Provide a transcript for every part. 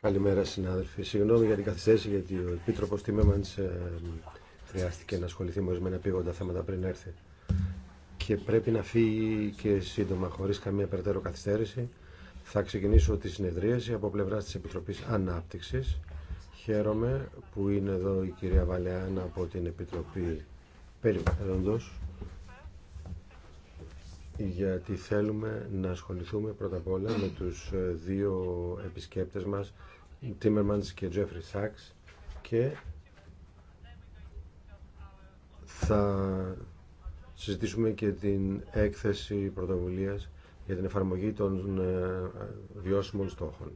Καλημέρα συνάδελφοι. Συγγνώμη για την καθυστέρηση γιατί ο Επίτροπος Τίμεμαντς ε, χρειάστηκε να ασχοληθεί με ορισμένα πήγοντα θέματα πριν έρθει. Και πρέπει να φύγει και σύντομα χωρίς καμία περαιτέρω καθυστέρηση. Θα ξεκινήσω τη συνεδρίαση από πλευρά της Επιτροπής Ανάπτυξης. Χαίρομαι που είναι εδώ η κυρία Βαλεάνα από την Επιτροπή Περιβάλλοντος γιατί θέλουμε να ασχοληθούμε πρώτα απ' όλα με τους ε, δύο επισκέπτες μας, Τίμερμαντς και Τζέφρι Σάξ και θα συζητήσουμε και την έκθεση πρωτοβουλίας για την εφαρμογή των ε, βιώσιμων στόχων.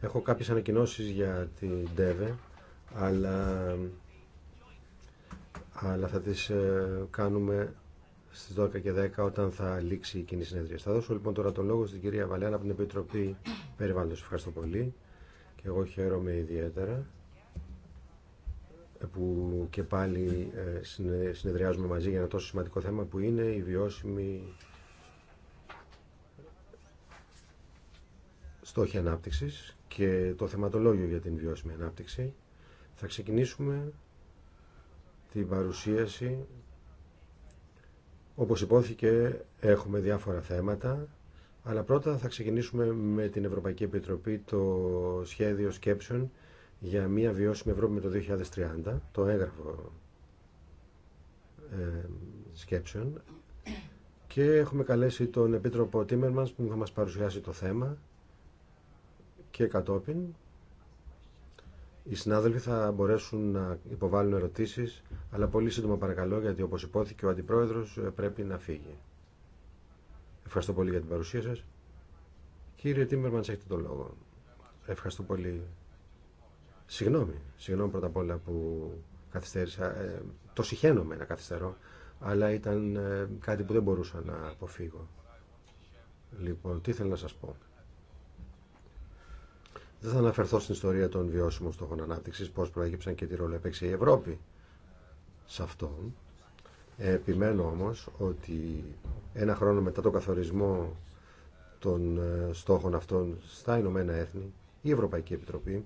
Έχω κάποιες ανακοινώσεις για την ΤΕΒΕ, αλλά, αλλά θα τις ε, κάνουμε στις 12 και 10 όταν θα λήξει η κοινή συνεδρία. Θα δώσω λοιπόν τώρα το λόγο στην κυρία Βαλιάνα από την Επιτροπή Περιβάλλοντος. Ευχαριστώ πολύ και εγώ χαίρομαι ιδιαίτερα που και πάλι ε, συνεδριάζουμε μαζί για ένα τόσο σημαντικό θέμα που είναι η βιώσιμη στόχη ανάπτυξης και το θεματολόγιο για την βιώσιμη ανάπτυξη. Θα ξεκινήσουμε την παρουσίαση όπως υπόθηκε έχουμε διάφορα θέματα, αλλά πρώτα θα ξεκινήσουμε με την Ευρωπαϊκή Επιτροπή το σχέδιο σκέψεων για μια βιώσιμη Ευρώπη με το 2030, το έγγραφο ε, σκέψεων και έχουμε καλέσει τον Επίτροπο Τίμερμανς που θα μας παρουσιάσει το θέμα και κατόπιν οι συνάδελφοι θα μπορέσουν να υποβάλουν ερωτήσεις, αλλά πολύ σύντομα παρακαλώ, γιατί όπως υπόθηκε ο Αντιπρόεδρος ε, πρέπει να φύγει. Ευχαριστώ πολύ για την παρουσία σας. Κύριε Τίμερμαντς, έχετε το λόγο. Ευχαριστώ πολύ. Συγγνώμη, συγγνώμη πρώτα απ' όλα που καθυστέρησα. Ε, το συχαίνομαι να καθυστερώ, αλλά ήταν ε, κάτι που δεν μπορούσα να αποφύγω. Λοιπόν, τι θέλω να σας πω. Δεν θα αναφερθώ στην ιστορία των βιώσιμων στόχων ανάπτυξη, πώ προέκυψαν και τι ρόλο έπαιξε η Ευρώπη σε αυτό. Επιμένω όμω ότι ένα χρόνο μετά τον καθορισμό των ε, στόχων αυτών στα Ηνωμένα Έθνη, η Ευρωπαϊκή Επιτροπή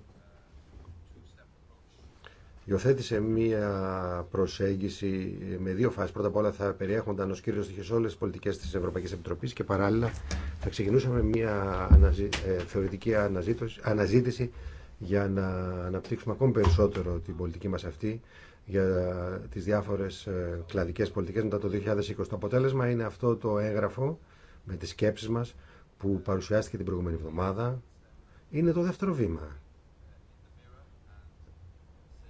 Υιοθέτησε μία προσέγγιση με δύο φάσει. Πρώτα απ' όλα θα περιέχονταν ω κύριο στοιχείο σε όλε τι πολιτικέ τη Ευρωπαϊκή Επιτροπή και παράλληλα θα ξεκινούσαμε μία ε, θεωρητική αναζήτηση για να αναπτύξουμε ακόμη περισσότερο την πολιτική μα αυτή για τις διάφορες ε, κλαδικέ πολιτικέ μετά το 2020. Το αποτέλεσμα είναι αυτό το έγγραφο με τι σκέψει μα που παρουσιάστηκε την προηγούμενη εβδομάδα. Είναι το δεύτερο βήμα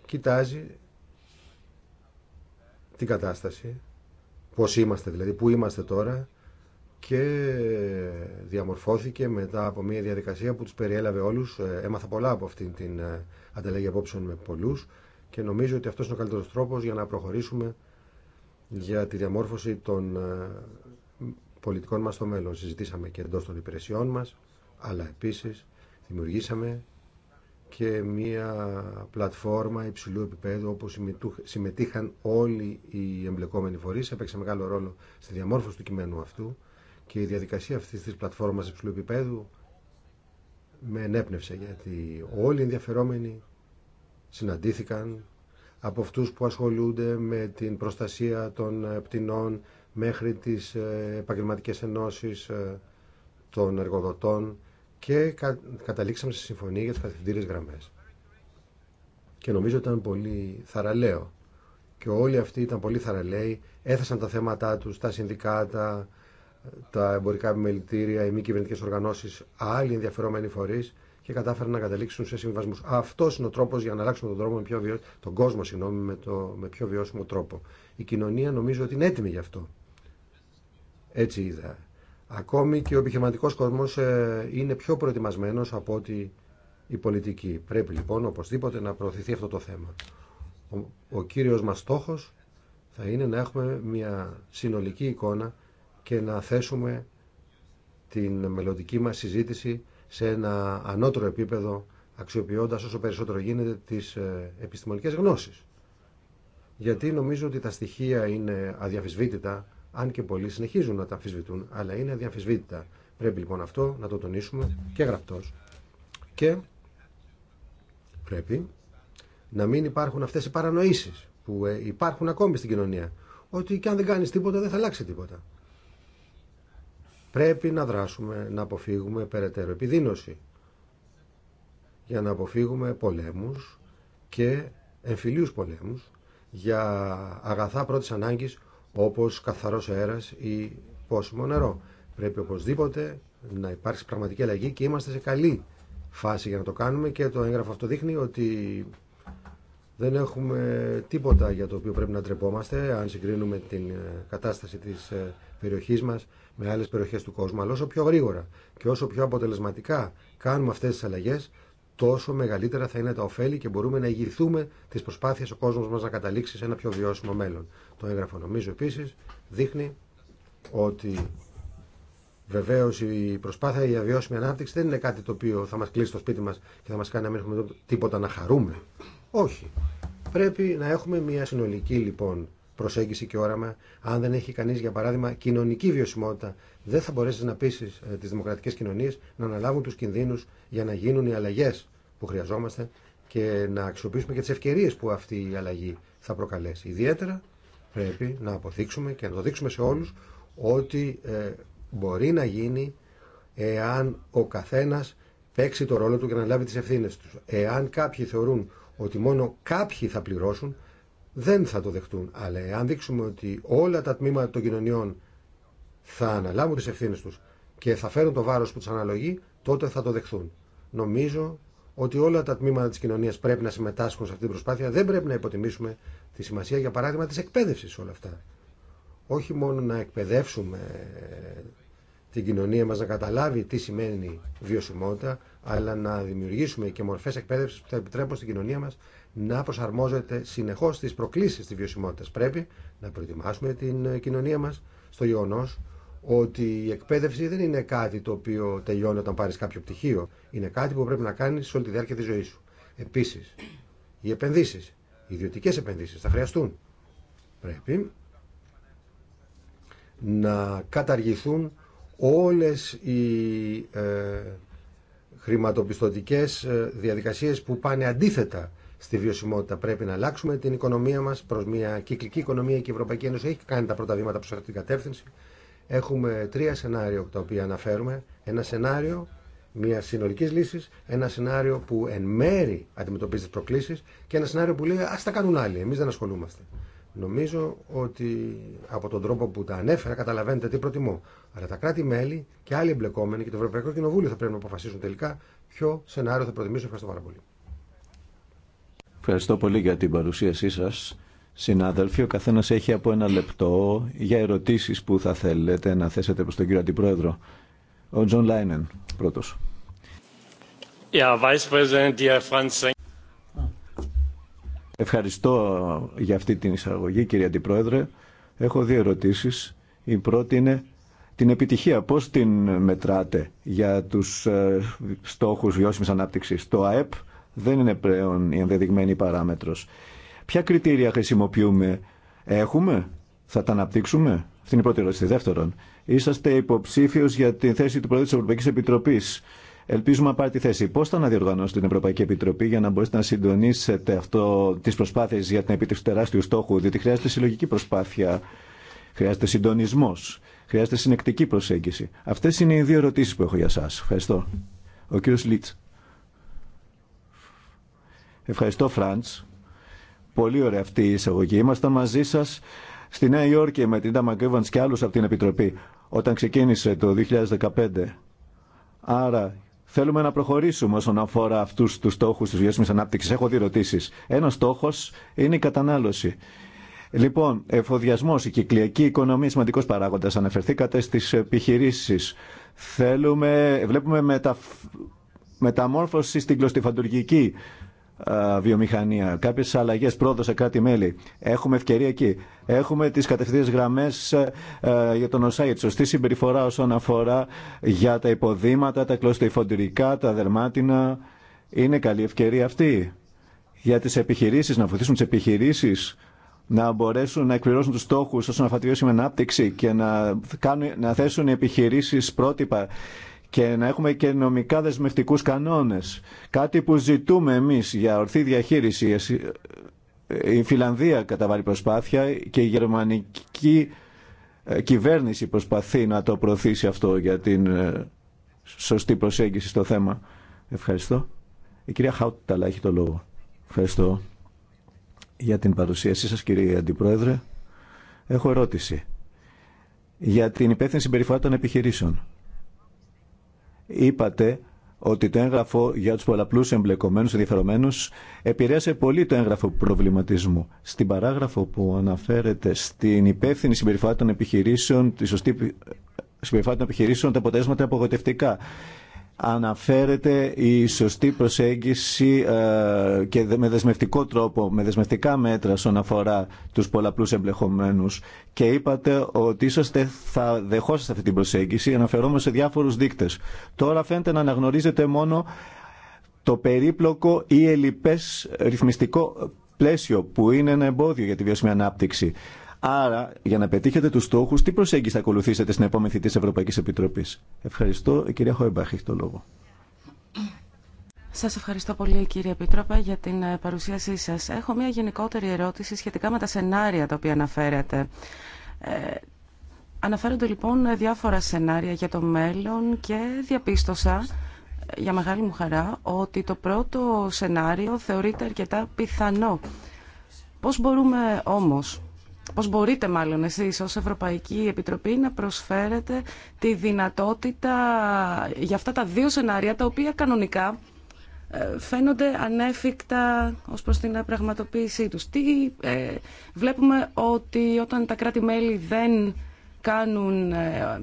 κοιτάζει την κατάσταση, πώς είμαστε δηλαδή, πού είμαστε τώρα και διαμορφώθηκε μετά από μια διαδικασία που τους περιέλαβε όλους. Ε, έμαθα πολλά από αυτήν την ε, ανταλλαγή απόψεων με πολλούς και νομίζω ότι αυτός είναι ο καλύτερος τρόπος για να προχωρήσουμε για τη διαμόρφωση των ε, πολιτικών μας στο μέλλον. Συζητήσαμε και εντός των υπηρεσιών μας, αλλά επίσης δημιουργήσαμε και μια πλατφόρμα υψηλού επίπεδου όπου συμμετείχαν όλοι οι εμπλεκόμενοι φορείς. Έπαιξε μεγάλο ρόλο στη διαμόρφωση του κειμένου αυτού και η διαδικασία αυτή της πλατφόρμας υψηλού επίπεδου με ενέπνευσε γιατί όλοι οι ενδιαφερόμενοι συναντήθηκαν από αυτούς που ασχολούνται με την προστασία των ε, πτηνών μέχρι τις ε, επαγγελματικές ενώσεις ε, των εργοδοτών και καταλήξαμε σε συμφωνία για τις καθημερινές γραμμές. Και νομίζω ήταν πολύ θαραλέο. Και όλοι αυτοί ήταν πολύ θαραλέοι, έθεσαν τα θέματά τους, τα συνδικάτα, τα εμπορικά επιμελητήρια, οι μη κυβερνητικέ οργανώσει, άλλοι ενδιαφερόμενοι φορεί και κατάφεραν να καταλήξουν σε συμβασμού. Αυτό είναι ο τρόπο για να αλλάξουμε τον, τρόπο πιο βιώσιμο, τον κόσμο συγγνώμη, με, το, με πιο βιώσιμο τρόπο. Η κοινωνία νομίζω ότι είναι έτοιμη γι' αυτό. Έτσι είδα Ακόμη και ο επιχειρηματικό κόσμος ε, είναι πιο προετοιμασμένο από ότι η πολιτική. Πρέπει λοιπόν οπωσδήποτε να προωθηθεί αυτό το θέμα. Ο, ο κύριος μας στόχος θα είναι να έχουμε μια συνολική εικόνα και να θέσουμε την μελλοντική μας συζήτηση σε ένα ανώτερο επίπεδο αξιοποιώντας όσο περισσότερο γίνεται τις ε, επιστημονικές γνώσεις. Γιατί νομίζω ότι τα στοιχεία είναι αδιαφυσβήτητα αν και πολλοί συνεχίζουν να τα αμφισβητούν, αλλά είναι αδιαμφισβήτητα. Πρέπει λοιπόν αυτό να το τονίσουμε και γραπτό. και πρέπει να μην υπάρχουν αυτές οι παρανοήσει που ε, υπάρχουν ακόμη στην κοινωνία ότι και αν δεν κάνεις τίποτα δεν θα αλλάξει τίποτα. Πρέπει να δράσουμε, να αποφύγουμε περαιτέρω επιδείνωση για να αποφύγουμε πολέμους και εμφυλίους πολέμους για αγαθά πρώτης ανάγκης όπως καθαρός αέρας ή πόσιμο νερό. Πρέπει οπωσδήποτε να υπάρξει πραγματική αλλαγή και είμαστε σε καλή φάση για να το κάνουμε και το έγγραφο αυτό δείχνει ότι δεν έχουμε τίποτα για το οποίο πρέπει να τρεπόμαστε αν συγκρίνουμε την ε, κατάσταση της ε, περιοχής μας με άλλες περιοχές του κόσμου. Αλλά όσο πιο γρήγορα και όσο πιο αποτελεσματικά κάνουμε αυτές τις αλλαγές τόσο μεγαλύτερα θα είναι τα ωφέλη και μπορούμε να ηγηθούμε τι προσπάθειε ο κόσμο μα να καταλήξει σε ένα πιο βιώσιμο μέλλον. Το έγγραφο, νομίζω, επίση δείχνει ότι βεβαίω η προσπάθεια για βιώσιμη ανάπτυξη δεν είναι κάτι το οποίο θα μα κλείσει το σπίτι μα και θα μα κάνει να μην έχουμε τίποτα να χαρούμε. Όχι. Πρέπει να έχουμε μια συνολική λοιπόν προσέγγιση και όραμα. Αν δεν έχει κανεί, για παράδειγμα, κοινωνική βιωσιμότητα, δεν θα μπορέσει να πείσει ε, τι δημοκρατικέ κοινωνίε να αναλάβουν του κινδύνου για να γίνουν οι αλλαγέ που χρειαζόμαστε και να αξιοποιήσουμε και τι ευκαιρίε που αυτή η αλλαγή θα προκαλέσει. Ιδιαίτερα πρέπει να αποδείξουμε και να το δείξουμε σε όλου ότι ε, μπορεί να γίνει εάν ο καθένα παίξει το ρόλο του και να λάβει τι ευθύνε του. Εάν κάποιοι θεωρούν ότι μόνο κάποιοι θα πληρώσουν, δεν θα το δεχτούν. Αλλά εάν δείξουμε ότι όλα τα τμήματα των κοινωνιών θα αναλάβουν τις ευθύνες τους και θα φέρουν το βάρος που τους αναλογεί, τότε θα το δεχθούν. Νομίζω ότι όλα τα τμήματα της κοινωνίας πρέπει να συμμετάσχουν σε αυτή την προσπάθεια. Δεν πρέπει να υποτιμήσουμε τη σημασία, για παράδειγμα, της εκπαίδευσης όλα αυτά. Όχι μόνο να εκπαιδεύσουμε την κοινωνία μας να καταλάβει τι σημαίνει βιωσιμότητα, αλλά να δημιουργήσουμε και μορφές εκπαίδευση που θα επιτρέπουν στην κοινωνία μας να προσαρμόζεται συνεχώ στι προκλήσει τη βιωσιμότητα. Πρέπει να προετοιμάσουμε την κοινωνία μα στο γεγονό ότι η εκπαίδευση δεν είναι κάτι το οποίο τελειώνει όταν πάρει κάποιο πτυχίο. Είναι κάτι που πρέπει να κάνει σε όλη τη διάρκεια τη ζωή σου. Επίση, οι επενδύσει, οι ιδιωτικέ επενδύσει θα χρειαστούν. Πρέπει να καταργηθούν όλες οι ε, χρηματοπιστωτικές ε, διαδικασίες που πάνε αντίθετα στη βιωσιμότητα. Πρέπει να αλλάξουμε την οικονομία μα προ μια κυκλική οικονομία και η Ευρωπαϊκή Ένωση έχει κάνει τα πρώτα βήματα προ αυτή την κατεύθυνση. Έχουμε τρία σενάρια τα οποία αναφέρουμε. Ένα σενάριο μια συνολική λύση, ένα σενάριο που εν μέρη αντιμετωπίζει τι προκλήσει και ένα σενάριο που λέει Α τα κάνουν άλλοι, εμεί δεν ασχολούμαστε. Νομίζω ότι από τον τρόπο που τα ανέφερα καταλαβαίνετε τι προτιμώ. Αλλά τα κράτη-μέλη και άλλοι εμπλεκόμενοι και το Ευρωπαϊκό Κοινοβούλιο θα πρέπει να αποφασίσουν τελικά ποιο σενάριο θα προτιμήσουν. Ευχαριστώ πάρα πολύ. Ευχαριστώ πολύ για την παρουσίασή σας. Συνάδελφοι, ο καθένας έχει από ένα λεπτό για ερωτήσεις που θα θέλετε να θέσετε προς τον κύριο Αντιπρόεδρο. Ο Τζον Λάινεν, πρώτος. Ευχαριστώ για αυτή την εισαγωγή, κύριε Αντιπρόεδρε. Έχω δύο ερωτήσεις. Η πρώτη είναι την επιτυχία. Πώς την μετράτε για τους ε, στόχους βιώσιμης ανάπτυξης. Το ΑΕΠ δεν είναι πλέον η ενδεδειγμένη παράμετρος. Ποια κριτήρια χρησιμοποιούμε, έχουμε, θα τα αναπτύξουμε. Αυτή είναι η πρώτη ερώτηση. Δεύτερον, είσαστε υποψήφιος για τη θέση του Πρόεδρου της Ευρωπαϊκής Επιτροπής. Ελπίζουμε να πάρει τη θέση. Πώ θα αναδιοργανώσετε την Ευρωπαϊκή Επιτροπή για να μπορέσετε να συντονίσετε αυτό τι προσπάθειε για την επίτευξη του τεράστιου στόχου, διότι χρειάζεται συλλογική προσπάθεια, χρειάζεται συντονισμό, χρειάζεται συνεκτική προσέγγιση. Αυτέ είναι οι δύο ερωτήσει που έχω για εσά. Ευχαριστώ. Ο κύριο Λίτ. Ευχαριστώ, Φραντ. Πολύ ωραία αυτή η εισαγωγή. Ήμασταν μαζί σα στη Νέα Υόρκη με την Τάμα και άλλου από την Επιτροπή όταν ξεκίνησε το 2015. Άρα θέλουμε να προχωρήσουμε όσον αφορά αυτού του στόχους τη βιώσιμη ανάπτυξη. Έχω δύο ρωτήσεις. Ένα στόχο είναι η κατανάλωση. Λοιπόν, εφοδιασμό, η κυκλιακή οικονομία, σημαντικό παράγοντα. Αναφερθήκατε στι επιχειρήσει. Θέλουμε, βλέπουμε μεταμόρφωση στην κλωστιφαντουργική ε, βιομηχανία, κάποιες αλλαγές πρόοδο σε κάτι μέλη. Έχουμε ευκαιρία εκεί. Έχουμε τις κατευθείας γραμμές ε, για τον ΟΣΑΙ, τη σωστή συμπεριφορά όσον αφορά για τα υποδήματα, τα κλωστοϊφοντηρικά, τα δερμάτινα. Είναι καλή ευκαιρία αυτή για τις επιχειρήσεις, να βοηθήσουν τις επιχειρήσεις να μπορέσουν να εκπληρώσουν τους στόχους όσον αφορά τη βιώσιμη ανάπτυξη και να, κάνουν, να θέσουν οι επιχειρήσεις πρότυπα και να έχουμε και νομικά δεσμευτικούς κανόνες. Κάτι που ζητούμε εμείς για ορθή διαχείριση. Η Φιλανδία καταβάλει προσπάθεια και η γερμανική ε, κυβέρνηση προσπαθεί να το προωθήσει αυτό για την ε, σωστή προσέγγιση στο θέμα. Ευχαριστώ. Η κυρία Χάουταλα έχει το λόγο. Ευχαριστώ για την παρουσίασή σας κύριε Αντιπρόεδρε. Έχω ερώτηση για την υπεύθυνη συμπεριφορά των επιχειρήσεων. Είπατε ότι το έγγραφο για τους πολλαπλούς εμπλεκομένους ενδιαφερομένους επηρέασε πολύ το έγγραφο προβληματισμού. Στην παράγραφο που αναφέρεται στην υπεύθυνη συμπεριφορά επιχειρήσεων, τη σωστή συμπεριφορά των επιχειρήσεων, τα αποτέλεσματα είναι απογοητευτικά αναφέρεται η σωστή προσέγγιση ε, και με δεσμευτικό τρόπο, με δεσμευτικά μέτρα στον αφορά τους πολλαπλούς εμπλεχομένους και είπατε ότι ίσως θα δεχόσαστε αυτή την προσέγγιση αναφερόμενο σε διάφορους δείκτες. Τώρα φαίνεται να αναγνωρίζετε μόνο το περίπλοκο ή ελλειπές ρυθμιστικό πλαίσιο που είναι ένα εμπόδιο για τη βιώσιμη ανάπτυξη. Άρα, για να πετύχετε του στόχου, τι προσέγγιση θα ακολουθήσετε στην επόμενη θητή τη Ευρωπαϊκή Επιτροπή. Ευχαριστώ. κυρία Χόιμπαχ έχει το λόγο. Σα ευχαριστώ πολύ κύριε Επίτροπε για την ε, παρουσίασή σα. Έχω μια γενικότερη ερώτηση σχετικά με τα σενάρια τα οποία αναφέρατε. Ε, αναφέρονται λοιπόν διάφορα σενάρια για το μέλλον και διαπίστωσα ε, για μεγάλη μου χαρά ότι το πρώτο σενάριο θεωρείται αρκετά πιθανό. Πώς μπορούμε όμως πώς μπορείτε μάλλον εσείς ως Ευρωπαϊκή Επιτροπή να προσφέρετε τη δυνατότητα για αυτά τα δύο σενάρια τα οποία κανονικά ε, φαίνονται ανέφικτα ως προς την πραγματοποίησή τους. Τι ε, βλέπουμε ότι όταν τα κράτη-μέλη δεν κάνουν ε,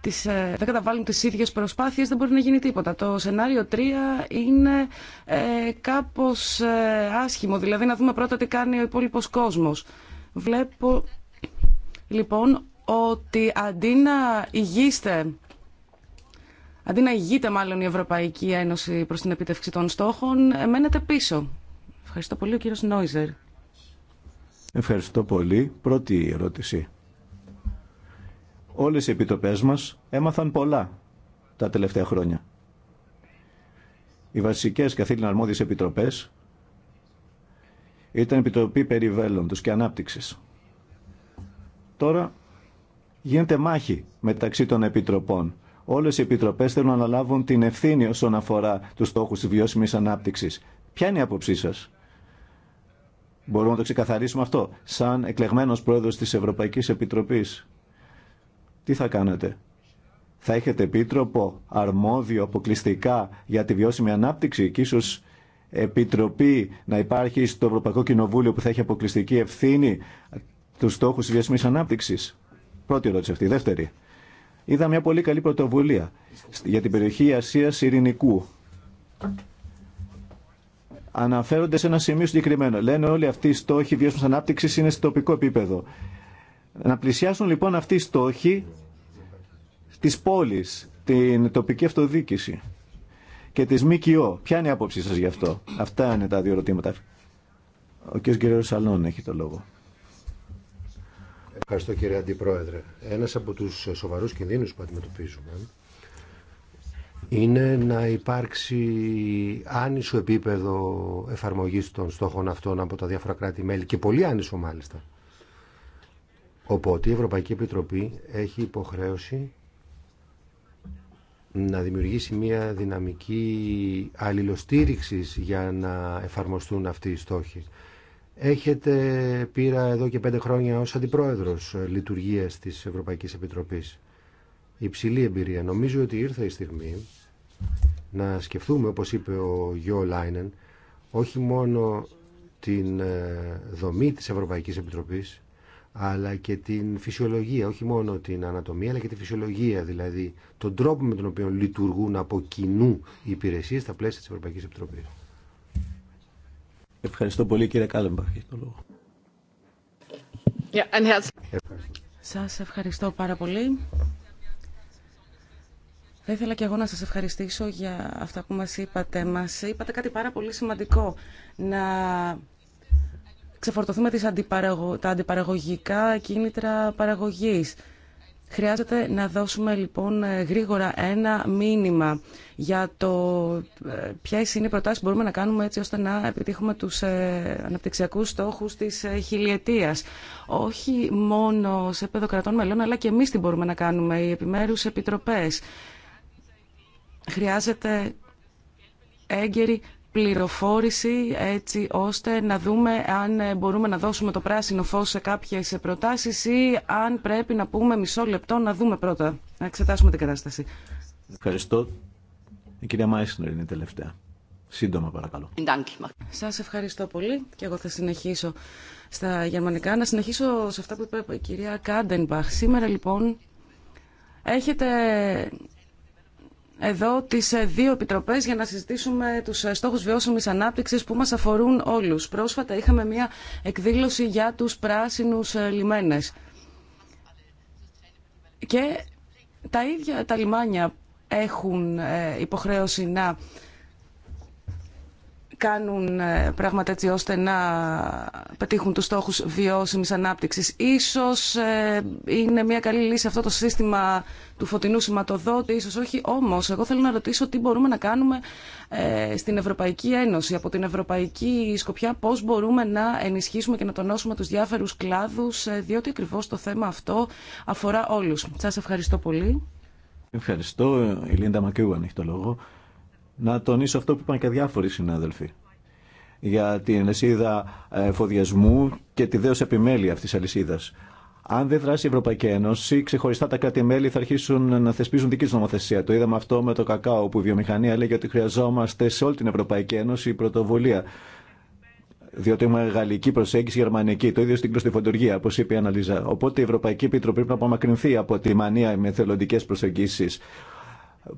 τις, ε, δεν καταβάλουν τις ίδιες προσπάθειες δεν μπορεί να γίνει τίποτα. Το σενάριο 3 είναι ε, κάπως ε, άσχημο, δηλαδή να δούμε πρώτα τι κάνει ο υπόλοιπος κόσμος. Βλέπω λοιπόν ότι αντί να ηγείστε Αντί να ηγείται μάλλον η Ευρωπαϊκή Ένωση προς την επιτεύξη των στόχων, μένετε πίσω. Ευχαριστώ πολύ ο κύριος Νόιζερ. Ευχαριστώ πολύ. Πρώτη ερώτηση. Όλες οι επιτροπές μας έμαθαν πολλά τα τελευταία χρόνια. Οι βασικές καθήλυνα αρμόδιες επιτροπές ήταν Επιτροπή Περιβέλλοντος και Ανάπτυξης. Τώρα γίνεται μάχη μεταξύ των επιτροπών. Όλες οι επιτροπές θέλουν να αναλάβουν την ευθύνη όσον αφορά τους στόχους της βιώσιμης ανάπτυξης. Ποια είναι η άποψή σας? Μπορούμε να το ξεκαθαρίσουμε αυτό, σαν εκλεγμένος πρόεδρος της Ευρωπαϊκής Επιτροπής. Τι θα κάνετε? Θα έχετε επίτροπο αρμόδιο αποκλειστικά για τη βιώσιμη ανάπτυξη και ίσως επιτροπή να υπάρχει στο Ευρωπαϊκό Κοινοβούλιο που θα έχει αποκλειστική ευθύνη του στόχου τη βιασμή ανάπτυξη. Πρώτη ερώτηση αυτή. Δεύτερη. Είδα μια πολύ καλή πρωτοβουλία για την περιοχή Ασία Ειρηνικού. Αναφέρονται σε ένα σημείο συγκεκριμένο. Λένε όλοι αυτοί οι στόχοι βιώσιμη ανάπτυξη είναι στο τοπικό επίπεδο. Να πλησιάσουν λοιπόν αυτοί οι στόχοι τη πόλη, την τοπική αυτοδιοίκηση και τη ΜΚΟ. Ποια είναι η άποψή σας γι' αυτό. Αυτά είναι τα δύο ερωτήματα. Ο κ. Γκερέρο Σαλών, έχει το λόγο. Ευχαριστώ κύριε Αντιπρόεδρε. Ένας από τους σοβαρούς κινδύνους που αντιμετωπίζουμε είναι να υπάρξει άνισο επίπεδο εφαρμογής των στόχων αυτών από τα διάφορα κράτη-μέλη και πολύ άνισο μάλιστα. Οπότε η Ευρωπαϊκή Επιτροπή έχει υποχρέωση να δημιουργήσει μια δυναμική αλληλοστήριξης για να εφαρμοστούν αυτοί οι στόχοι. Έχετε πείρα εδώ και πέντε χρόνια ως αντιπρόεδρος λειτουργίας της Ευρωπαϊκής Επιτροπής. Υψηλή εμπειρία. Νομίζω ότι ήρθε η στιγμή να σκεφτούμε, όπως είπε ο Γιώ Λάινεν, όχι μόνο την ε, δομή της Ευρωπαϊκής Επιτροπής, αλλά και την φυσιολογία, όχι μόνο την ανατομία, αλλά και τη φυσιολογία, δηλαδή τον τρόπο με τον οποίο λειτουργούν από κοινού οι υπηρεσίε στα πλαίσια τη Ευρωπαϊκή Επιτροπή. Ευχαριστώ πολύ, κύριε Κάλεμπαχ. Σας ευχαριστώ πάρα πολύ. Θα ήθελα και εγώ να σας ευχαριστήσω για αυτά που μας είπατε. Μας είπατε κάτι πάρα πολύ σημαντικό. Να ξεφορτωθούμε τις αντιπαραγω... τα αντιπαραγωγικά κίνητρα παραγωγής. Χρειάζεται να δώσουμε λοιπόν ε, γρήγορα ένα μήνυμα για το ε, ποιε είναι οι προτάσει που μπορούμε να κάνουμε έτσι ώστε να επιτύχουμε του ε, αναπτυξιακού στόχου τη χιλιετία. Όχι μόνο σε επίπεδο κρατών μελών, αλλά και εμεί τι μπορούμε να κάνουμε, οι επιμέρου επιτροπέ. Χρειάζεται έγκαιρη πληροφόρηση έτσι ώστε να δούμε αν μπορούμε να δώσουμε το πράσινο φως σε κάποιες προτάσεις ή αν πρέπει να πούμε μισό λεπτό να δούμε πρώτα, να εξετάσουμε την κατάσταση. Ευχαριστώ. Η κυρία Μάισνερ είναι η τελευταία. Σύντομα παρακαλώ. Σας ευχαριστώ πολύ και εγώ θα συνεχίσω στα γερμανικά. Να συνεχίσω σε αυτά που είπε η κυρια μαισνερ ειναι τελευταια συντομα Κάντενμπαχ. Σήμερα λοιπόν έχετε εδώ τις ε, δύο επιτροπές για να συζητήσουμε τους ε, στόχου βιώσιμη ανάπτυξη που μα αφορούν όλους. Πρόσφατα είχαμε μια εκδήλωση για τους πράσινους ε, λιμένες. Και τα ίδια τα λιμάνια έχουν υποχρέωση να κάνουν ε, πράγματα έτσι ώστε να πετύχουν τους στόχους βιώσιμης ανάπτυξης. Ίσως ε, είναι μια καλή λύση αυτό το σύστημα του φωτεινού σηματοδότη, ίσως όχι. Όμως, εγώ θέλω να ρωτήσω τι μπορούμε να κάνουμε ε, στην Ευρωπαϊκή Ένωση, από την Ευρωπαϊκή Σκοπιά, πώς μπορούμε να ενισχύσουμε και να τονώσουμε τους διάφορους κλάδους, διότι ακριβώ το θέμα αυτό αφορά όλους. Σας ευχαριστώ πολύ. Ευχαριστώ. Η Λίντα έχει το λόγο να τονίσω αυτό που είπαν και διάφοροι συνάδελφοι για την αλυσίδα ε, φωδιασμού και τη δέωση επιμέλεια αυτής της αλυσίδας. Αν δεν δράσει η Ευρωπαϊκή Ένωση, ξεχωριστά τα κράτη-μέλη θα αρχίσουν να θεσπίζουν δική του νομοθεσία. Το είδαμε αυτό με το κακάο, που η βιομηχανία λέγει ότι χρειαζόμαστε σε όλη την Ευρωπαϊκή Ένωση πρωτοβουλία. Διότι έχουμε γαλλική προσέγγιση, γερμανική, το ίδιο στην κλωστοφοντουργία, όπω είπε η Αναλίζα. Οπότε η Ευρωπαϊκή Επιτροπή πρέπει να απομακρυνθεί από τη μανία με θελοντικέ προσεγγίσει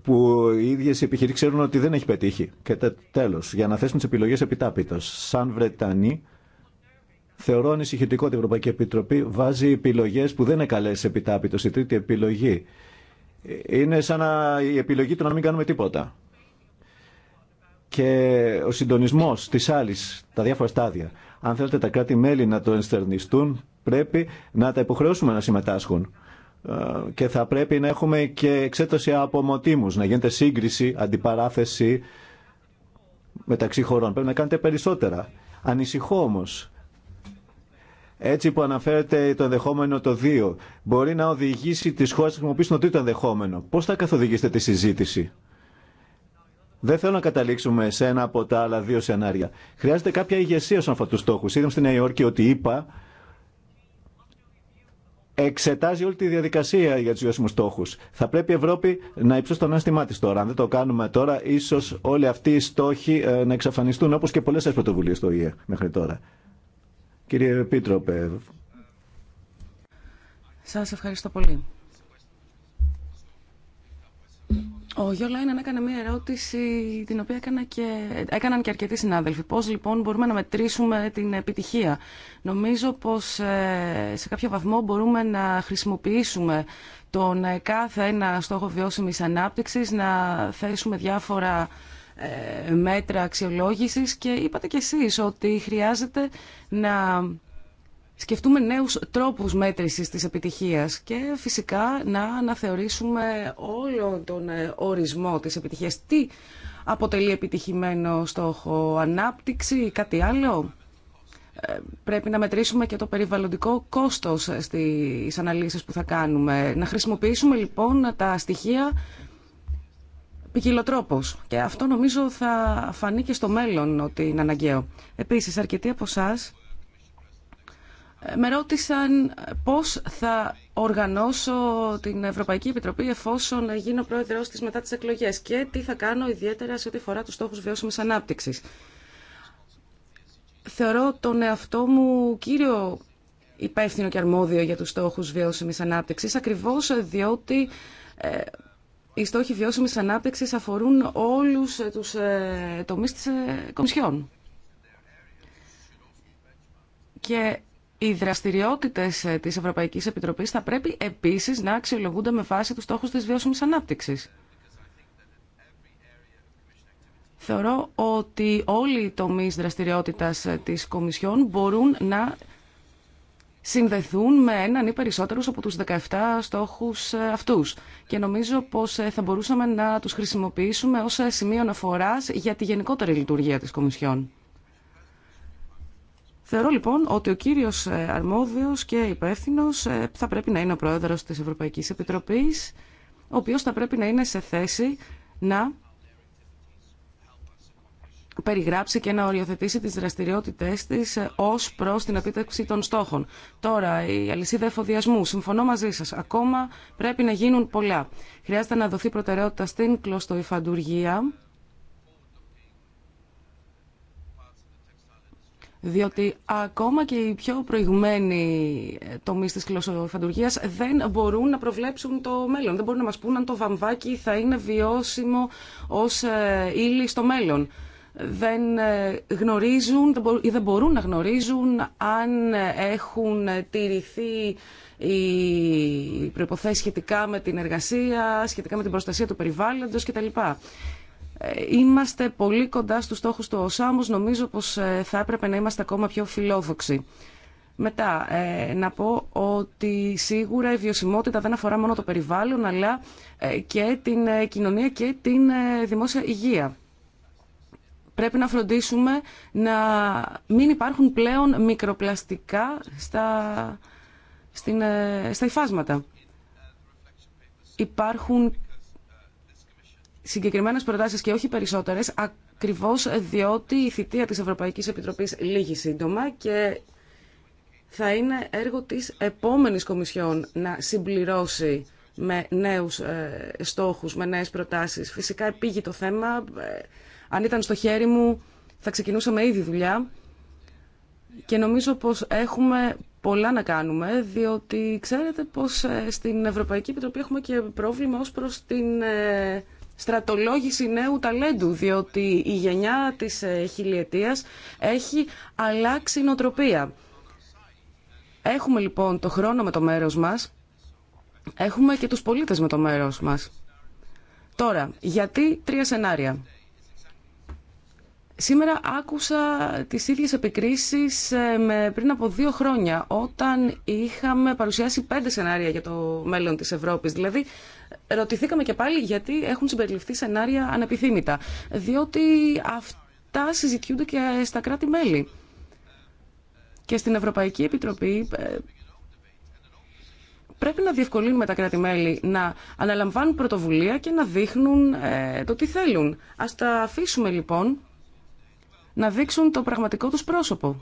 που οι ίδιε οι επιχειρήσει ξέρουν ότι δεν έχει πετύχει. Και τέλο, για να θέσουν τι επιλογέ επιτάπητο. Σαν Βρετανοί, θεωρώ ανησυχητικό ότι η Ευρωπαϊκή Επιτροπή βάζει επιλογέ που δεν είναι καλέ επιτάπητο. Η τρίτη επιλογή είναι σαν να, η επιλογή του να μην κάνουμε τίποτα. Και ο συντονισμό τη άλλη, τα διάφορα στάδια. Αν θέλετε τα κράτη-μέλη να το ενστερνιστούν, πρέπει να τα υποχρεώσουμε να συμμετάσχουν. Ε, και θα πρέπει να έχουμε και εξέταση από μοτίμους, να γίνεται σύγκριση, αντιπαράθεση μεταξύ χωρών. Πρέπει να κάνετε περισσότερα. Ανησυχώ όμω. Έτσι που αναφέρεται το ενδεχόμενο το 2, μπορεί να οδηγήσει τις χώρες να χρησιμοποιήσουν το τρίτο ενδεχόμενο. Πώς θα καθοδηγήσετε τη συζήτηση. Δεν θέλω να καταλήξουμε σε ένα από τα άλλα δύο σενάρια. Χρειάζεται κάποια ηγεσία στον αυτού του στόχου. Είδαμε στην Νέα Υόρκη ότι είπα εξετάζει όλη τη διαδικασία για του βιώσιμου στόχου. Θα πρέπει η Ευρώπη να υψώσει τον αίσθημά τη τώρα. Αν δεν το κάνουμε τώρα, ίσω όλοι αυτοί οι στόχοι ε, να εξαφανιστούν όπω και πολλέ άλλε πρωτοβουλίε στο ΙΕ μέχρι τώρα. Κύριε Επίτροπε. Σας ευχαριστώ πολύ. Ο Γιώ Λάινεν έκανε μια ερώτηση την οποία έκανα και, έκαναν και αρκετοί συνάδελφοι. Πώς λοιπόν μπορούμε να μετρήσουμε την επιτυχία. Νομίζω πως ε, σε κάποιο βαθμό μπορούμε να χρησιμοποιήσουμε τον ε, κάθε ένα στόχο βιώσιμης ανάπτυξης, να θέσουμε διάφορα ε, μέτρα αξιολόγησης και είπατε κι εσείς ότι χρειάζεται να σκεφτούμε νέους τρόπους μέτρησης της επιτυχίας και φυσικά να αναθεωρήσουμε όλο τον ε, ορισμό της επιτυχίας. Τι αποτελεί επιτυχημένο στόχο, ανάπτυξη ή κάτι άλλο. Ε, πρέπει να μετρήσουμε και το περιβαλλοντικό κόστος ε, στις αναλύσεις που θα κάνουμε. Να χρησιμοποιήσουμε λοιπόν τα στοιχεία ποικιλοτρόπως. Και αυτό νομίζω θα φανεί και στο μέλλον ότι είναι αναγκαίο. Επίσης, αρκετοί από εσά με ρώτησαν πώς θα οργανώσω την Ευρωπαϊκή Επιτροπή εφόσον γίνω πρόεδρος της μετά τις εκλογές και τι θα κάνω ιδιαίτερα σε ό,τι φορά τους στόχου βιώσιμης ανάπτυξης. Θεωρώ τον εαυτό μου κύριο υπεύθυνο και αρμόδιο για τους στόχους βιώσιμης ανάπτυξης ακριβώς διότι ε, οι στόχοι βιώσιμης ανάπτυξης αφορούν όλους τους ε, τομείς της ε, Κομισιόν. Και οι δραστηριότητε ε, τη Ευρωπαϊκή Επιτροπή θα πρέπει επίση να αξιολογούνται με βάση του στόχου τη βιώσιμη ανάπτυξη. Θεωρώ ότι όλοι οι τομείς δραστηριότητας ε, της Κομισιόν μπορούν να συνδεθούν με έναν ή περισσότερους από τους 17 στόχους ε, αυτούς. Και νομίζω πως θα μπορούσαμε να τους χρησιμοποιήσουμε ως σημείο αναφοράς για τη γενικότερη λειτουργία της Κομισιόν. Θεωρώ λοιπόν ότι ο κύριος ε, αρμόδιος και υπεύθυνο ε, θα πρέπει να είναι ο πρόεδρος της Ευρωπαϊκής Επιτροπής, ο οποίος θα πρέπει να είναι σε θέση να περιγράψει και να οριοθετήσει τις δραστηριότητές της ε, ως προς την επίτευξη των στόχων. Τώρα, η αλυσίδα εφοδιασμού. Συμφωνώ μαζί σας. Ακόμα πρέπει να γίνουν πολλά. Χρειάζεται να δοθεί προτεραιότητα στην κλωστοϊφαντουργία διότι ακόμα και οι πιο προηγμένοι ε, τομείς της κλωσοφαντουργίας δεν μπορούν να προβλέψουν το μέλλον. Δεν μπορούν να μας πούν αν το βαμβάκι θα είναι βιώσιμο ως ε, ύλη στο μέλλον. Δεν ε, γνωρίζουν ή δεν μπορούν να γνωρίζουν αν έχουν τηρηθεί οι προϋποθέσεις σχετικά με την εργασία, σχετικά με την προστασία του περιβάλλοντος κτλ. Ε, είμαστε πολύ κοντά στους στόχους του ΩΣΑ, όμως νομίζω πως ε, θα έπρεπε να είμαστε ακόμα πιο φιλόδοξοι. Μετά, ε, να πω ότι σίγουρα η βιωσιμότητα δεν αφορά μόνο το περιβάλλον, αλλά και την κοινωνία και την δημόσια υγεία. Πρέπει να φροντίσουμε να μην υπάρχουν πλέον μικροπλαστικά στα, στην, στα υφάσματα. Υπάρχουν Συγκεκριμένε προτάσει και όχι περισσότερες, ακριβώς διότι η θητεία της Ευρωπαϊκής Επιτροπής λύγει σύντομα και θα είναι έργο της επόμενης Κομισιόν να συμπληρώσει με νέους ε, στόχους, με νέες προτάσει. Φυσικά επήγει το θέμα. Ε, αν ήταν στο χέρι μου θα ξεκινούσαμε ήδη δουλειά και νομίζω πως έχουμε πολλά να κάνουμε, διότι ξέρετε πως ε, στην Ευρωπαϊκή Επιτροπή έχουμε και πρόβλημα ως προς την στρατολόγηση νέου ταλέντου, διότι η γενιά της ε, χιλιετίας έχει αλλάξει νοτροπία. Έχουμε λοιπόν το χρόνο με το μέρος μας, έχουμε και τους πολίτες με το μέρος μας. Τώρα, γιατί τρία σενάρια. Σήμερα άκουσα τις ίδιες επικρίσεις ε, με πριν από δύο χρόνια, όταν είχαμε παρουσιάσει πέντε σενάρια για το μέλλον της Ευρώπης. Δηλαδή, ρωτηθήκαμε και πάλι γιατί έχουν συμπεριληφθεί σενάρια ανεπιθύμητα. Διότι αυτά συζητιούνται και στα κράτη-μέλη. Και στην Ευρωπαϊκή Επιτροπή ε, πρέπει να διευκολύνουμε τα κράτη-μέλη να αναλαμβάνουν πρωτοβουλία και να δείχνουν ε, το τι θέλουν. Ας τα αφήσουμε λοιπόν να δείξουν το πραγματικό τους πρόσωπο.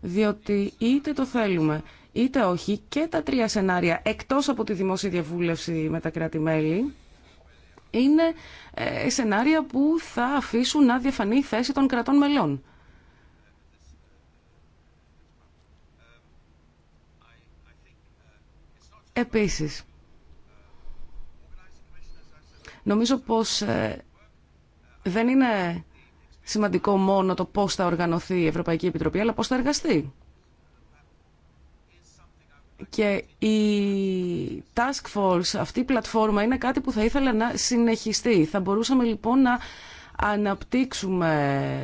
Διότι είτε το θέλουμε είτε όχι και τα τρία σενάρια εκτός από τη δημόσια διαβούλευση με τα κράτη-μέλη είναι ε, σενάρια που θα αφήσουν να διαφανεί η θέση των κρατών μελών. Επίσης, νομίζω πως ε, δεν είναι σημαντικό μόνο το πώς θα οργανωθεί η Ευρωπαϊκή Επιτροπή, αλλά πώς θα εργαστεί. Και η Task Force, αυτή η πλατφόρμα, είναι κάτι που θα ήθελα να συνεχιστεί. Θα μπορούσαμε λοιπόν να αναπτύξουμε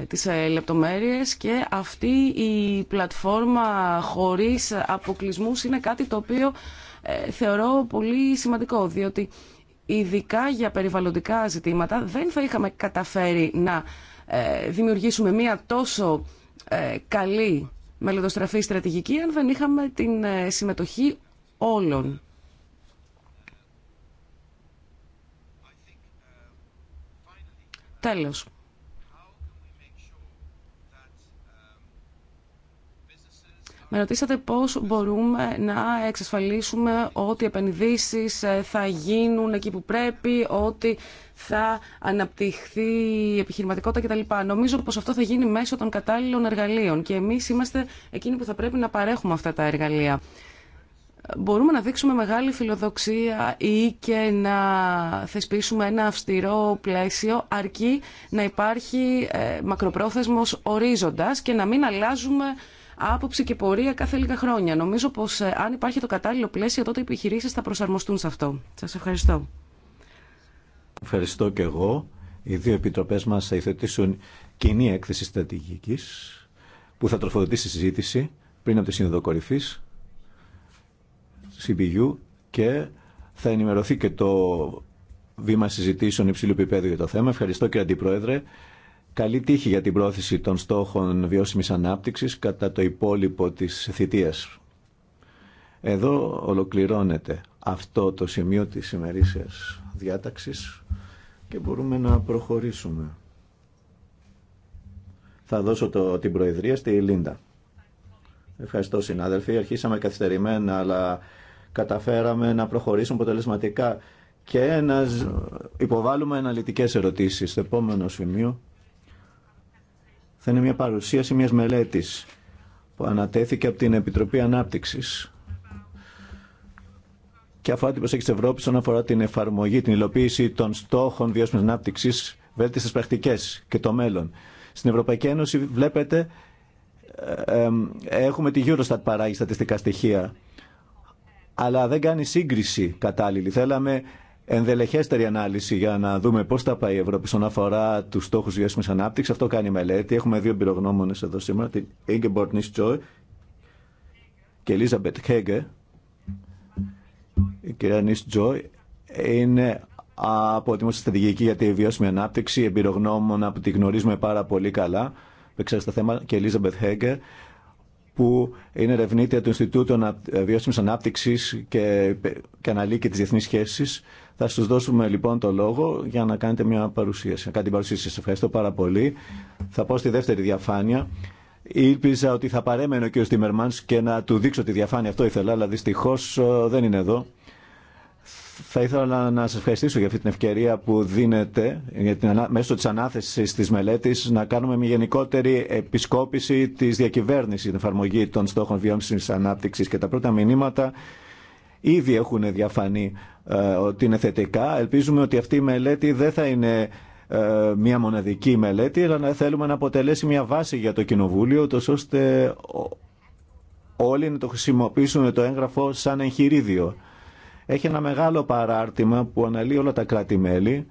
τις ε, λεπτομέρειες και αυτή η πλατφόρμα χωρίς αποκλεισμούς είναι κάτι το οποίο ε, θεωρώ πολύ σημαντικό, διότι ειδικά για περιβαλλοντικά ζητήματα δεν θα είχαμε καταφέρει να ε, δημιουργήσουμε μία τόσο ε, καλή μελλοντοστραφή στρατηγική αν δεν είχαμε την ε, συμμετοχή όλων. Τέλος. Με ρωτήσατε πώς μπορούμε να εξασφαλίσουμε ότι οι επενδύσεις ε, θα γίνουν εκεί που πρέπει, ότι θα αναπτυχθεί η επιχειρηματικότητα κτλ. Νομίζω πως αυτό θα γίνει μέσω των κατάλληλων εργαλείων και εμείς είμαστε εκείνοι που θα πρέπει να παρέχουμε αυτά τα εργαλεία. Μπορούμε να δείξουμε μεγάλη φιλοδοξία ή και να θεσπίσουμε ένα αυστηρό πλαίσιο αρκεί να υπάρχει ε, μακροπρόθεσμος ορίζοντας και να μην αλλάζουμε άποψη και πορεία κάθε λίγα χρόνια. Νομίζω πως ε, αν υπάρχει το κατάλληλο πλαίσιο τότε οι επιχειρήσει θα προσαρμοστούν σε αυτό. Σα ευχαριστώ. Ευχαριστώ και εγώ. Οι δύο επιτροπέ μα θα υθετήσουν κοινή έκθεση στρατηγική που θα τροφοδοτήσει συζήτηση πριν από τη Σύνοδο του CBU και θα ενημερωθεί και το βήμα συζητήσεων υψηλού επίπεδου για το θέμα. Ευχαριστώ κύριε Αντιπρόεδρε. Καλή τύχη για την πρόθεση των στόχων βιώσιμης ανάπτυξης κατά το υπόλοιπο της θητείας. Εδώ ολοκληρώνεται αυτό το σημείο της ημερήσιας διάταξης και μπορούμε να προχωρήσουμε. Θα δώσω το, την προεδρία στη Λίντα. Ευχαριστώ συνάδελφοι. Αρχίσαμε καθυστερημένα αλλά καταφέραμε να προχωρήσουμε αποτελεσματικά και να υποβάλουμε αναλυτικές ερωτήσεις. Στο επόμενο σημείο θα είναι μια παρουσίαση μιας μελέτης που ανατέθηκε από την Επιτροπή Ανάπτυξης και αφορά την προσέγγιση της Ευρώπης όταν αφορά την εφαρμογή, την υλοποίηση των στόχων βιώσιμης ανάπτυξης, βέλτιστες πρακτικές και το μέλλον. Στην Ευρωπαϊκή Ένωση βλέπετε ε, ε, έχουμε τη Eurostat παράγει στατιστικά στοιχεία αλλά δεν κάνει σύγκριση κατάλληλη. Θέλαμε ενδελεχέστερη ανάλυση για να δούμε πώ θα πάει η Ευρώπη στον αφορά του στόχου βιώσιμη ανάπτυξη. Αυτό κάνει η μελέτη. Έχουμε δύο εμπειρογνώμονε εδώ σήμερα, την Ingeborg Nischoy και η Elizabeth Χέγκε. Η κυρία Nischoy είναι από τη Στρατηγική για τη Βιώσιμη Ανάπτυξη, εμπειρογνώμονα που τη γνωρίζουμε πάρα πολύ καλά, που ξέρει θέμα θέματα, και Elizabeth Χέγκε που είναι ερευνήτρια του Ινστιτούτου Βιώσιμη Ανάπτυξη και, και αναλύει και τι διεθνεί σχέσει. Θα σας δώσουμε λοιπόν το λόγο για να κάνετε μια παρουσίαση. Να κάνετε την παρουσίαση. Σας ευχαριστώ πάρα πολύ. Θα πω στη δεύτερη διαφάνεια. Ήλπιζα ότι θα παρέμενε ο κ. Τιμερμάν και να του δείξω τη διαφάνεια. Αυτό ήθελα, αλλά δυστυχώ ε, δεν είναι εδώ. Θα ήθελα να σα ευχαριστήσω για αυτή την ευκαιρία που δίνετε για την, μέσω τη ανάθεση τη μελέτη, να κάνουμε μια γενικότερη επισκόπηση τη διακυβέρνηση την εφαρμογή των στόχων βιώσιμης ανάπτυξη και τα πρώτα μηνύματα ήδη έχουν διαφανεί ε, ότι είναι θετικά. Ελπίζουμε ότι αυτή η μελέτη δεν θα είναι ε, μια μοναδική μελέτη, αλλά θέλουμε να αποτελέσει μια βάση για το Κοινοβούλιο, ώστε όλοι να το χρησιμοποιήσουν το έγγραφο σαν εγχειρίδιο. Έχει ένα μεγάλο παράρτημα που αναλύει όλα τα κράτη-μέλη.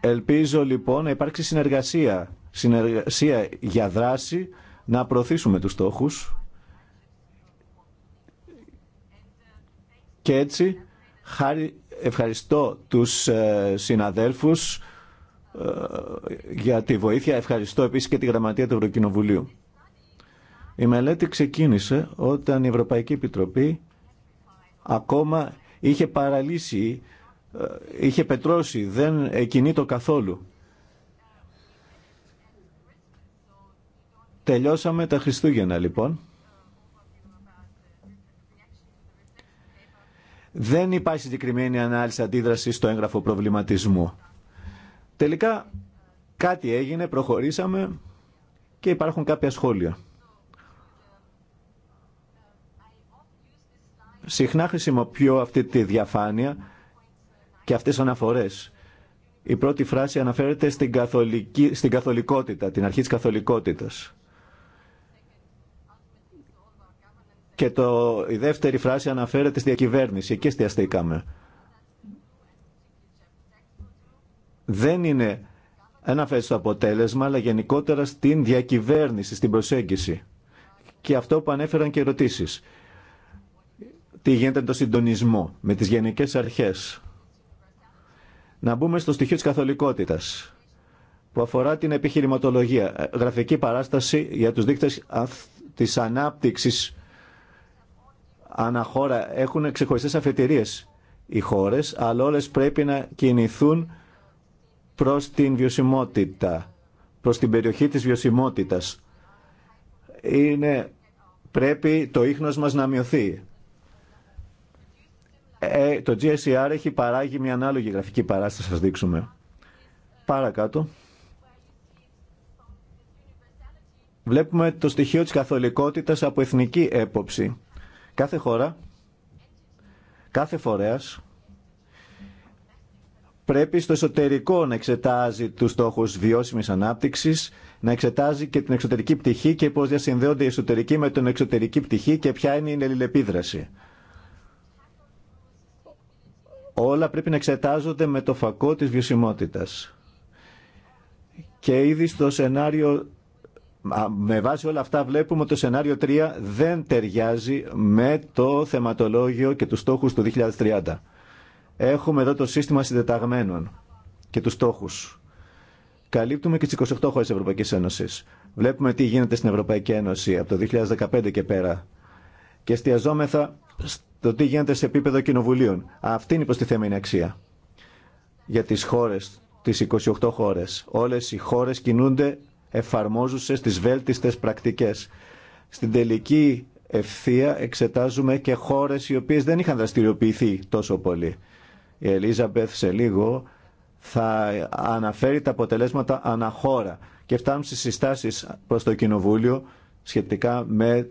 Ελπίζω λοιπόν να υπάρξει συνεργασία, συνεργασία για δράση, να προωθήσουμε τους στόχους Και έτσι χάρη, ευχαριστώ τους ε, συναδέλφους ε, για τη βοήθεια. Ευχαριστώ επίσης και τη Γραμματεία του Ευρωκοινοβουλίου. Η μελέτη ξεκίνησε όταν η Ευρωπαϊκή Επιτροπή ακόμα είχε παραλύσει, ε, είχε πετρώσει, δεν εκινεί το καθόλου. Τελειώσαμε τα Χριστούγεννα λοιπόν. Δεν υπάρχει συγκεκριμένη ανάλυση αντίδραση στο έγγραφο προβληματισμού. Τελικά κάτι έγινε, προχωρήσαμε και υπάρχουν κάποια σχόλια. Συχνά χρησιμοποιώ αυτή τη διαφάνεια και αυτές τις αναφορές. Η πρώτη φράση αναφέρεται στην, καθολική, στην καθολικότητα, την αρχή της καθολικότητας. Και το, η δεύτερη φράση αναφέρεται στη διακυβέρνηση. Εκεί εστιαστήκαμε. Δεν είναι ένα στο αποτέλεσμα, αλλά γενικότερα στην διακυβέρνηση, στην προσέγγιση. Και αυτό που ανέφεραν και ερωτήσει. Τι γίνεται με το συντονισμό, με τις γενικές αρχές. Να μπούμε στο στοιχείο της καθολικότητας, που αφορά την επιχειρηματολογία. Γραφική παράσταση για τους δείκτες της ανάπτυξης αναχώρα έχουν ξεχωριστέ αφετηρίες οι χώρες, αλλά όλε πρέπει να κινηθούν προς την βιωσιμότητα, προς την περιοχή της βιωσιμότητα. Είναι, πρέπει το ίχνος μας να μειωθεί. Ε, το GSR έχει παράγει μια ανάλογη γραφική παράσταση, σας δείξουμε. Παρακάτω. Βλέπουμε το στοιχείο της καθολικότητας από εθνική έποψη. Κάθε χώρα, κάθε φορέας πρέπει στο εσωτερικό να εξετάζει τους στόχους βιώσιμης ανάπτυξης, να εξετάζει και την εξωτερική πτυχή και πώς διασυνδέονται οι εσωτερικοί με την εξωτερική πτυχή και ποια είναι η ελληλεπίδραση. Όλα πρέπει να εξετάζονται με το φακό της βιωσιμότητας. Και ήδη στο σενάριο με βάση όλα αυτά βλέπουμε ότι το σενάριο 3 δεν ταιριάζει με το θεματολόγιο και τους στόχους του 2030. Έχουμε εδώ το σύστημα συντεταγμένων και τους στόχους. Καλύπτουμε και τις 28 χώρες της Ευρωπαϊκής Ένωσης. Βλέπουμε τι γίνεται στην Ευρωπαϊκή Ένωση από το 2015 και πέρα. Και εστιαζόμεθα στο τι γίνεται σε επίπεδο κοινοβουλίων. Αυτή είναι η αξία για τις χώρες, τις 28 χώρες. Όλες οι χώρες κινούνται εφαρμόζουσε στις βέλτιστες πρακτικές. Στην τελική ευθεία εξετάζουμε και χώρες οι οποίες δεν είχαν δραστηριοποιηθεί τόσο πολύ. Η Ελίζαμπεθ σε λίγο θα αναφέρει τα αποτελέσματα αναχώρα και φτάνουν στις συστάσεις προς το Κοινοβούλιο σχετικά με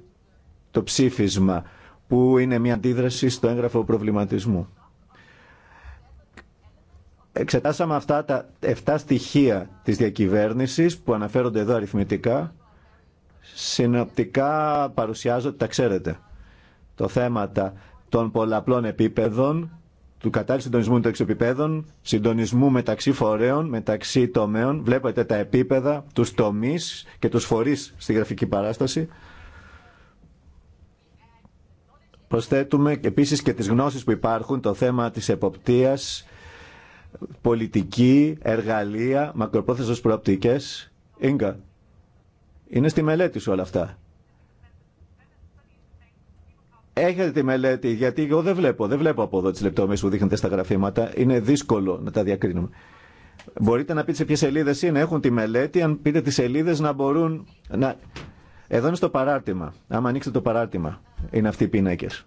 το ψήφισμα που είναι μια αντίδραση στο έγγραφο προβληματισμού. Εξετάσαμε αυτά τα 7 στοιχεία της διακυβέρνησης που αναφέρονται εδώ αριθμητικά. Συνοπτικά παρουσιάζω ότι τα ξέρετε. Το θέμα των πολλαπλών επίπεδων, του κατάλληλου συντονισμού των εξωπιπέδων, συντονισμού μεταξύ φορέων, μεταξύ τομέων. Βλέπετε τα επίπεδα, τους τομείς και τους φορείς στη γραφική παράσταση. Προσθέτουμε επίσης και τις γνώσεις που υπάρχουν, το θέμα της εποπτείας, πολιτική, εργαλεία, μακροπρόθεσμες προοπτικές. Ίγκα, είναι στη μελέτη σου όλα αυτά. Έχετε τη μελέτη, γιατί εγώ δεν βλέπω, δεν βλέπω από εδώ τις λεπτομέρειες που δείχνετε στα γραφήματα. Είναι δύσκολο να τα διακρίνουμε. Μπορείτε να πείτε σε ποιες σελίδες είναι, έχουν τη μελέτη, αν πείτε τις σελίδες να μπορούν να... Εδώ είναι στο παράρτημα. Άμα ανοίξετε το παράρτημα, είναι αυτοί οι πίνακες.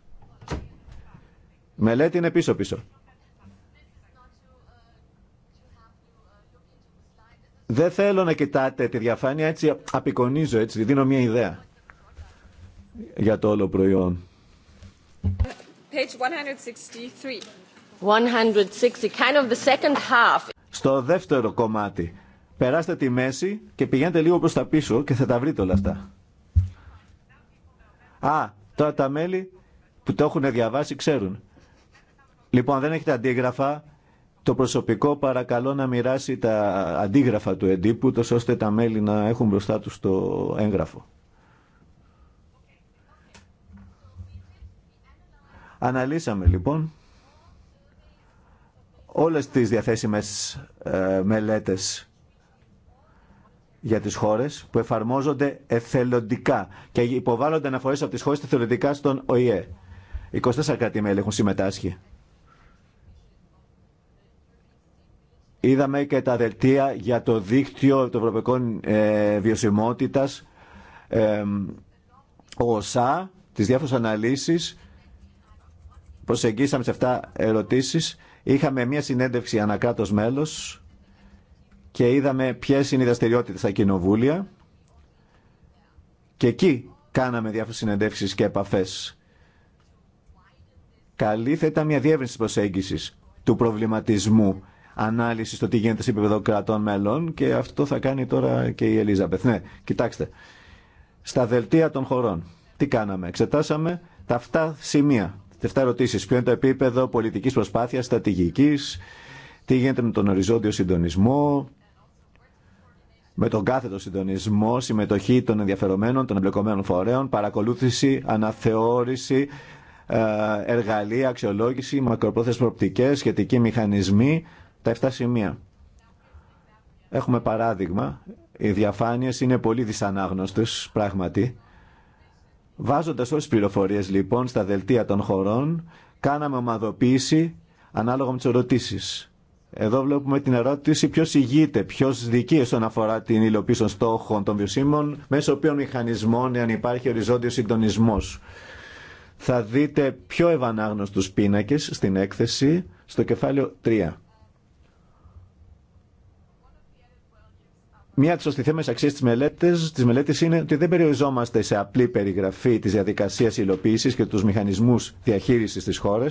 Μελέτη είναι πίσω-πίσω. Δεν θέλω να κοιτάτε τη διαφάνεια, έτσι απεικονίζω, έτσι δίνω μια ιδέα για το όλο προϊόν. Page 163. 160, kind of the second half. Στο δεύτερο κομμάτι. Περάστε τη μέση και πηγαίνετε λίγο προς τα πίσω και θα τα βρείτε όλα αυτά. Α, τώρα τα μέλη που το έχουν διαβάσει ξέρουν. Λοιπόν, δεν έχετε αντίγραφα, το προσωπικό παρακαλώ να μοιράσει τα αντίγραφα του εντύπου, τόσο ώστε τα μέλη να έχουν μπροστά τους το έγγραφο. Αναλύσαμε λοιπόν όλες τις διαθέσιμες ε, μελέτες για τις χώρες που εφαρμόζονται εθελοντικά και υποβάλλονται αναφορές από τις χώρες εθελοντικά στον ΟΗΕ. 24 κράτη-μέλη έχουν συμμετάσχει. Είδαμε και τα δελτία για το δίκτυο των ευρωπαϊκών ε, βιωσιμότητας, ε, ο ΩΣΑ, τις διάφορες αναλύσεις. Προσεγγίσαμε σε αυτά ερωτήσεις. Είχαμε μια συνέντευξη ανακράτως μέλος και είδαμε ποιες είναι οι δραστηριότητες στα κοινοβούλια. Και εκεί κάναμε διάφορες συνεντεύξεις και επαφές. Καλή θα ήταν μια διεύρυνση προσέγγισης του προβληματισμού ανάλυση στο τι γίνεται σε επίπεδο κρατών μέλων και αυτό θα κάνει τώρα και η Ελίζα Ναι, κοιτάξτε. Στα δελτία των χωρών, τι κάναμε. Εξετάσαμε τα αυτά σημεία. Τα 7 ερωτήσει. Ποιο είναι το επίπεδο πολιτική προσπάθεια, στρατηγική, τι γίνεται με τον οριζόντιο συντονισμό, με τον κάθετο συντονισμό, συμμετοχή των ενδιαφερομένων, των εμπλεκομένων φορέων, παρακολούθηση, αναθεώρηση, ε, εργαλεία, αξιολόγηση, μακροπρόθεσμες προοπτικές, σχετικοί μηχανισμοί τα 7 σημεία. Έχουμε παράδειγμα, οι διαφάνειες είναι πολύ δυσανάγνωστες πράγματι. Βάζοντας όλες τις πληροφορίες λοιπόν στα δελτία των χωρών, κάναμε ομαδοποίηση ανάλογα με τις ερωτήσεις. Εδώ βλέπουμε την ερώτηση ποιο ηγείται, ποιο δικεί όσον αφορά την υλοποίηση των στόχων των βιωσίμων, μέσω οποίων μηχανισμών, εάν υπάρχει οριζόντιο συντονισμό. Θα δείτε πιο ευανάγνωστου πίνακε στην έκθεση, στο κεφάλαιο 3. Μία από τι προστιθέμενε αξίε τη μελέτη είναι ότι δεν περιοριζόμαστε σε απλή περιγραφή τη διαδικασία υλοποίηση και του μηχανισμού διαχείριση τη χώρα,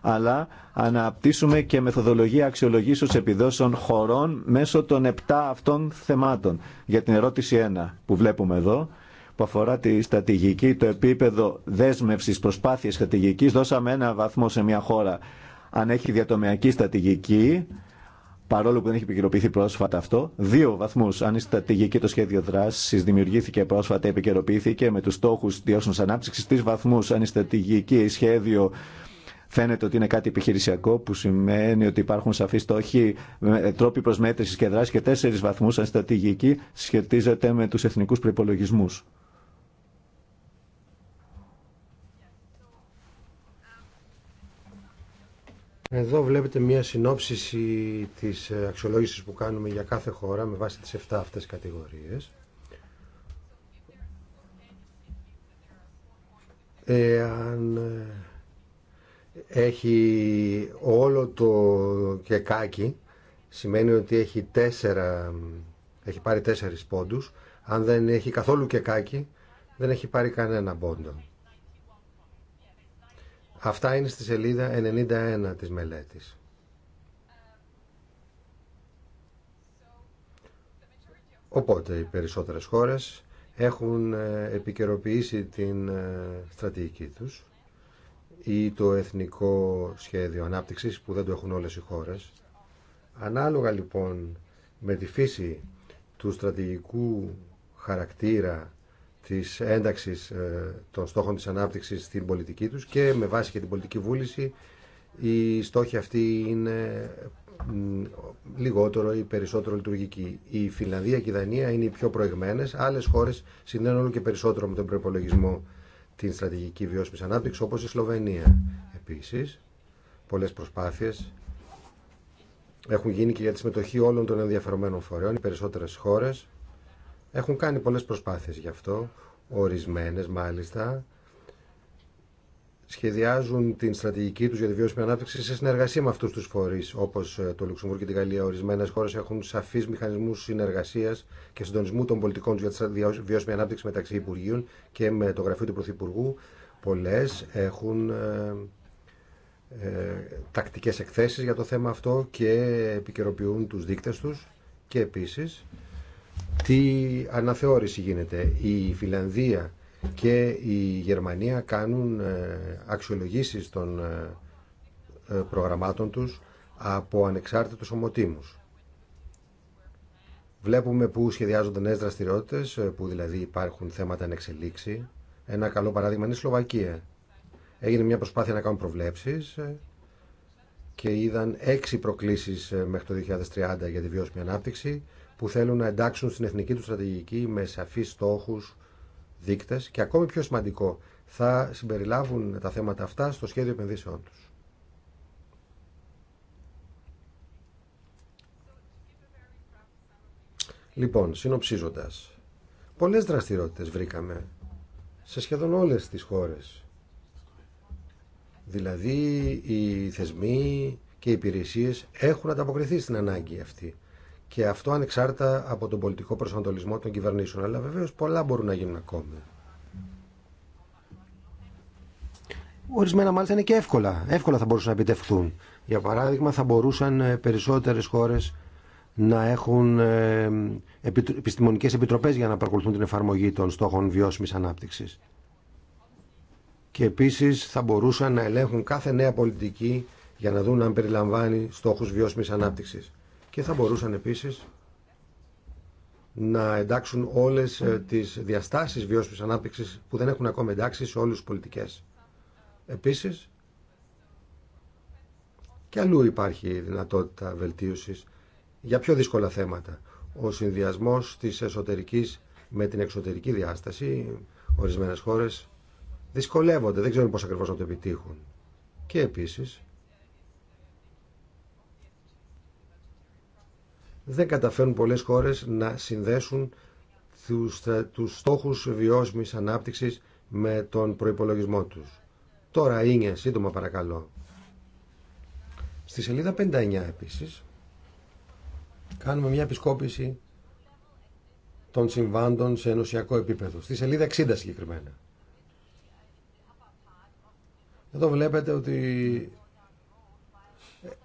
αλλά αναπτύσσουμε και μεθοδολογία αξιολογήσεω επιδόσεων χωρών μέσω των 7 αυτών θεμάτων. Για την ερώτηση 1 που βλέπουμε εδώ, που αφορά τη στρατηγική, το επίπεδο δέσμευση προσπάθεια στρατηγική, δώσαμε ένα βαθμό σε μια χώρα αν έχει διατομιακή στρατηγική, παρόλο που δεν έχει επικαιροποιηθεί πρόσφατα αυτό. Δύο βαθμού. Αν η στρατηγική το σχέδιο δράση δημιουργήθηκε πρόσφατα, επικαιροποιήθηκε με του στόχου διώσεων ανάπτυξη. Τρει βαθμού. Αν η στρατηγική η σχέδιο φαίνεται ότι είναι κάτι επιχειρησιακό, που σημαίνει ότι υπάρχουν σαφεί στόχοι, τρόποι προσμέτρηση και δράση. Και τέσσερι βαθμού. Αν η σχετίζεται με του εθνικού προπολογισμού. Εδώ βλέπετε μια συνόψιση της ε, αξιολόγησης που κάνουμε για κάθε χώρα με βάση τις 7 αυτές κατηγορίες. Εάν ε, έχει όλο το κεκάκι, σημαίνει ότι έχει, τέσσερα, έχει πάρει τέσσερις πόντους. Αν δεν έχει καθόλου κεκάκι, δεν έχει πάρει κανένα πόντο. Αυτά είναι στη σελίδα 91 της μελέτης. Οπότε οι περισσότερες χώρες έχουν ε, επικαιροποιήσει την ε, στρατηγική τους ή το εθνικό σχέδιο ανάπτυξης που δεν το έχουν όλες οι χώρες. Ανάλογα λοιπόν με τη φύση του στρατηγικού χαρακτήρα της ένταξης ε, των στόχων της ανάπτυξης στην πολιτική τους και με βάση και την πολιτική βούληση οι στόχοι αυτοί είναι λιγότερο ή περισσότερο λειτουργικοί. Η περισσοτερο λειτουργικη η φιλανδια και η Δανία είναι οι πιο προηγμένες. Άλλες χώρες συνδέουν όλο και περισσότερο με τον προπολογισμό την στρατηγική βιώσιμη ανάπτυξη όπως η Σλοβενία. Επίσης, πολλές προσπάθειες έχουν γίνει και για τη συμμετοχή όλων των ενδιαφερομένων φορέων. Οι περισσότερες χώρες έχουν κάνει πολλές προσπάθειες γι' αυτό, ορισμένες μάλιστα, σχεδιάζουν την στρατηγική τους για τη βιώσιμη ανάπτυξη σε συνεργασία με αυτούς τους φορείς, όπως ε, το Λουξεμβούργο και την Γαλλία. Ορισμένες χώρες έχουν σαφείς μηχανισμούς συνεργασίας και συντονισμού των πολιτικών τους για τη βιώσιμη ανάπτυξη μεταξύ Υπουργείων και με το γραφείο του Πρωθυπουργού. Πολλέ έχουν ε, ε, τακτικές εκθέσεις για το θέμα αυτό και επικαιροποιούν τους δείκτες τους και επίσης τι αναθεώρηση γίνεται. Η Φιλανδία και η Γερμανία κάνουν ε, αξιολογήσεις των ε, ε, προγραμμάτων τους από ανεξάρτητους ομοτήμους. Βλέπουμε πού σχεδιάζονται νέες δραστηριότητες, που δηλαδή υπάρχουν θέματα να εξελίξει. Ένα καλό παράδειγμα είναι η Σλοβακία. Έγινε μια προσπάθεια να κάνουν προβλέψεις και είδαν έξι προκλήσεις μέχρι το 2030 για τη βιώσιμη ανάπτυξη που θέλουν να εντάξουν στην εθνική του στρατηγική με σαφείς στόχους, δείκτες και ακόμη πιο σημαντικό, θα συμπεριλάβουν τα θέματα αυτά στο σχέδιο επενδύσεών τους. Λοιπόν, συνοψίζοντας, πολλές δραστηριότητες βρήκαμε σε σχεδόν όλες τις χώρες. Δηλαδή, οι θεσμοί και οι υπηρεσίες έχουν ανταποκριθεί στην ανάγκη αυτή και αυτό ανεξάρτητα από τον πολιτικό προσανατολισμό των κυβερνήσεων. Αλλά βεβαίω πολλά μπορούν να γίνουν ακόμη. Ορισμένα μάλιστα είναι και εύκολα. Εύκολα θα μπορούσαν να επιτευχθούν. Για παράδειγμα θα μπορούσαν ε, περισσότερε χώρε να έχουν ε, επιστημονικέ επιτροπέ για να παρακολουθούν την εφαρμογή των στόχων βιώσιμης ανάπτυξη. Και επίση θα μπορούσαν να ελέγχουν κάθε νέα πολιτική για να δουν αν περιλαμβάνει στόχους βιώσιμη ανάπτυξη και θα μπορούσαν επίσης να εντάξουν όλες ε, τις διαστάσεις βιώσιμης ανάπτυξης που δεν έχουν ακόμα εντάξει σε όλες τις πολιτικές. Επίσης, και αλλού υπάρχει δυνατότητα βελτίωσης για πιο δύσκολα θέματα. Ο συνδυασμός της εσωτερικής με την εξωτερική διάσταση, ορισμένες χώρες δυσκολεύονται, δεν ξέρουν πώς ακριβώς να το επιτύχουν. Και επίσης, δεν καταφέρουν πολλές χώρες να συνδέσουν τους, τους στόχους βιώσιμης ανάπτυξης με τον προϋπολογισμό τους. Τώρα είναι, σύντομα παρακαλώ. Στη σελίδα 59 επίσης κάνουμε μια επισκόπηση των συμβάντων σε ενωσιακό επίπεδο. Στη σελίδα 60 συγκεκριμένα. Εδώ βλέπετε ότι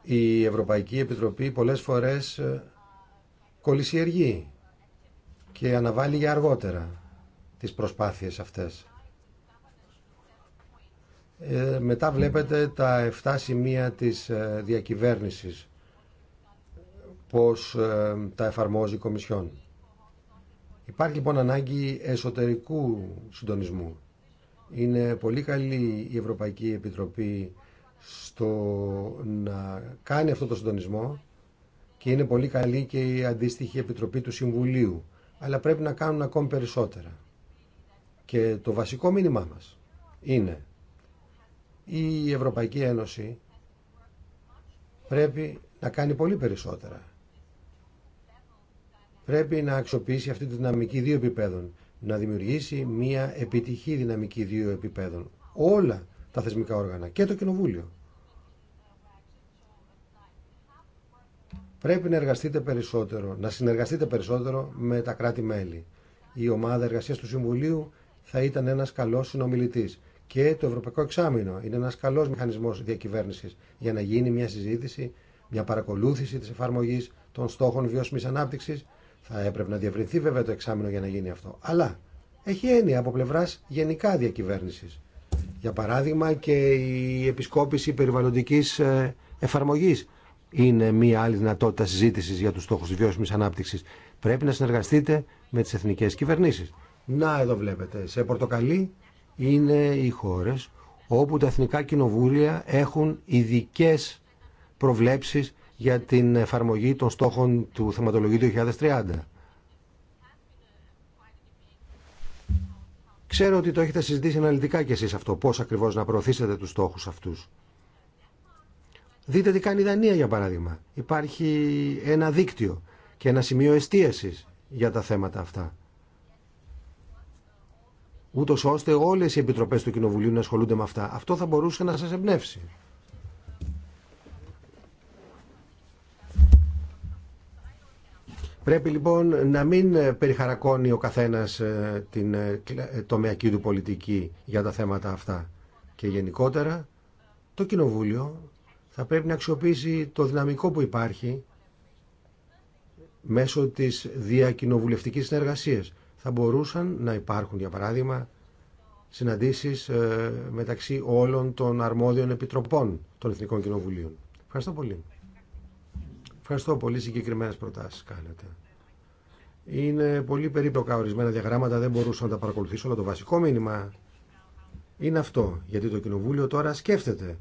η Ευρωπαϊκή Επιτροπή πολλές φορές ε, κολυσιεργεί και αναβάλει για αργότερα τις προσπάθειες αυτές. Ε, μετά βλέπετε τα 7 σημεία της ε, διακυβέρνησης, πώς ε, τα εφαρμόζει η Κομισιόν. Υπάρχει λοιπόν ανάγκη εσωτερικού συντονισμού. Είναι πολύ καλή η Ευρωπαϊκή Επιτροπή στο να κάνει αυτό το συντονισμό και είναι πολύ καλή και η αντίστοιχη επιτροπή του Συμβουλίου. Αλλά πρέπει να κάνουν ακόμη περισσότερα. Και το βασικό μήνυμά μας είναι η Ευρωπαϊκή Ένωση πρέπει να κάνει πολύ περισσότερα. Πρέπει να αξιοποιήσει αυτή τη δυναμική δύο επιπέδων. Να δημιουργήσει μια επιτυχή δυναμική δύο επιπέδων. Όλα τα θεσμικά όργανα και το Κοινοβούλιο. Πρέπει να εργαστείτε περισσότερο, να συνεργαστείτε περισσότερο με τα κράτη-μέλη. Η ομάδα εργασία του Συμβουλίου θα ήταν ένα καλό συνομιλητή. Και το Ευρωπαϊκό Εξάμεινο είναι ένα καλό μηχανισμό διακυβέρνηση για να γίνει μια συζήτηση, μια παρακολούθηση τη εφαρμογή των στόχων βιώσιμη ανάπτυξη. Θα έπρεπε να διευρυνθεί βέβαια το εξάμεινο για να γίνει αυτό. Αλλά έχει έννοια από πλευρά γενικά διακυβέρνηση. Για παράδειγμα και η επισκόπηση περιβαλλοντική ε, εφαρμογή είναι μία άλλη δυνατότητα συζήτηση για του στόχου τη βιώσιμη ανάπτυξη. Πρέπει να συνεργαστείτε με τι εθνικέ κυβερνήσει. Να, εδώ βλέπετε. Σε πορτοκαλί είναι οι χώρε όπου τα εθνικά κοινοβούλια έχουν ειδικέ προβλέψει για την εφαρμογή των στόχων του θεματολογίου 2030. Ξέρω ότι το έχετε συζητήσει αναλυτικά κι εσείς αυτό, πώς ακριβώς να προωθήσετε τους στόχους αυτούς. Δείτε τι κάνει η Δανία για παράδειγμα. Υπάρχει ένα δίκτυο και ένα σημείο εστίασης για τα θέματα αυτά. Ούτω ώστε όλες οι επιτροπές του Κοινοβουλίου να ασχολούνται με αυτά. Αυτό θα μπορούσε να σας εμπνεύσει. Πρέπει λοιπόν να μην περιχαρακώνει ο καθένας ε, την ε, ε, τομεακή του πολιτική για τα θέματα αυτά. Και γενικότερα το Κοινοβούλιο θα πρέπει να αξιοποιήσει το δυναμικό που υπάρχει μέσω της διακοινοβουλευτικής συνεργασίας. Θα μπορούσαν να υπάρχουν, για παράδειγμα, συναντήσεις ε, μεταξύ όλων των αρμόδιων επιτροπών των Εθνικών Κοινοβουλίων. Ευχαριστώ πολύ. Ευχαριστώ πολύ. Συγκεκριμένε προτάσει κάνετε. Είναι πολύ περίπλοκα ορισμένα διαγράμματα, δεν μπορούσα να τα παρακολουθήσω, αλλά το βασικό μήνυμα είναι αυτό. Γιατί το Κοινοβούλιο τώρα σκέφτεται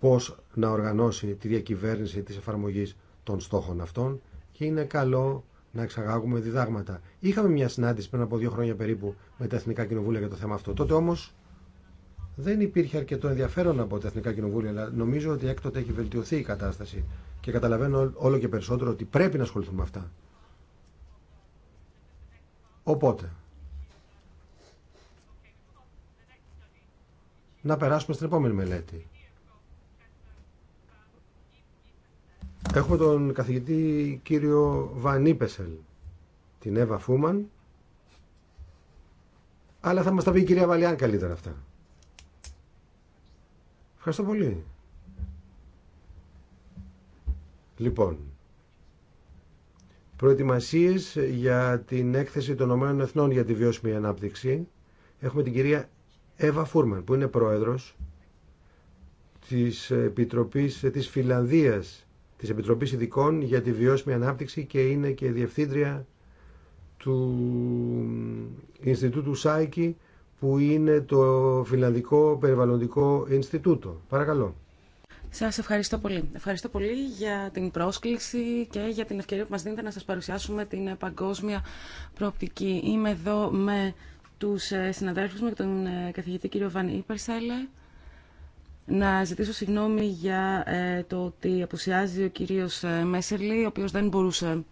πώς να οργανώσει τη διακυβέρνηση της εφαρμογής των στόχων αυτών και είναι καλό να εξαγάγουμε διδάγματα. Είχαμε μια συνάντηση πριν από δύο χρόνια περίπου με τα Εθνικά Κοινοβούλια για το θέμα αυτό. Τότε όμως δεν υπήρχε αρκετό ενδιαφέρον από τα Εθνικά Κοινοβούλια, αλλά νομίζω ότι έκτοτε έχει βελτιωθεί η κατάσταση και καταλαβαίνω όλο και περισσότερο ότι πρέπει να ασχοληθούμε με αυτά. Οπότε, να περάσουμε στην επόμενη μελέτη. Έχουμε τον καθηγητή κύριο Βανίπεσελ, την Εύα Φούμαν, αλλά θα μας τα πει η κυρία Βαλιάν καλύτερα αυτά. Ευχαριστώ πολύ. Λοιπόν, προετοιμασίες για την έκθεση των ΟΕΕ Εθνών για τη βιώσιμη ανάπτυξη. Έχουμε την κυρία Εύα Φούρμαν, που είναι πρόεδρος της Επιτροπής της Φιλανδίας Τη Επιτροπή Ειδικών για τη Βιώσιμη Ανάπτυξη και είναι και διευθύντρια του Ινστιτούτου ΣΑΙΚΙ που είναι το Φιλανδικό Περιβαλλοντικό Ινστιτούτο. Παρακαλώ. Σας ευχαριστώ πολύ. Ευχαριστώ πολύ για την πρόσκληση και για την ευκαιρία που μα δίνετε να σας παρουσιάσουμε την παγκόσμια προοπτική. Είμαι εδώ με τους ε, συναδέλφους μου και τον ε, καθηγητή κύριο Βαν Ήπερσέλε να ζητήσω συγγνώμη για ε, το ότι απουσιάζει ο κύριος ε, Μέσερλη, ο οποίος δεν μπορούσε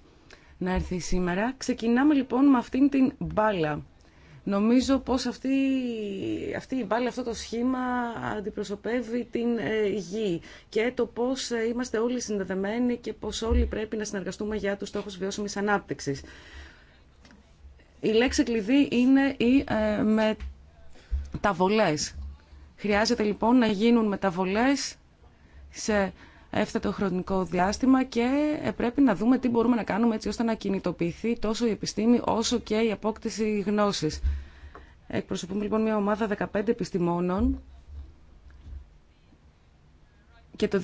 να έρθει σήμερα. Ξεκινάμε λοιπόν με αυτήν την μπάλα. Νομίζω πως αυτή, αυτή η μπάλα, αυτό το σχήμα αντιπροσωπεύει την ε, γη και το πως είμαστε όλοι συνδεδεμένοι και πως όλοι πρέπει να συνεργαστούμε για τους στόχους βιώσιμης ανάπτυξης. Η λέξη κλειδί είναι με τα μεταβολές. Χρειάζεται λοιπόν να γίνουν μεταβολές σε έφτατο χρονικό διάστημα και πρέπει να δούμε τι μπορούμε να κάνουμε έτσι ώστε να κινητοποιηθεί τόσο η επιστήμη όσο και η απόκτηση γνώσης. Εκπροσωπούμε λοιπόν μια ομάδα 15 επιστημόνων και το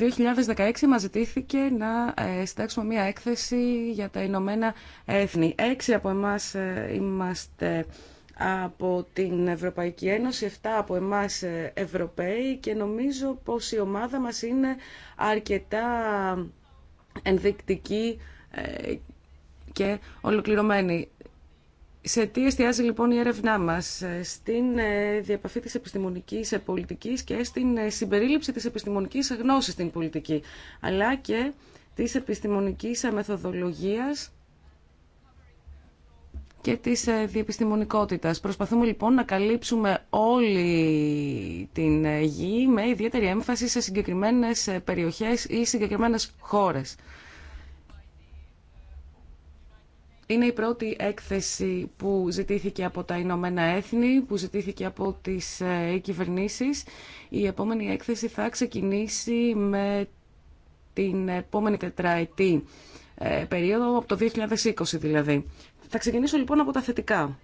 2016 μας ζητήθηκε να ε, συντάξουμε μια έκθεση για τα Ηνωμένα Έθνη. Έξι από εμάς ε, είμαστε από την Ευρωπαϊκή Ένωση, 7 από εμάς ε, Ευρωπαίοι και νομίζω πως η ομάδα μας είναι αρκετά ενδεικτική ε, και ολοκληρωμένη. Σε τι εστιάζει λοιπόν η έρευνά μας, ε, στην διαπαφή της επιστημονικής πολιτικής και στην συμπερίληψη της επιστημονικής γνώσης στην πολιτική, αλλά και της επιστημονικής μεθοδολογίας και της ε, διεπιστημονικότητας. Προσπαθούμε λοιπόν να καλύψουμε όλη την ε, γη με ιδιαίτερη έμφαση σε συγκεκριμένες ε, περιοχές ή συγκεκριμένες χώρες. Είναι η πρώτη έκθεση που ζητήθηκε από τα Ηνωμένα Έθνη, που ζητήθηκε από τις κυβερνήσεις. Η επόμενη έκθεση θα ξεκινήσει με την επόμενη τετραετή περίοδο, από το 2020 δηλαδή. Θα ξεκινήσω λοιπόν από τα θετικά.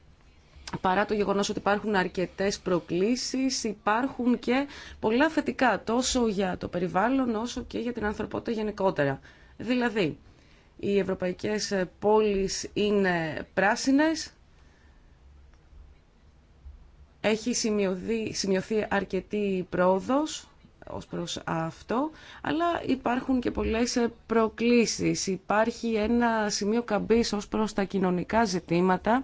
Παρά το γεγονός ότι υπάρχουν αρκετές προκλήσεις, υπάρχουν και πολλά θετικά τόσο για το περιβάλλον όσο και για την ανθρωπότητα γενικότερα. Δηλαδή, οι ευρωπαϊκές πόλεις είναι πράσινες, έχει σημειωθεί, αρκετή πρόοδος ως προς αυτό, αλλά υπάρχουν και πολλές προκλήσεις. Υπάρχει ένα σημείο καμπής ως προς τα κοινωνικά ζητήματα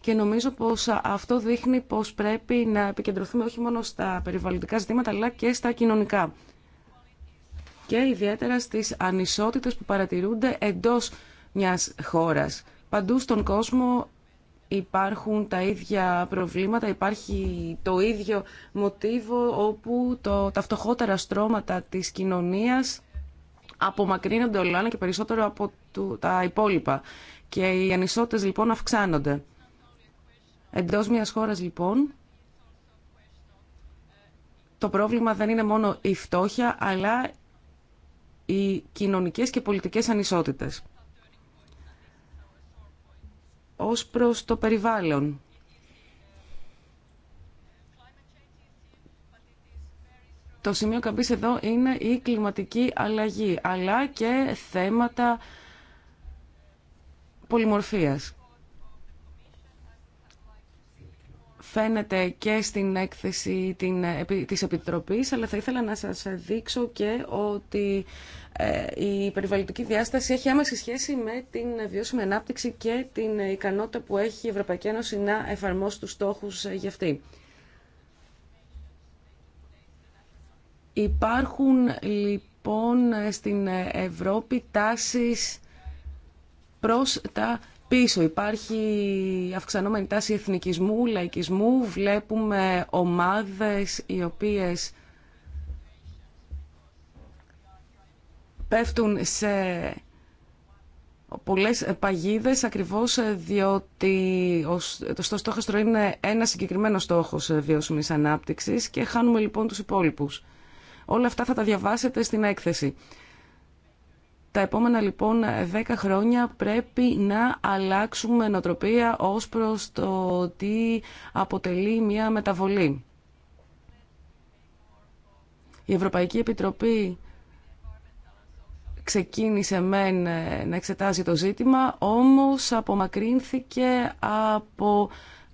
και νομίζω πως αυτό δείχνει πως πρέπει να επικεντρωθούμε όχι μόνο στα περιβαλλοντικά ζητήματα αλλά και στα κοινωνικά και ιδιαίτερα στις ανισότητες που παρατηρούνται εντός μιας χώρας. Παντού στον κόσμο υπάρχουν τα ίδια προβλήματα, υπάρχει το ίδιο μοτίβο όπου το, τα φτωχότερα στρώματα της κοινωνίας απομακρύνονται όλο ένα και περισσότερο από τα υπόλοιπα και οι ανισότητες λοιπόν αυξάνονται. Εντός μιας χώρας λοιπόν το πρόβλημα δεν είναι μόνο η φτώχεια αλλά οι κοινωνικές και πολιτικές ανισότητες ως προς το περιβάλλον. Το σημείο καμπής εδώ είναι η κλιματική αλλαγή, αλλά και θέματα πολυμορφίας. φαίνεται και στην έκθεση την, της Επιτροπής, αλλά θα ήθελα να σας δείξω και ότι ε, η περιβαλλοντική διάσταση έχει άμεση σχέση με την βιώσιμη ανάπτυξη και την ικανότητα που έχει η Ευρωπαϊκή Ένωση να εφαρμόσει τους στόχους για αυτή. Υπάρχουν λοιπόν στην Ευρώπη τάσεις προς τα πίσω. Υπάρχει αυξανόμενη τάση εθνικισμού, λαϊκισμού. Βλέπουμε ομάδες οι οποίες πέφτουν σε πολλές παγίδες ακριβώς διότι το στόχος είναι ένα συγκεκριμένο στόχος βιώσιμης ανάπτυξης και χάνουμε λοιπόν τους υπόλοιπους. Όλα αυτά θα τα διαβάσετε στην έκθεση. Τα επόμενα λοιπόν 10 χρόνια πρέπει να αλλάξουμε νοτροπία ως προς το ότι αποτελεί μια μεταβολή. Η Ευρωπαϊκή Επιτροπή ξεκίνησε μεν ε, να εξετάζει το ζήτημα, όμως απομακρύνθηκε από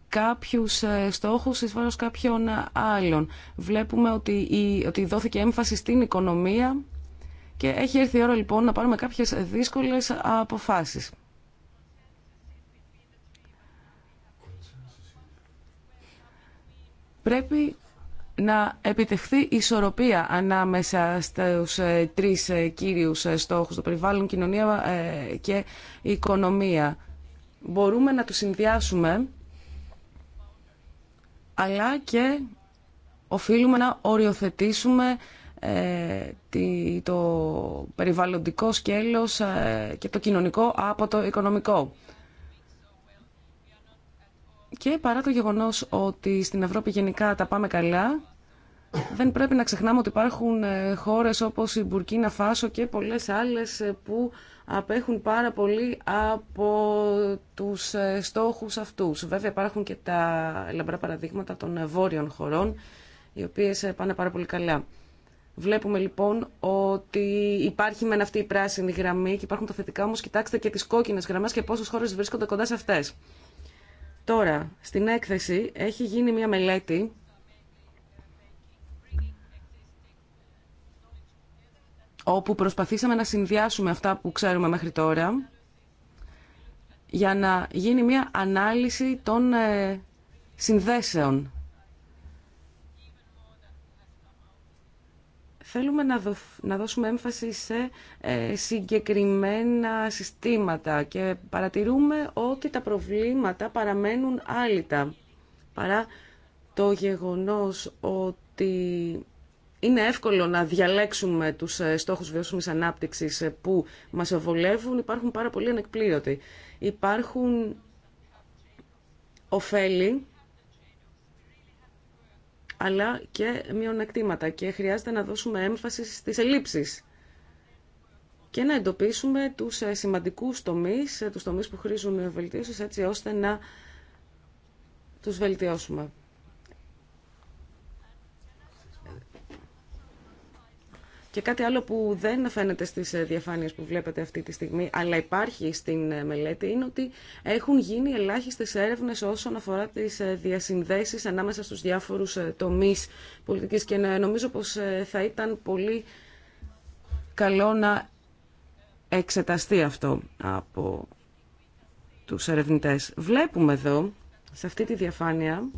κάποιους ε, στόχους εις βάρος κάποιων άλλων. Βλέπουμε ότι, η, ότι δόθηκε έμφαση στην οικονομία και έχει έρθει η ώρα λοιπόν να πάρουμε κάποιες δύσκολες αποφάσεις. Πρέπει να επιτευχθεί ισορροπία ανάμεσα στους ε, τρεις ε, κύριους ε, στόχους, το περιβάλλον, κοινωνία και οικονομία. Μπορούμε να τους συνδυάσουμε, αλλά και οφείλουμε να οριοθετήσουμε ε, το περιβαλλοντικό σκέλος ε, και το κοινωνικό από το οικονομικό. Και παρά το γεγονός ότι στην Ευρώπη γενικά τα πάμε καλά, δεν πρέπει να ξεχνάμε ότι υπάρχουν ε, χώρες όπως η Μπουρκίνα Φάσο και πολλές άλλες που απέχουν πάρα πολύ από τους στόχους αυτούς. Βέβαια υπάρχουν και τα λαμπρά παραδείγματα των βόρειων χωρών, οι οποίες πάνε πάρα πολύ καλά. Βλέπουμε λοιπόν ότι υπάρχει μεν αυτή η πράσινη γραμμή και υπάρχουν τα θετικά, όμω κοιτάξτε και τι κόκκινε γραμμές και πόσε χώρε βρίσκονται κοντά σε αυτέ. Τώρα, στην έκθεση έχει γίνει μια μελέτη όπου προσπαθήσαμε να συνδυάσουμε αυτά που ξέρουμε μέχρι τώρα για να γίνει μια ανάλυση των ε, συνδέσεων Θέλουμε να, να δώσουμε έμφαση σε ε, συγκεκριμένα συστήματα και παρατηρούμε ότι τα προβλήματα παραμένουν άλυτα. Παρά το γεγονός ότι είναι εύκολο να διαλέξουμε τους ε, στόχους βιώσιμης ανάπτυξης ε, που μας βολεύουν, υπάρχουν πάρα πολλοί ανεκπλήρωτοι. Υπάρχουν ωφέλη αλλά και μειονεκτήματα και χρειάζεται να δώσουμε έμφαση στις ελλείψεις και να εντοπίσουμε τους ε, σημαντικούς τομείς, ε, τους τομείς που χρήζουν βελτίωσης έτσι ώστε να τους βελτιώσουμε. Και κάτι άλλο που δεν φαίνεται στις ε, διαφάνειες που βλέπετε αυτή τη στιγμή, αλλά υπάρχει στην ε, μελέτη, είναι ότι έχουν γίνει ελάχιστες έρευνες όσον αφορά τις ε, διασυνδέσεις ανάμεσα στους διάφορους τομείς πολιτικής και νομίζω πως θα ήταν πολύ καλό να εξεταστεί αυτό από τους ερευνητές. Βλέπουμε εδώ, σε αυτή τη διαφάνεια,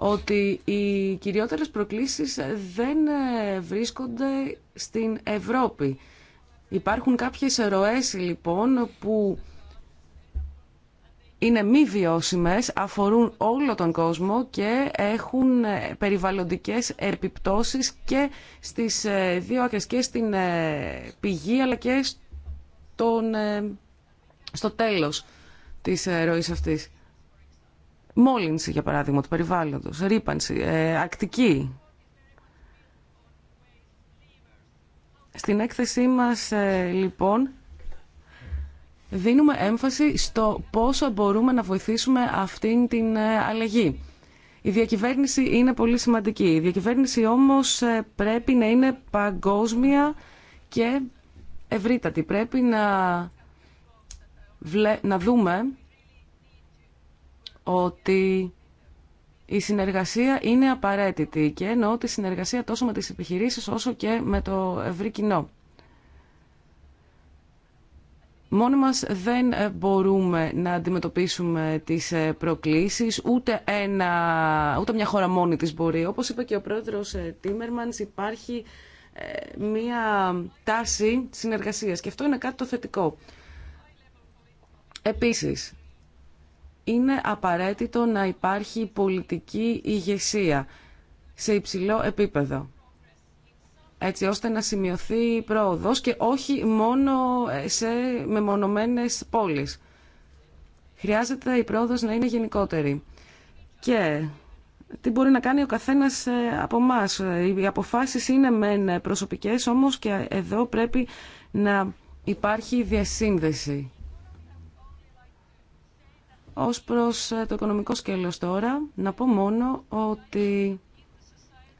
ότι οι κυριότερες προκλήσεις δεν ε, βρίσκονται στην Ευρώπη. Υπάρχουν κάποιες ροές λοιπόν που είναι μη βιώσιμες, αφορούν όλο τον κόσμο και έχουν ε, περιβαλλοντικές επιπτώσεις και στις ε, δύο άκρες και στην πηγή αλλά και στον, στο τέλος της ροής αυτής. Μόλυνση, για παράδειγμα, του περιβάλλοντος, ρήπανση, ε, ακτική. Στην έκθεσή μας, ε, λοιπόν, δίνουμε έμφαση στο πόσο μπορούμε να βοηθήσουμε αυτήν την ε, αλλαγή. Η διακυβέρνηση είναι πολύ σημαντική. Η διακυβέρνηση όμως πρέπει να είναι παγκόσμια και ευρύτατη. Πρέπει να, να δούμε ότι η συνεργασία είναι απαραίτητη και εννοώ τη συνεργασία τόσο με τις επιχειρήσεις όσο και με το ευρύ κοινό. Μόνοι μας δεν μπορούμε να αντιμετωπίσουμε τις προκλήσεις, ούτε, ένα, ούτε μια χώρα μόνη της μπορεί. Όπως είπε και ο πρόεδρος ε, Τίμερμανς, υπάρχει ε, μια τάση συνεργασίας και αυτό είναι κάτι το θετικό. Επίσης, είναι απαραίτητο να υπάρχει πολιτική ηγεσία σε υψηλό επίπεδο έτσι ώστε να σημειωθεί η πρόοδος και όχι μόνο ε, σε μεμονωμένες πόλεις. Χρειάζεται η πρόοδος να είναι γενικότερη. Και τι μπορεί να κάνει ο καθένας ε, από εμά. Ε, οι αποφάσεις είναι μεν προσωπικές, όμως και εδώ πρέπει να υπάρχει διασύνδεση. Ως προς ε, το οικονομικό σκέλος τώρα, να πω μόνο ότι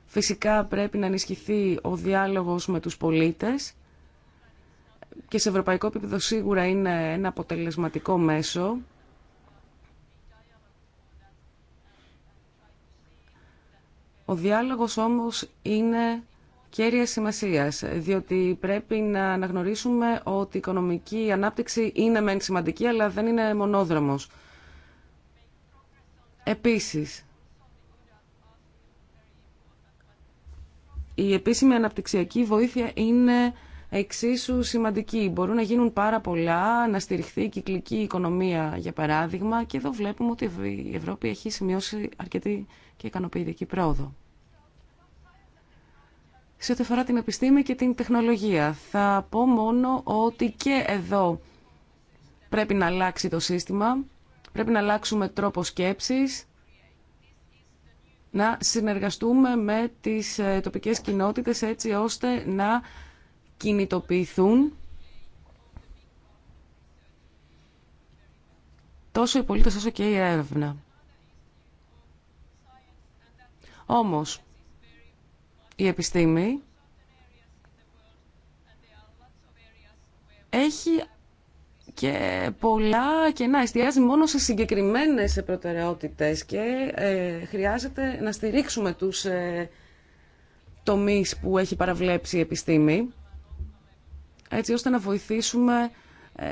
φυσικά πρέπει να ενισχυθεί ο διάλογος με τους πολίτες και σε ευρωπαϊκό επίπεδο σίγουρα είναι ένα αποτελεσματικό μέσο. Ο διάλογος όμως είναι κέρια σημασία, διότι πρέπει να αναγνωρίσουμε ότι η οικονομική ανάπτυξη είναι μεν σημαντική, αλλά δεν είναι μονόδρομος. Επίσης, η επίσημη αναπτυξιακή βοήθεια είναι εξίσου σημαντική. Μπορούν να γίνουν πάρα πολλά, να στηριχθεί η κυκλική οικονομία, για παράδειγμα, και εδώ βλέπουμε ότι η Ευρώπη έχει σημειώσει αρκετή και ικανοποιητική πρόοδο. Σε ό,τι αφορά την επιστήμη και την τεχνολογία, θα πω μόνο ότι και εδώ πρέπει να αλλάξει το σύστημα Πρέπει να αλλάξουμε τρόπο σκέψης, να συνεργαστούμε με τις ε, τοπικές κοινότητες έτσι ώστε να κινητοποιηθούν τόσο οι πολίτες όσο και η έρευνα. Όμως, η επιστήμη έχει και πολλά και να Εστιάζει μόνο σε συγκεκριμένες προτεραιότητες και ε, χρειάζεται να στηρίξουμε τους ε, τομείς που έχει παραβλέψει η επιστήμη έτσι ώστε να βοηθήσουμε ε,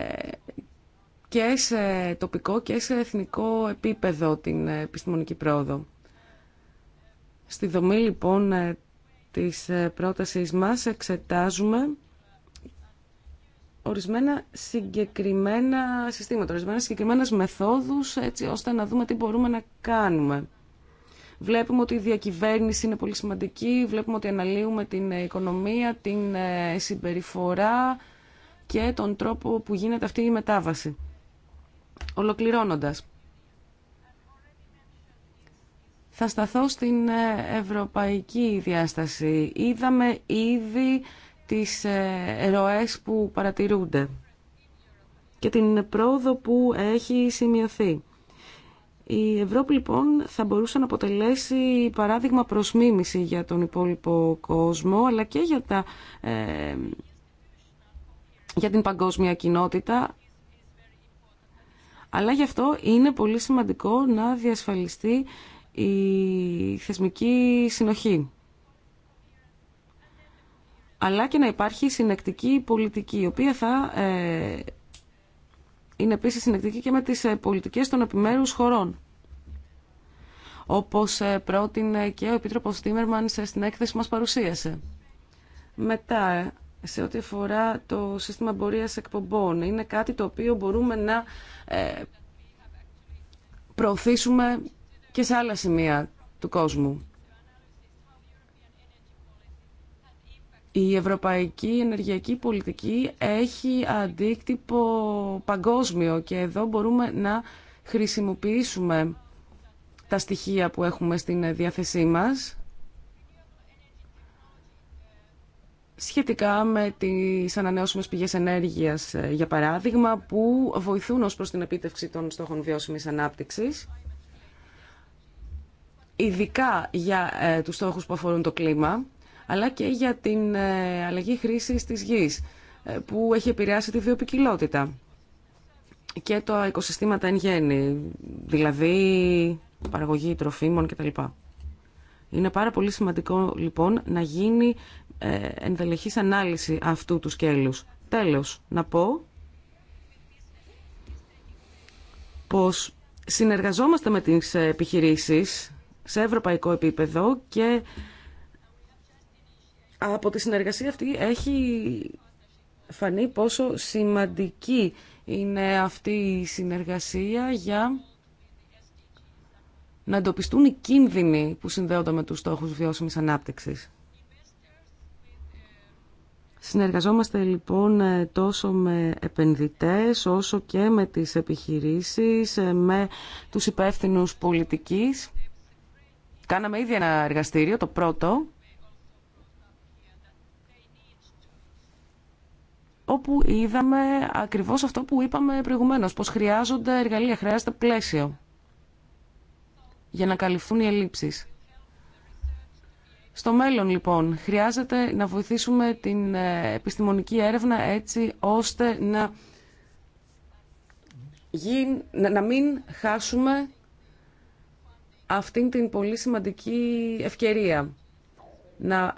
και σε τοπικό και σε εθνικό επίπεδο την επιστημονική πρόοδο. Στη δομή λοιπόν ε, της ε, πρότασης μας εξετάζουμε ορισμένα συγκεκριμένα συστήματα, ορισμένα συγκεκριμένες μεθόδους, έτσι ώστε να δούμε τι μπορούμε να κάνουμε. Βλέπουμε ότι η διακυβέρνηση είναι πολύ σημαντική, βλέπουμε ότι αναλύουμε την οικονομία, την ε, συμπεριφορά και τον τρόπο που γίνεται αυτή η μετάβαση. Ολοκληρώνοντας, θα σταθώ στην ε, ευρωπαϊκή διάσταση. Είδαμε ήδη τις ε, ροές που παρατηρούνται και την πρόοδο που έχει σημειωθεί. Η Ευρώπη λοιπόν θα μπορούσε να αποτελέσει παράδειγμα προς για τον υπόλοιπο κόσμο αλλά και για, τα, ε, για την παγκόσμια κοινότητα αλλά γι' αυτό είναι πολύ σημαντικό να διασφαλιστεί η θεσμική συνοχή αλλά και να υπάρχει συνεκτική πολιτική, η οποία θα ε, είναι επίσης συνεκτική και με τις ε, πολιτικές των επιμέρους χωρών. Όπως ε, πρότεινε και ο Επίτροπος Τίμερμαν στην έκθεση μας παρουσίασε. Μετά, ε, σε ό,τι αφορά το σύστημα εμπορίας εκπομπών, είναι κάτι το οποίο μπορούμε να ε, προωθήσουμε και σε άλλα σημεία του κόσμου. Η ευρωπαϊκή ενεργειακή πολιτική έχει αντίκτυπο παγκόσμιο και εδώ μπορούμε να χρησιμοποιήσουμε τα στοιχεία που έχουμε στην διάθεσή μας σχετικά με τις ανανεώσιμες πηγές ενέργειας, για παράδειγμα, που βοηθούν ως προς την επίτευξη των στόχων βιώσιμης ανάπτυξης, ειδικά για ε, τους στόχους που αφορούν το κλίμα αλλά και για την ε, αλλαγή χρήση της γης ε, που έχει επηρεάσει τη βιοπικιλότητα και τα οικοσυστήματα εν γέννη, δηλαδή παραγωγή τροφίμων κτλ. Είναι πάρα πολύ σημαντικό λοιπόν να γίνει ε, ενδελεχής ανάλυση αυτού του σκέλους. Τέλος, να πω πως συνεργαζόμαστε με τις επιχειρήσεις σε ευρωπαϊκό επίπεδο και από τη συνεργασία αυτή έχει φανεί πόσο σημαντική είναι αυτή η συνεργασία για να εντοπιστούν οι κίνδυνοι που συνδέονται με τους στόχους βιώσιμης ανάπτυξης. Συνεργαζόμαστε λοιπόν τόσο με επενδυτές όσο και με τις επιχειρήσεις, με τους υπεύθυνους πολιτικής. Κάναμε ήδη ένα εργαστήριο, το πρώτο, όπου είδαμε ακριβώς αυτό που είπαμε προηγουμένως, πως χρειάζονται εργαλεία, χρειάζεται πλαίσιο για να καλυφθούν οι ελλείψεις. Στο μέλλον, λοιπόν, χρειάζεται να βοηθήσουμε την ε, επιστημονική έρευνα έτσι ώστε να, γι... να μην χάσουμε αυτήν την πολύ σημαντική ευκαιρία. Να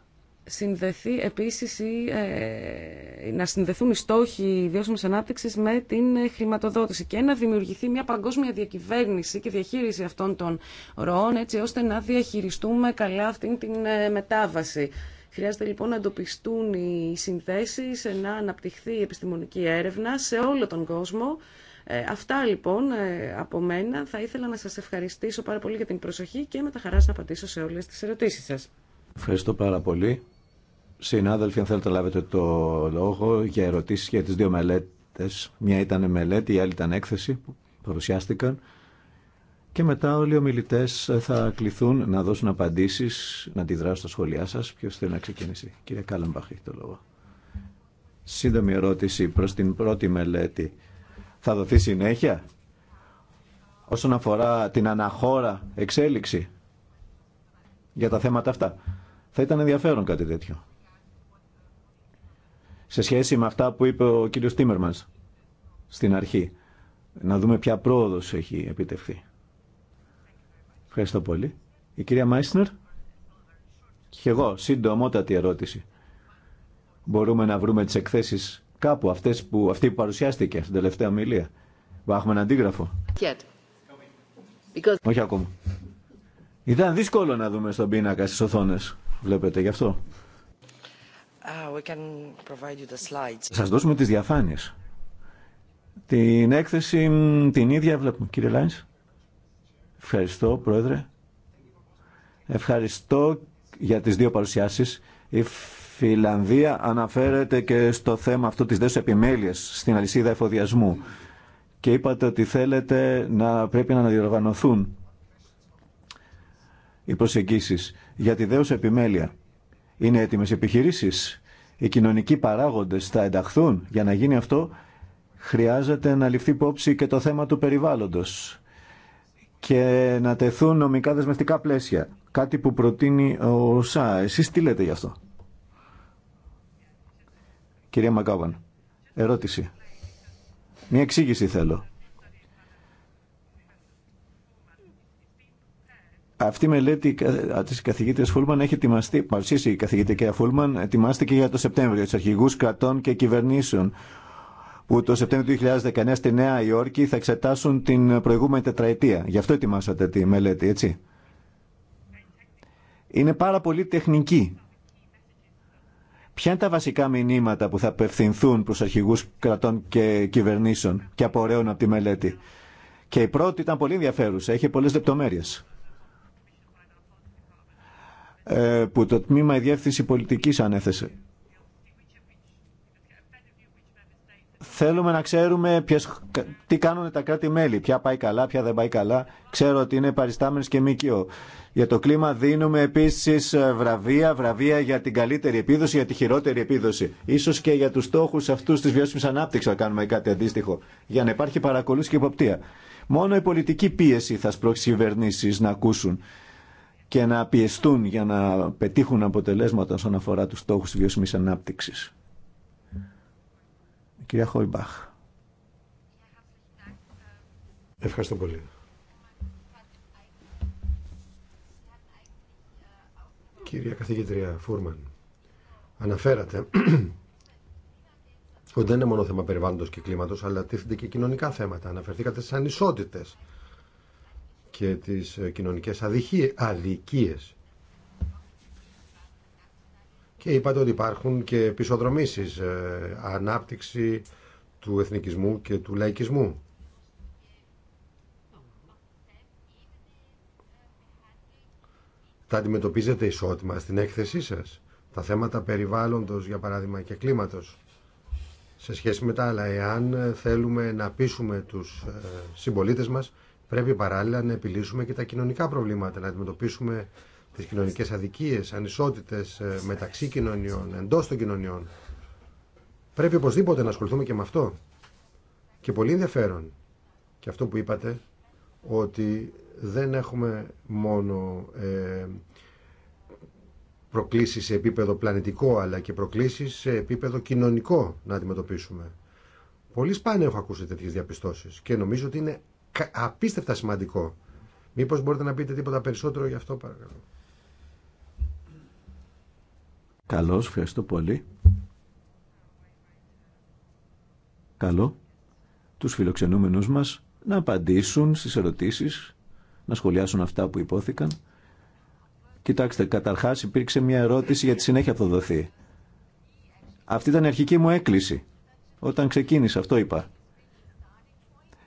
συνδεθεί επίσης ή, ε, να συνδεθούν οι στόχοι βιώσιμης ανάπτυξης με την χρηματοδότηση και να δημιουργηθεί μια παγκόσμια διακυβέρνηση και διαχείριση αυτών των ροών έτσι ώστε να διαχειριστούμε καλά αυτήν την ε, μετάβαση. Χρειάζεται λοιπόν να εντοπιστούν οι συνθέσεις, ε, να αναπτυχθεί η επιστημονική έρευνα σε όλο τον κόσμο. αυτά λοιπόν ε, από μένα. Θα ήθελα να σας ευχαριστήσω πάρα πολύ για την προσοχή και με τα χαρά να απαντήσω σε όλες τις ερωτήσεις σας. Ευχαριστώ πάρα πολύ. Συνάδελφοι, αν θέλετε λάβετε το λόγο για ερωτήσεις για τις δύο μελέτες. Μια ήταν μελέτη, η άλλη ήταν έκθεση που παρουσιάστηκαν. Και μετά όλοι οι ομιλητέ θα κληθούν να δώσουν απαντήσει, να αντιδράσουν στα σχόλιά σα. Ποιο θέλει να ξεκινήσει, κύριε Κάλαμπαχ, έχει το λόγο. Σύντομη ερώτηση προ την πρώτη μελέτη. Θα δοθεί συνέχεια όσον αφορά την αναχώρα εξέλιξη για τα θέματα αυτά. Θα ήταν ενδιαφέρον κάτι τέτοιο σε σχέση με αυτά που είπε ο κύριος Τίμερμανς στην αρχή. Να δούμε ποια πρόοδος έχει επιτευχθεί. Ευχαριστώ πολύ. Η κυρία Μάισνερ. Και εγώ, σύντομότατη ερώτηση. Μπορούμε να βρούμε τις εκθέσεις κάπου, αυτές που, αυτή που παρουσιάστηκε στην τελευταία ομιλία. Έχουμε ένα αντίγραφο. Because... Όχι ακόμα. Ήταν δύσκολο να δούμε στον πίνακα στις οθόνες. Βλέπετε γι' αυτό. Ah, σας δώσουμε τις διαφάνειες. Την έκθεση την ίδια βλέπουμε, κύριε Λάινς. Ευχαριστώ, Πρόεδρε. Ευχαριστώ για τις δύο παρουσιάσεις. Η Φιλανδία αναφέρεται και στο θέμα αυτό της δέσου επιμέλειας στην αλυσίδα εφοδιασμού. Και είπατε ότι θέλετε να πρέπει να αναδιοργανωθούν οι προσεγγίσεις για τη δέους επιμέλεια. Είναι έτοιμε οι επιχειρήσεις. Οι κοινωνικοί παράγοντες θα ενταχθούν. Για να γίνει αυτό χρειάζεται να ληφθεί υπόψη και το θέμα του περιβάλλοντος και να τεθούν νομικά δεσμευτικά πλαίσια. Κάτι που προτείνει ο ΣΑ. Εσείς τι λέτε γι' αυτό. Κυρία Μακάβαν, ερώτηση. Μια εξήγηση θέλω. Αυτή η μελέτη τη καθηγήτρια Φούλμαν έχει ετοιμαστεί, παρουσίασε η καθηγήτρια Φούλμαν, ετοιμάστηκε για το Σεπτέμβριο, του αρχηγού κρατών και κυβερνήσεων, που το Σεπτέμβριο του 2019 στη Νέα Υόρκη θα εξετάσουν την προηγούμενη τετραετία. Γι' αυτό ετοιμάσατε τη μελέτη, έτσι. Είναι πάρα πολύ τεχνική. Ποια είναι τα βασικά μηνύματα που θα απευθυνθούν προς αρχηγούς κρατών και κυβερνήσεων και απορρέουν από τη μελέτη. Και η πρώτη ήταν πολύ ενδιαφέρουσα, είχε πολλέ λεπτομέρειες. Ε, που το τμήμα η διεύθυνση πολιτικής ανέθεσε. Θέλουμε να ξέρουμε ποιες, τι κάνουν τα κράτη-μέλη, ποια πάει καλά, ποια δεν πάει καλά. Ξέρω ότι είναι παριστάμενες και ΜΚΟ. Για το κλίμα δίνουμε επίσης ε, βραβεία, βραβεία για την καλύτερη επίδοση, για τη χειρότερη επίδοση. Ίσως και για τους στόχους αυτούς της βιώσιμης ανάπτυξης να κάνουμε κάτι αντίστοιχο, για να υπάρχει παρακολούθηση και υποπτία. Μόνο η πολιτική πίεση θα σπρώξει κυβερνήσει να ακούσουν και να πιεστούν για να πετύχουν αποτελέσματα όσον αφορά τους στόχους της βιώσιμης ανάπτυξης. Κυρία Χόιμπαχ. Ευχαριστώ πολύ. Κυρία Καθηγήτρια Φούρμαν, αναφέρατε ότι δεν είναι μόνο θέμα περιβάλλοντος και κλίματος, αλλά τίθενται και κοινωνικά θέματα. Αναφερθήκατε στις ανισότητες και τις ε, κοινωνικές αδικίες. Και είπατε ότι υπάρχουν και πισοδρομήσεις, ε, ανάπτυξη του εθνικισμού και του λαϊκισμού. Τα αντιμετωπίζετε ισότιμα στην έκθεσή σας. Τα θέματα περιβάλλοντος, για παράδειγμα, και κλίματος. Σε σχέση με τα άλλα, εάν ε, θέλουμε να πείσουμε τους συμπολίτες μας Πρέπει παράλληλα να επιλύσουμε και τα κοινωνικά προβλήματα, να αντιμετωπίσουμε τις κοινωνικές αδικίες, ανισότητες ε, μεταξύ κοινωνιών, εντός των κοινωνιών. Πρέπει οπωσδήποτε να ασχοληθούμε και με αυτό. Και πολύ ενδιαφέρον. Και αυτό που είπατε, ότι δεν έχουμε μόνο ε, προκλήσεις σε επίπεδο πλανητικό, αλλά και προκλήσεις σε επίπεδο κοινωνικό να αντιμετωπίσουμε. Πολύ σπάνια έχω ακούσει τέτοιες διαπιστώσεις και νομίζω ότι είναι απίστευτα σημαντικό. Μήπως μπορείτε να πείτε τίποτα περισσότερο γι' αυτό παρακαλώ. Καλώ. ευχαριστώ πολύ. Καλό τους φιλοξενούμενους μας να απαντήσουν στις ερωτήσεις, να σχολιάσουν αυτά που υπόθηκαν. Κοιτάξτε, καταρχάς υπήρξε μια ερώτηση για τη συνέχεια που δοθεί. Αυτή ήταν η αρχική μου έκκληση. Όταν ξεκίνησα, αυτό είπα.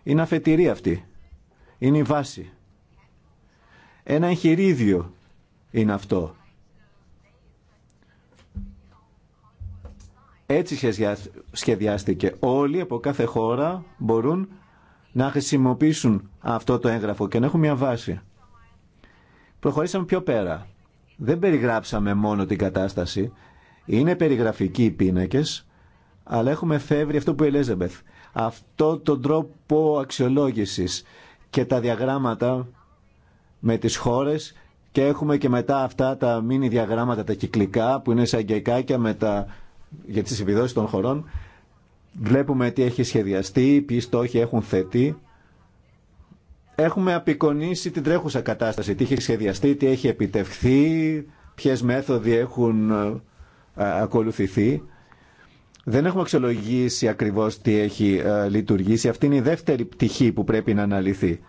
Είναι αφετηρία αυτή. Είναι η βάση. Ένα εγχειρίδιο είναι αυτό. Έτσι σχεδιάστηκε. Όλοι από κάθε χώρα μπορούν να χρησιμοποιήσουν αυτό το έγγραφο και να έχουν μια βάση. Προχωρήσαμε πιο πέρα. Δεν περιγράψαμε μόνο την κατάσταση. Είναι περιγραφικοί οι πίνακες, αλλά έχουμε φεύγει αυτό που η αυτό τον τρόπο αξιολόγησης και τα διαγράμματα με τις χώρες και έχουμε και μετά αυτά τα μίνι διαγράμματα τα κυκλικά που είναι σαν και με τα... για τις επιδόσεις των χωρών. Βλέπουμε τι έχει σχεδιαστεί, ποιοι στόχοι έχουν θετεί. Έχουμε απεικονίσει την τρέχουσα κατάσταση, τι έχει σχεδιαστεί, τι έχει επιτευχθεί, ποιες μέθοδοι έχουν ε, ακολουθηθεί. Δεν έχουμε αξιολογήσει ακριβώς τι έχει ε, λειτουργήσει. Αυτή είναι η δεύτερη πτυχή που πρέπει να αναλυθεί.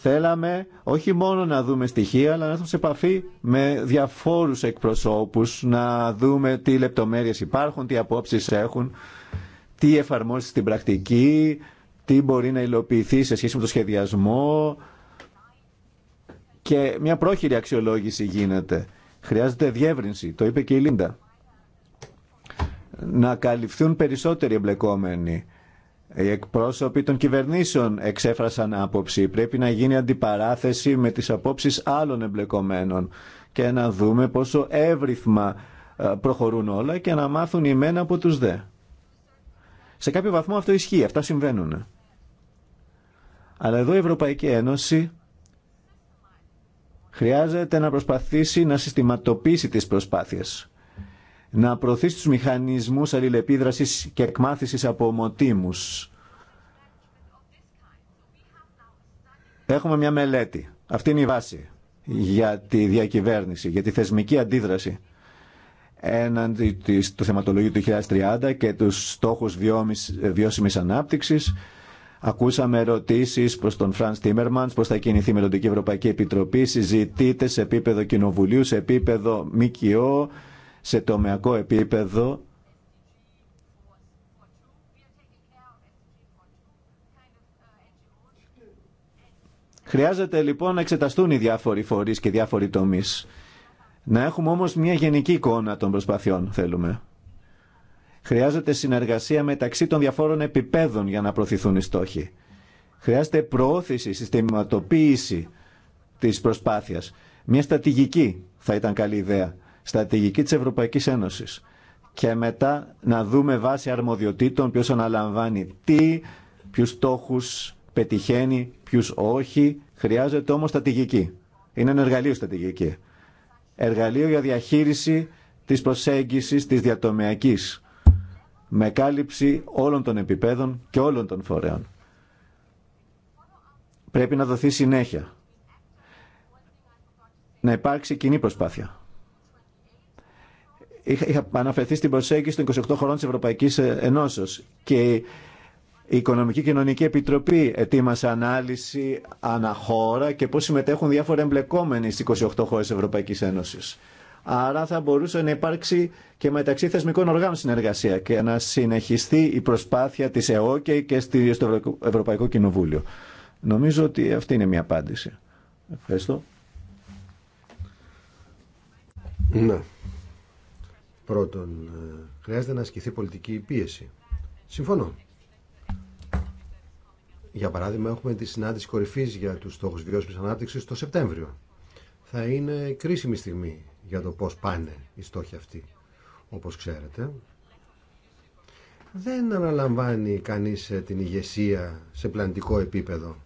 Θέλαμε όχι μόνο να δούμε στοιχεία, αλλά να έρθουμε σε επαφή με διαφόρους εκπροσώπους, να δούμε τι λεπτομέρειες υπάρχουν, τι απόψεις έχουν, τι εφαρμόσει στην πρακτική, τι μπορεί να υλοποιηθεί σε σχέση με το σχεδιασμό και μια πρόχειρη αξιολόγηση γίνεται. Χρειάζεται διεύρυνση, το είπε και η Λίντα να καλυφθούν περισσότεροι εμπλεκόμενοι. Οι εκπρόσωποι των κυβερνήσεων εξέφρασαν άποψη. Πρέπει να γίνει αντιπαράθεση με τις απόψεις άλλων εμπλεκομένων και να δούμε πόσο εύρυθμα ε, προχωρούν όλα και να μάθουν οι μένα από τους δε. Σε κάποιο βαθμό αυτό ισχύει, αυτά συμβαίνουν. Αλλά εδώ η Ευρωπαϊκή Ένωση χρειάζεται να προσπαθήσει να συστηματοποιήσει τις προσπάθειες να προωθήσει τους μηχανισμούς αλληλεπίδρασης και εκμάθησης από ομοτήμους. Έχουμε μια μελέτη. Αυτή είναι η βάση για τη διακυβέρνηση, για τη θεσμική αντίδραση έναντι του θεματολογίου του 2030 και τους στόχους βιώσιμης ανάπτυξης. Ακούσαμε ερωτήσει προ τον Φραν Τίμερμαν, πώ θα κινηθεί η Μελλοντική Ευρωπαϊκή Επιτροπή. Συζητείται σε επίπεδο κοινοβουλίου, σε επίπεδο ΜΚΟ, σε τομεακό επίπεδο Χρειάζεται λοιπόν να εξεταστούν οι διάφοροι φορείς και διάφοροι τομείς. Να έχουμε όμως μια γενική εικόνα των προσπαθειών θέλουμε. Χρειάζεται συνεργασία μεταξύ των διαφόρων επιπέδων για να προωθηθούν οι στόχοι. Χρειάζεται προώθηση, συστηματοποίηση της προσπάθειας. Μια στρατηγική θα ήταν καλή ιδέα στρατηγική της Ευρωπαϊκής Ένωσης και μετά να δούμε βάση αρμοδιοτήτων ποιος αναλαμβάνει τι, ποιους στόχους πετυχαίνει, ποιους όχι. Χρειάζεται όμως στρατηγική. Είναι ένα εργαλείο στρατηγική. Εργαλείο για διαχείριση της προσέγγισης της διατομιακής με κάλυψη όλων των επιπέδων και όλων των φορέων. Πρέπει να δοθεί συνέχεια. Να υπάρξει κοινή προσπάθεια είχα αναφερθεί στην προσέγγιση των 28 χωρών τη ευρωπαϊκή Ενώσεω. και η Οικονομική και Κοινωνική Επιτροπή ετοίμασε ανάλυση αναχώρα και πώς συμμετέχουν διάφορα εμπλεκόμενοι στι 28 χώρε της Ευρωπαϊκής Ένωσης. Άρα θα μπορούσε να υπάρξει και μεταξύ θεσμικών οργάνων συνεργασία και να συνεχιστεί η προσπάθεια της ΕΟΚΕ και στο Ευρωπαϊκό Κοινοβούλιο. Νομίζω ότι αυτή είναι μια απάντηση. Ευχαριστώ. Ναι. Πρώτον, ε, χρειάζεται να ασκηθεί πολιτική πίεση. Συμφωνώ. Για παράδειγμα, έχουμε τη συνάντηση κορυφή για του στόχου βιώσιμη ανάπτυξη το Σεπτέμβριο. Θα είναι κρίσιμη στιγμή για το πώ πάνε οι στόχοι αυτοί. Όπω ξέρετε, δεν αναλαμβάνει κανεί ε, την ηγεσία σε πλανητικό επίπεδο.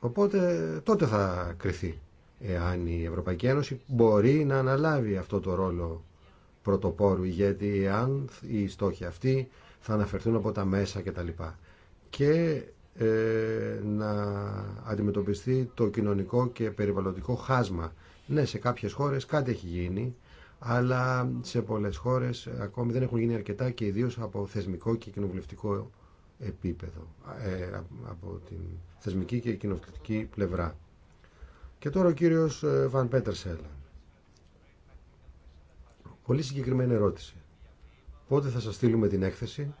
Οπότε τότε θα κριθεί εάν η Ευρωπαϊκή Ένωση μπορεί να αναλάβει αυτό το ρόλο πρωτοπόρου γιατί εάν οι στόχοι αυτοί θα αναφερθούν από τα μέσα και τα Και, και ε, να αντιμετωπιστεί το κοινωνικό και περιβαλλοντικό χάσμα. Ναι, σε κάποιες χώρες κάτι έχει γίνει, αλλά σε πολλές χώρες ακόμη δεν έχουν γίνει αρκετά και ιδίως από θεσμικό και κοινοβουλευτικό επίπεδο, ε, από την θεσμική και κοινοβουλευτική πλευρά. Και τώρα ο κύριος ε, Βαν Πέτερσελ. Πολύ συγκεκριμένη ερώτηση. Πότε θα σας στείλουμε την έκθεση.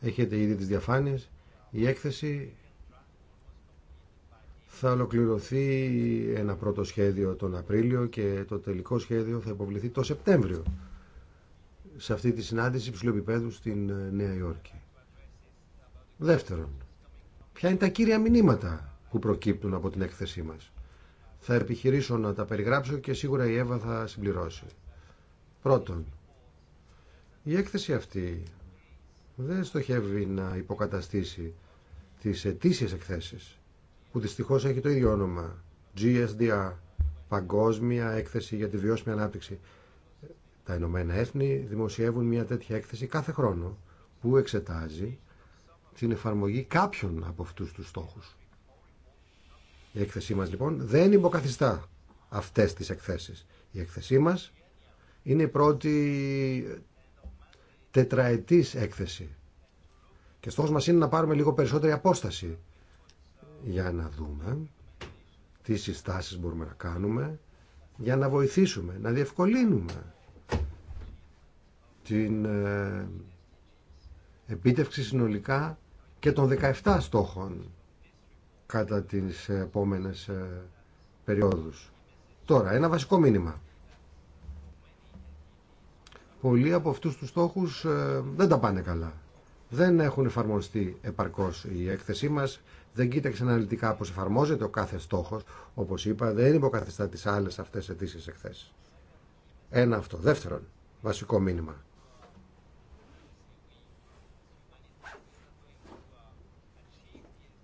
Έχετε ήδη τις διαφάνειες. Η έκθεση θα ολοκληρωθεί ένα πρώτο σχέδιο τον Απρίλιο και το τελικό σχέδιο θα υποβληθεί το Σεπτέμβριο σε αυτή τη συνάντηση υψηλού επίπεδου στην ε, Νέα Υόρκη. Δεύτερον, ποια είναι τα κύρια μηνύματα που προκύπτουν από την έκθεσή μας. Θα επιχειρήσω να τα περιγράψω και σίγουρα η Εύα θα συμπληρώσει. Πρώτον, η έκθεση αυτή δεν στοχεύει να υποκαταστήσει τις ετήσιες εκθέσεις που δυστυχώς έχει το ίδιο όνομα GSDR, Παγκόσμια Έκθεση για τη Βιώσιμη Ανάπτυξη. Τα Ηνωμένα Έθνη δημοσιεύουν μια τέτοια έκθεση κάθε χρόνο που εξετάζει την εφαρμογή κάποιων από αυτούς τους στόχους. Η έκθεσή μας λοιπόν δεν υποκαθιστά αυτές τις εκθέσεις. Η έκθεσή μας είναι η πρώτη τετραετής έκθεση. Και στόχος μας είναι να πάρουμε λίγο περισσότερη απόσταση για να δούμε τι συστάσεις μπορούμε να κάνουμε για να βοηθήσουμε, να διευκολύνουμε την ε, επίτευξη συνολικά και των 17 στόχων κατά τις επόμενες ε, περιόδους. Τώρα, ένα βασικό μήνυμα. Πολλοί από αυτούς τους στόχους ε, δεν τα πάνε καλά. Δεν έχουν εφαρμοστεί επαρκώς η έκθεσή μας, δεν κοίταξε αναλυτικά πώς εφαρμόζεται ο κάθε στόχος. Όπως είπα, δεν υποκαθιστά τις άλλες αυτές αιτήσεις εκθέσεις. Ένα αυτό. Δεύτερον, βασικό μήνυμα.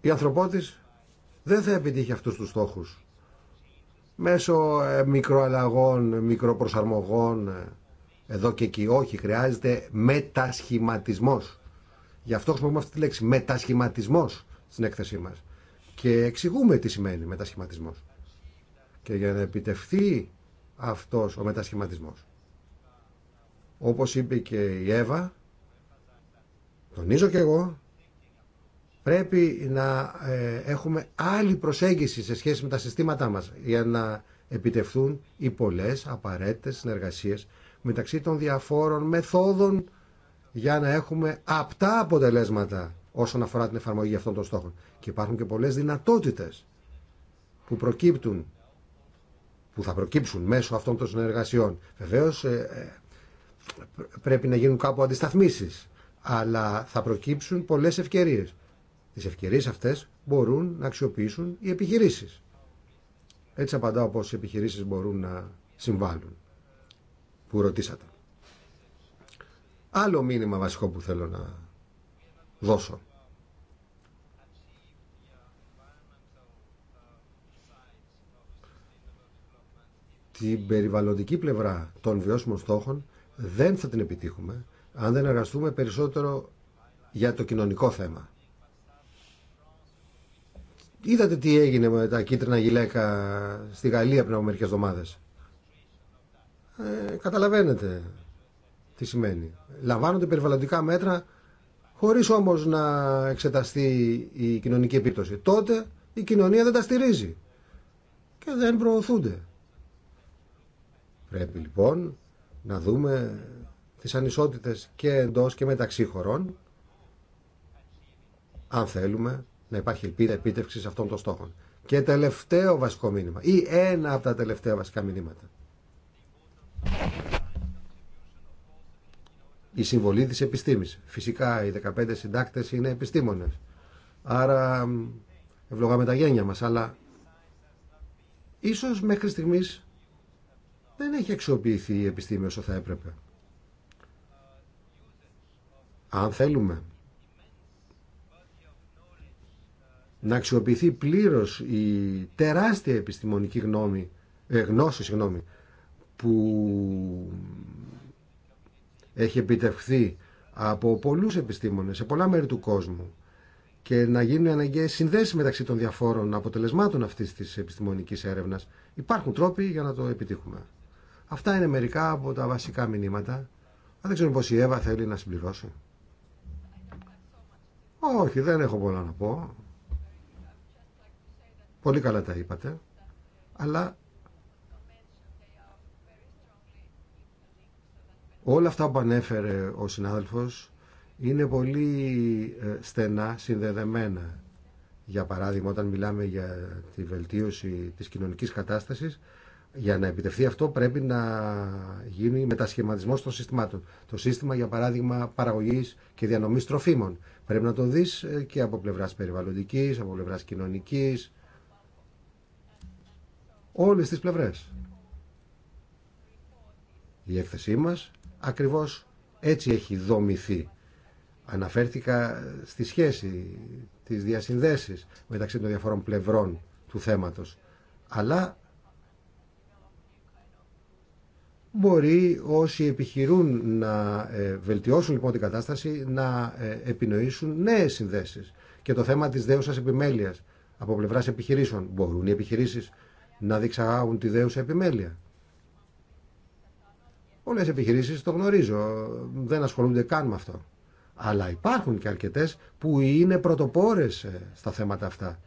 Η ανθρωπότης δεν θα επιτύχει αυτούς τους στόχους μέσω ε, μικροαλλαγών, μικροπροσαρμογών ε, εδώ και εκεί. Όχι, χρειάζεται μετασχηματισμός. Γι' αυτό χρησιμοποιούμε αυτή τη λέξη μετασχηματισμός στην έκθεσή μας. Και εξηγούμε τι σημαίνει μετασχηματισμός. Και για να επιτευχθεί αυτός ο μετασχηματισμός. Όπως είπε και η Εύα, τονίζω και εγώ, Πρέπει να ε, έχουμε άλλη προσέγγιση σε σχέση με τα συστήματά μας για να επιτευθούν οι πολλές απαραίτητες συνεργασίες μεταξύ των διαφόρων μεθόδων για να έχουμε απτά αποτελέσματα όσον αφορά την εφαρμογή αυτών των στόχων. Και υπάρχουν και πολλές δυνατότητες που προκύπτουν, που θα προκύψουν μέσω αυτών των συνεργασιών. Βεβαίως ε, ε, πρέπει να γίνουν κάπου αντισταθμίσεις, αλλά θα προκύψουν πολλές ευκαιρίες. Τις ευκαιρίες αυτές μπορούν να αξιοποιήσουν οι επιχειρήσεις. Έτσι απαντάω πώς οι επιχειρήσεις μπορούν να συμβάλλουν, που ρωτήσατε. Άλλο μήνυμα βασικό που θέλω να δώσω. Την περιβαλλοντική πλευρά των βιώσιμων στόχων δεν θα την επιτύχουμε αν δεν εργαστούμε περισσότερο για το κοινωνικό θέμα. Είδατε τι έγινε με τα κίτρινα γυλαίκα στη Γαλλία πριν από μερικέ εβδομάδε. Ε, καταλαβαίνετε τι σημαίνει. Λαμβάνονται περιβαλλοντικά μέτρα χωρίς όμως να εξεταστεί η κοινωνική επίπτωση. Τότε η κοινωνία δεν τα στηρίζει και δεν προωθούνται. Πρέπει λοιπόν να δούμε τις ανισότητες και εντός και μεταξύ χωρών αν θέλουμε να υπάρχει ελπίδα επίτευξη αυτών των στόχων. Και τελευταίο βασικό μήνυμα ή ένα από τα τελευταία βασικά μηνύματα. Η συμβολή τη επιστήμης. Φυσικά οι 15 συντάκτε είναι επιστήμονες. Άρα ευλογάμε τα γένια μας, αλλά ίσως μέχρι στιγμή δεν έχει αξιοποιηθεί η επιστήμη όσο θα έπρεπε. Αν θέλουμε να αξιοποιηθεί πλήρως η τεράστια επιστημονική γνώμη, ε, γνώση συγγνώμη, που έχει επιτευχθεί από πολλούς επιστήμονες σε πολλά μέρη του κόσμου και να γίνουν αναγκαίες συνδέσεις μεταξύ των διαφόρων αποτελεσμάτων αυτής της επιστημονικής έρευνας. Υπάρχουν τρόποι για να το επιτύχουμε. Αυτά είναι μερικά από τα βασικά μηνύματα. δεν ξέρω πώς η Εύα θέλει να συμπληρώσει. Όχι, δεν έχω πολλά να πω. Πολύ καλά τα είπατε. Αλλά όλα αυτά που ανέφερε ο συνάδελφος είναι πολύ ε, στενά συνδεδεμένα. Για παράδειγμα, όταν μιλάμε για τη βελτίωση της κοινωνικής κατάστασης, για να επιτευχθεί αυτό πρέπει να γίνει μετασχηματισμός των συστημάτων. Το σύστημα, για παράδειγμα, παραγωγής και διανομής τροφίμων. Πρέπει να το δεις ε, και από πλευράς περιβαλλοντικής, από πλευράς κοινωνικής, όλες τις πλευρές. Η έκθεσή μας ακριβώς έτσι έχει δομηθεί. Αναφέρθηκα στη σχέση, της διασυνδέσεις μεταξύ των διαφορών πλευρών του θέματος. Αλλά μπορεί όσοι επιχειρούν να ε, βελτιώσουν λοιπόν την κατάσταση να ε, επινοήσουν νέες συνδέσεις. Και το θέμα της δέουσας επιμέλειας από πλευράς επιχειρήσεων. Μπορούν οι επιχειρήσεις να διεξαγάγουν τη δέουσα επιμέλεια. Πολλέ επιχειρήσει το γνωρίζω, δεν ασχολούνται καν με αυτό. Αλλά υπάρχουν και αρκετέ που είναι πρωτοπόρε ε, στα θέματα αυτά.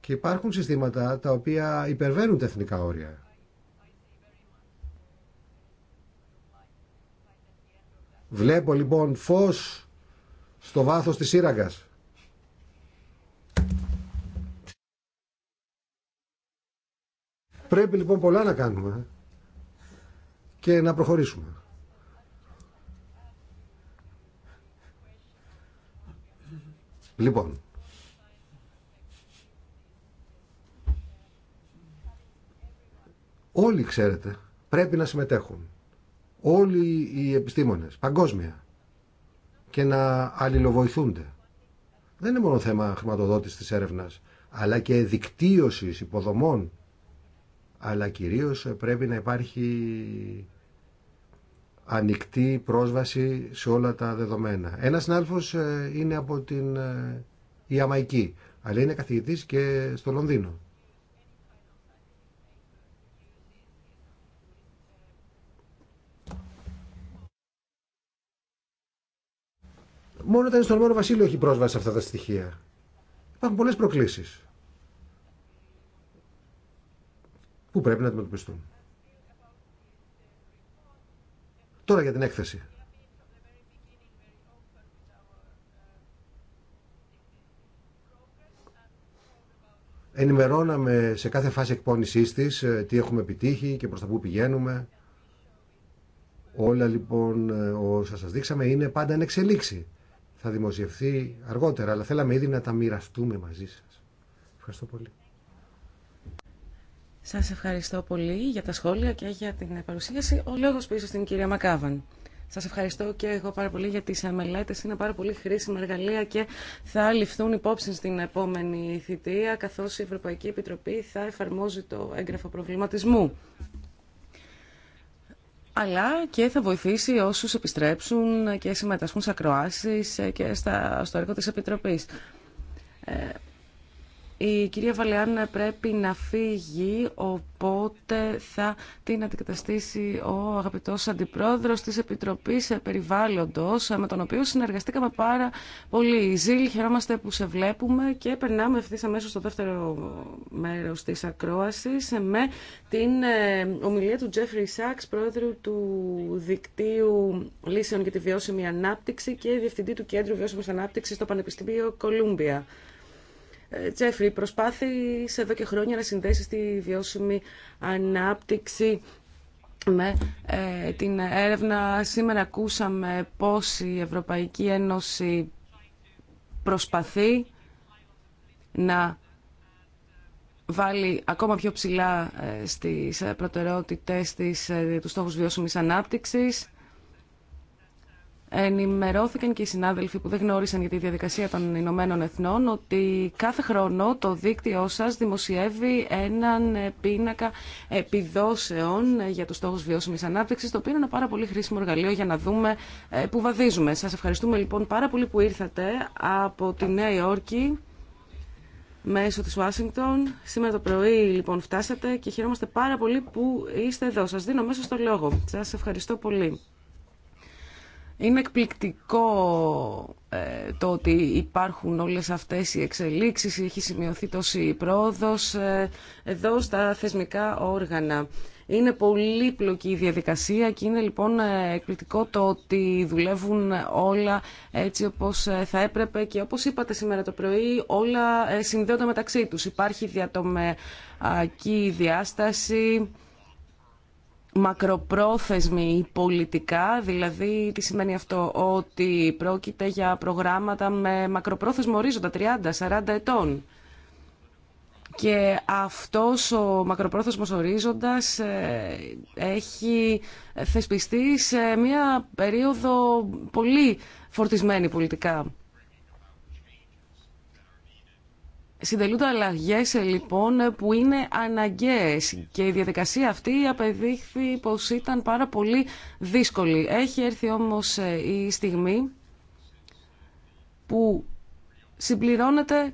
Και υπάρχουν συστήματα τα οποία υπερβαίνουν τα εθνικά όρια. Βλέπω λοιπόν φως στο βάθος της σύραγγας. Πρέπει λοιπόν πολλά να κάνουμε και να προχωρήσουμε. Λοιπόν, όλοι ξέρετε πρέπει να συμμετέχουν. Όλοι οι επιστήμονες, παγκόσμια. Και να αλληλοβοηθούνται. Δεν είναι μόνο θέμα χρηματοδότησης της έρευνας, αλλά και δικτύωσης υποδομών αλλά κυρίως πρέπει να υπάρχει ανοιχτή πρόσβαση σε όλα τα δεδομένα. Ένας συνάδελφος ε, είναι από την Ιαμαϊκή, ε, αλλά είναι καθηγητής και στο Λονδίνο. Μόνο όταν είναι στο Ηνωμένο Βασίλειο έχει πρόσβαση σε αυτά τα στοιχεία. Υπάρχουν πολλές προκλήσεις. που πρέπει να αντιμετωπιστούν. Τώρα για την έκθεση. Ενημερώναμε σε κάθε φάση εκπόνησής της ε, τι έχουμε επιτύχει και προς τα που πηγαίνουμε. Όλα λοιπόν ε, όσα σας δείξαμε είναι πάντα εν εξελίξη. Θα δημοσιευθεί αργότερα, αλλά θέλαμε ήδη να τα μοιραστούμε μαζί σας. Ευχαριστώ πολύ. Σας ευχαριστώ πολύ για τα σχόλια και για την παρουσίαση. Ο λόγος πίσω στην κυρία Μακάβαν. Σας ευχαριστώ και εγώ πάρα πολύ για τι μελέτε, Είναι πάρα πολύ χρήσιμα εργαλεία και θα ληφθούν υπόψη στην επόμενη θητεία, καθώς η Ευρωπαϊκή Επιτροπή θα εφαρμόζει το έγγραφο προβληματισμού. Αλλά και θα βοηθήσει όσου επιστρέψουν και συμμετασχούν σε ακροάσει και στο έργο της Επιτροπής. Ε, η κυρία Βαλεάν πρέπει να φύγει, οπότε θα την αντικαταστήσει ο αγαπητός αντιπρόεδρος της Επιτροπής Περιβάλλοντος, με τον οποίο συνεργαστήκαμε πάρα πολύ. Ζήλ, χαιρόμαστε που σε βλέπουμε και περνάμε ευθύ αμέσως στο δεύτερο μέρος της ακρόασης με την ε, ομιλία του Τζέφρι Σάξ, πρόεδρου του Δικτύου Λύσεων για τη Βιώσιμη Ανάπτυξη και διευθυντή του Κέντρου Βιώσιμης Ανάπτυξης στο Πανεπιστήμιο Κολούμπια. Ε, Τζέφρι, προσπάθησε εδώ και χρόνια να συνδέσει τη βιώσιμη ανάπτυξη με ε, την έρευνα. Σήμερα ακούσαμε πώς η Ευρωπαϊκή Ένωση προσπαθεί να βάλει ακόμα πιο ψηλά ε, στις προτεραιότητες της, τους στόχους βιώσιμης ανάπτυξης ενημερώθηκαν και οι συνάδελφοι που δεν γνώρισαν για τη διαδικασία των Ηνωμένων Εθνών ότι κάθε χρόνο το δίκτυό σας δημοσιεύει έναν πίνακα επιδόσεων για τους στόχους βιώσιμης ανάπτυξης, το οποίο είναι ένα πάρα πολύ χρήσιμο εργαλείο για να δούμε ε, που βαδίζουμε. Σας ευχαριστούμε λοιπόν πάρα πολύ που ήρθατε από τη Νέα Υόρκη μέσω της Ουάσιγκτον. Σήμερα το πρωί λοιπόν φτάσατε και χαιρόμαστε πάρα πολύ που είστε εδώ. Σας δίνω μέσα στο λόγο. Σας ευχαριστώ πολύ. Είναι εκπληκτικό ε, το ότι υπάρχουν όλες αυτές οι εξελίξεις, έχει σημειωθεί τόση πρόοδος ε, εδώ στα θεσμικά όργανα. Είναι πολύπλοκη η διαδικασία και είναι λοιπόν ε, εκπληκτικό το ότι δουλεύουν όλα έτσι όπως ε, θα έπρεπε και όπως είπατε σήμερα το πρωί όλα συνδέονται μεταξύ τους. Υπάρχει διατομεακή διάσταση, μακροπρόθεσμη πολιτικά, δηλαδή τι σημαίνει αυτό, ότι πρόκειται για προγράμματα με μακροπρόθεσμο ορίζοντα 30-40 ετών. Και αυτός ο μακροπρόθεσμος ορίζοντας ε, έχει θεσπιστεί σε μια περίοδο πολύ φορτισμένη πολιτικά. Συντελούνται αλλαγέ ε, λοιπόν που είναι αναγκαίε και η διαδικασία αυτή απεδείχθη πω ήταν πάρα πολύ δύσκολη. Έχει έρθει όμω ε, η στιγμή που συμπληρώνεται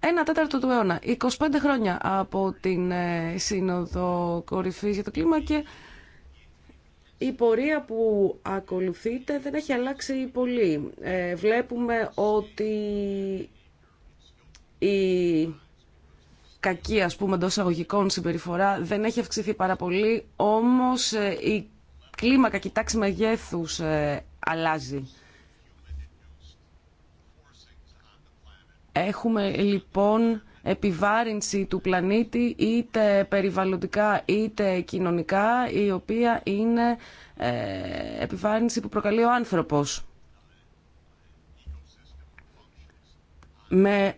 ένα τέταρτο του αιώνα, 25 χρόνια από την ε, Σύνοδο Κορυφή για το Κλίμα και η πορεία που ακολουθείται δεν έχει αλλάξει πολύ. Βλέπουμε ότι η κακή, ας πούμε, εντό αγωγικών συμπεριφορά δεν έχει αυξηθεί πάρα πολύ, όμως ε, η κλίμακα και η τάξη μεγέθους ε, αλλάζει. Έχουμε λοιπόν επιβάρυνση του πλανήτη είτε περιβαλλοντικά είτε κοινωνικά η οποία είναι ε, επιβάρυνση που προκαλεί ο άνθρωπος. Με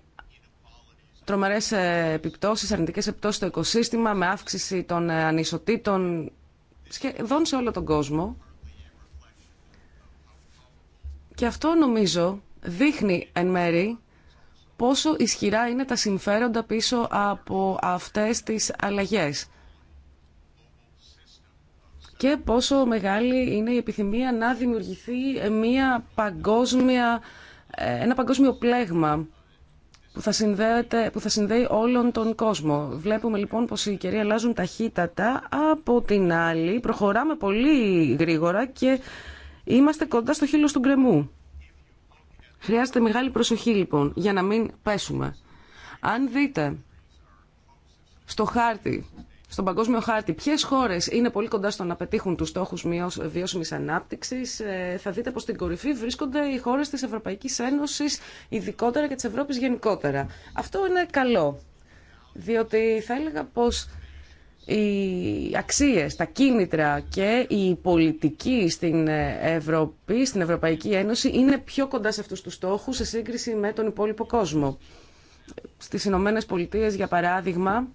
τρομερές ε, επιπτώσεις, αρνητικές επιπτώσεις στο οικοσύστημα με αύξηση των ε, ανισοτήτων σχεδόν σε όλο τον κόσμο. Και αυτό νομίζω δείχνει εν μέρη πόσο ισχυρά είναι τα συμφέροντα πίσω από αυτές τις αλλαγές και πόσο μεγάλη είναι η επιθυμία να δημιουργηθεί ε, μια παγκόσμια, ένα παγκόσμιο πλέγμα που θα, που θα συνδέει όλον τον κόσμο. Βλέπουμε λοιπόν πως οι καιροί αλλάζουν ταχύτατα, από την άλλη προχωράμε πολύ γρήγορα και είμαστε κοντά στο χείλος του γκρεμού. Χρειάζεται μεγάλη προσοχή λοιπόν για να μην πέσουμε. Αν δείτε στο χάρτη στον παγκόσμιο χάρτη ποιε χώρες είναι πολύ κοντά στο να πετύχουν τους στόχου βιώσιμη ανάπτυξη, ε, θα δείτε πως στην κορυφή βρίσκονται οι χώρες της Ευρωπαϊκής Ένωσης ειδικότερα και της Ευρώπης γενικότερα. Αυτό είναι καλό, διότι θα έλεγα πως οι αξίες, τα κίνητρα και η πολιτική στην Ευρώπη, στην Ευρωπαϊκή Ένωση είναι πιο κοντά σε αυτούς τους στόχους σε σύγκριση με τον υπόλοιπο κόσμο. Στις Ηνωμένε Πολιτείες, για παράδειγμα,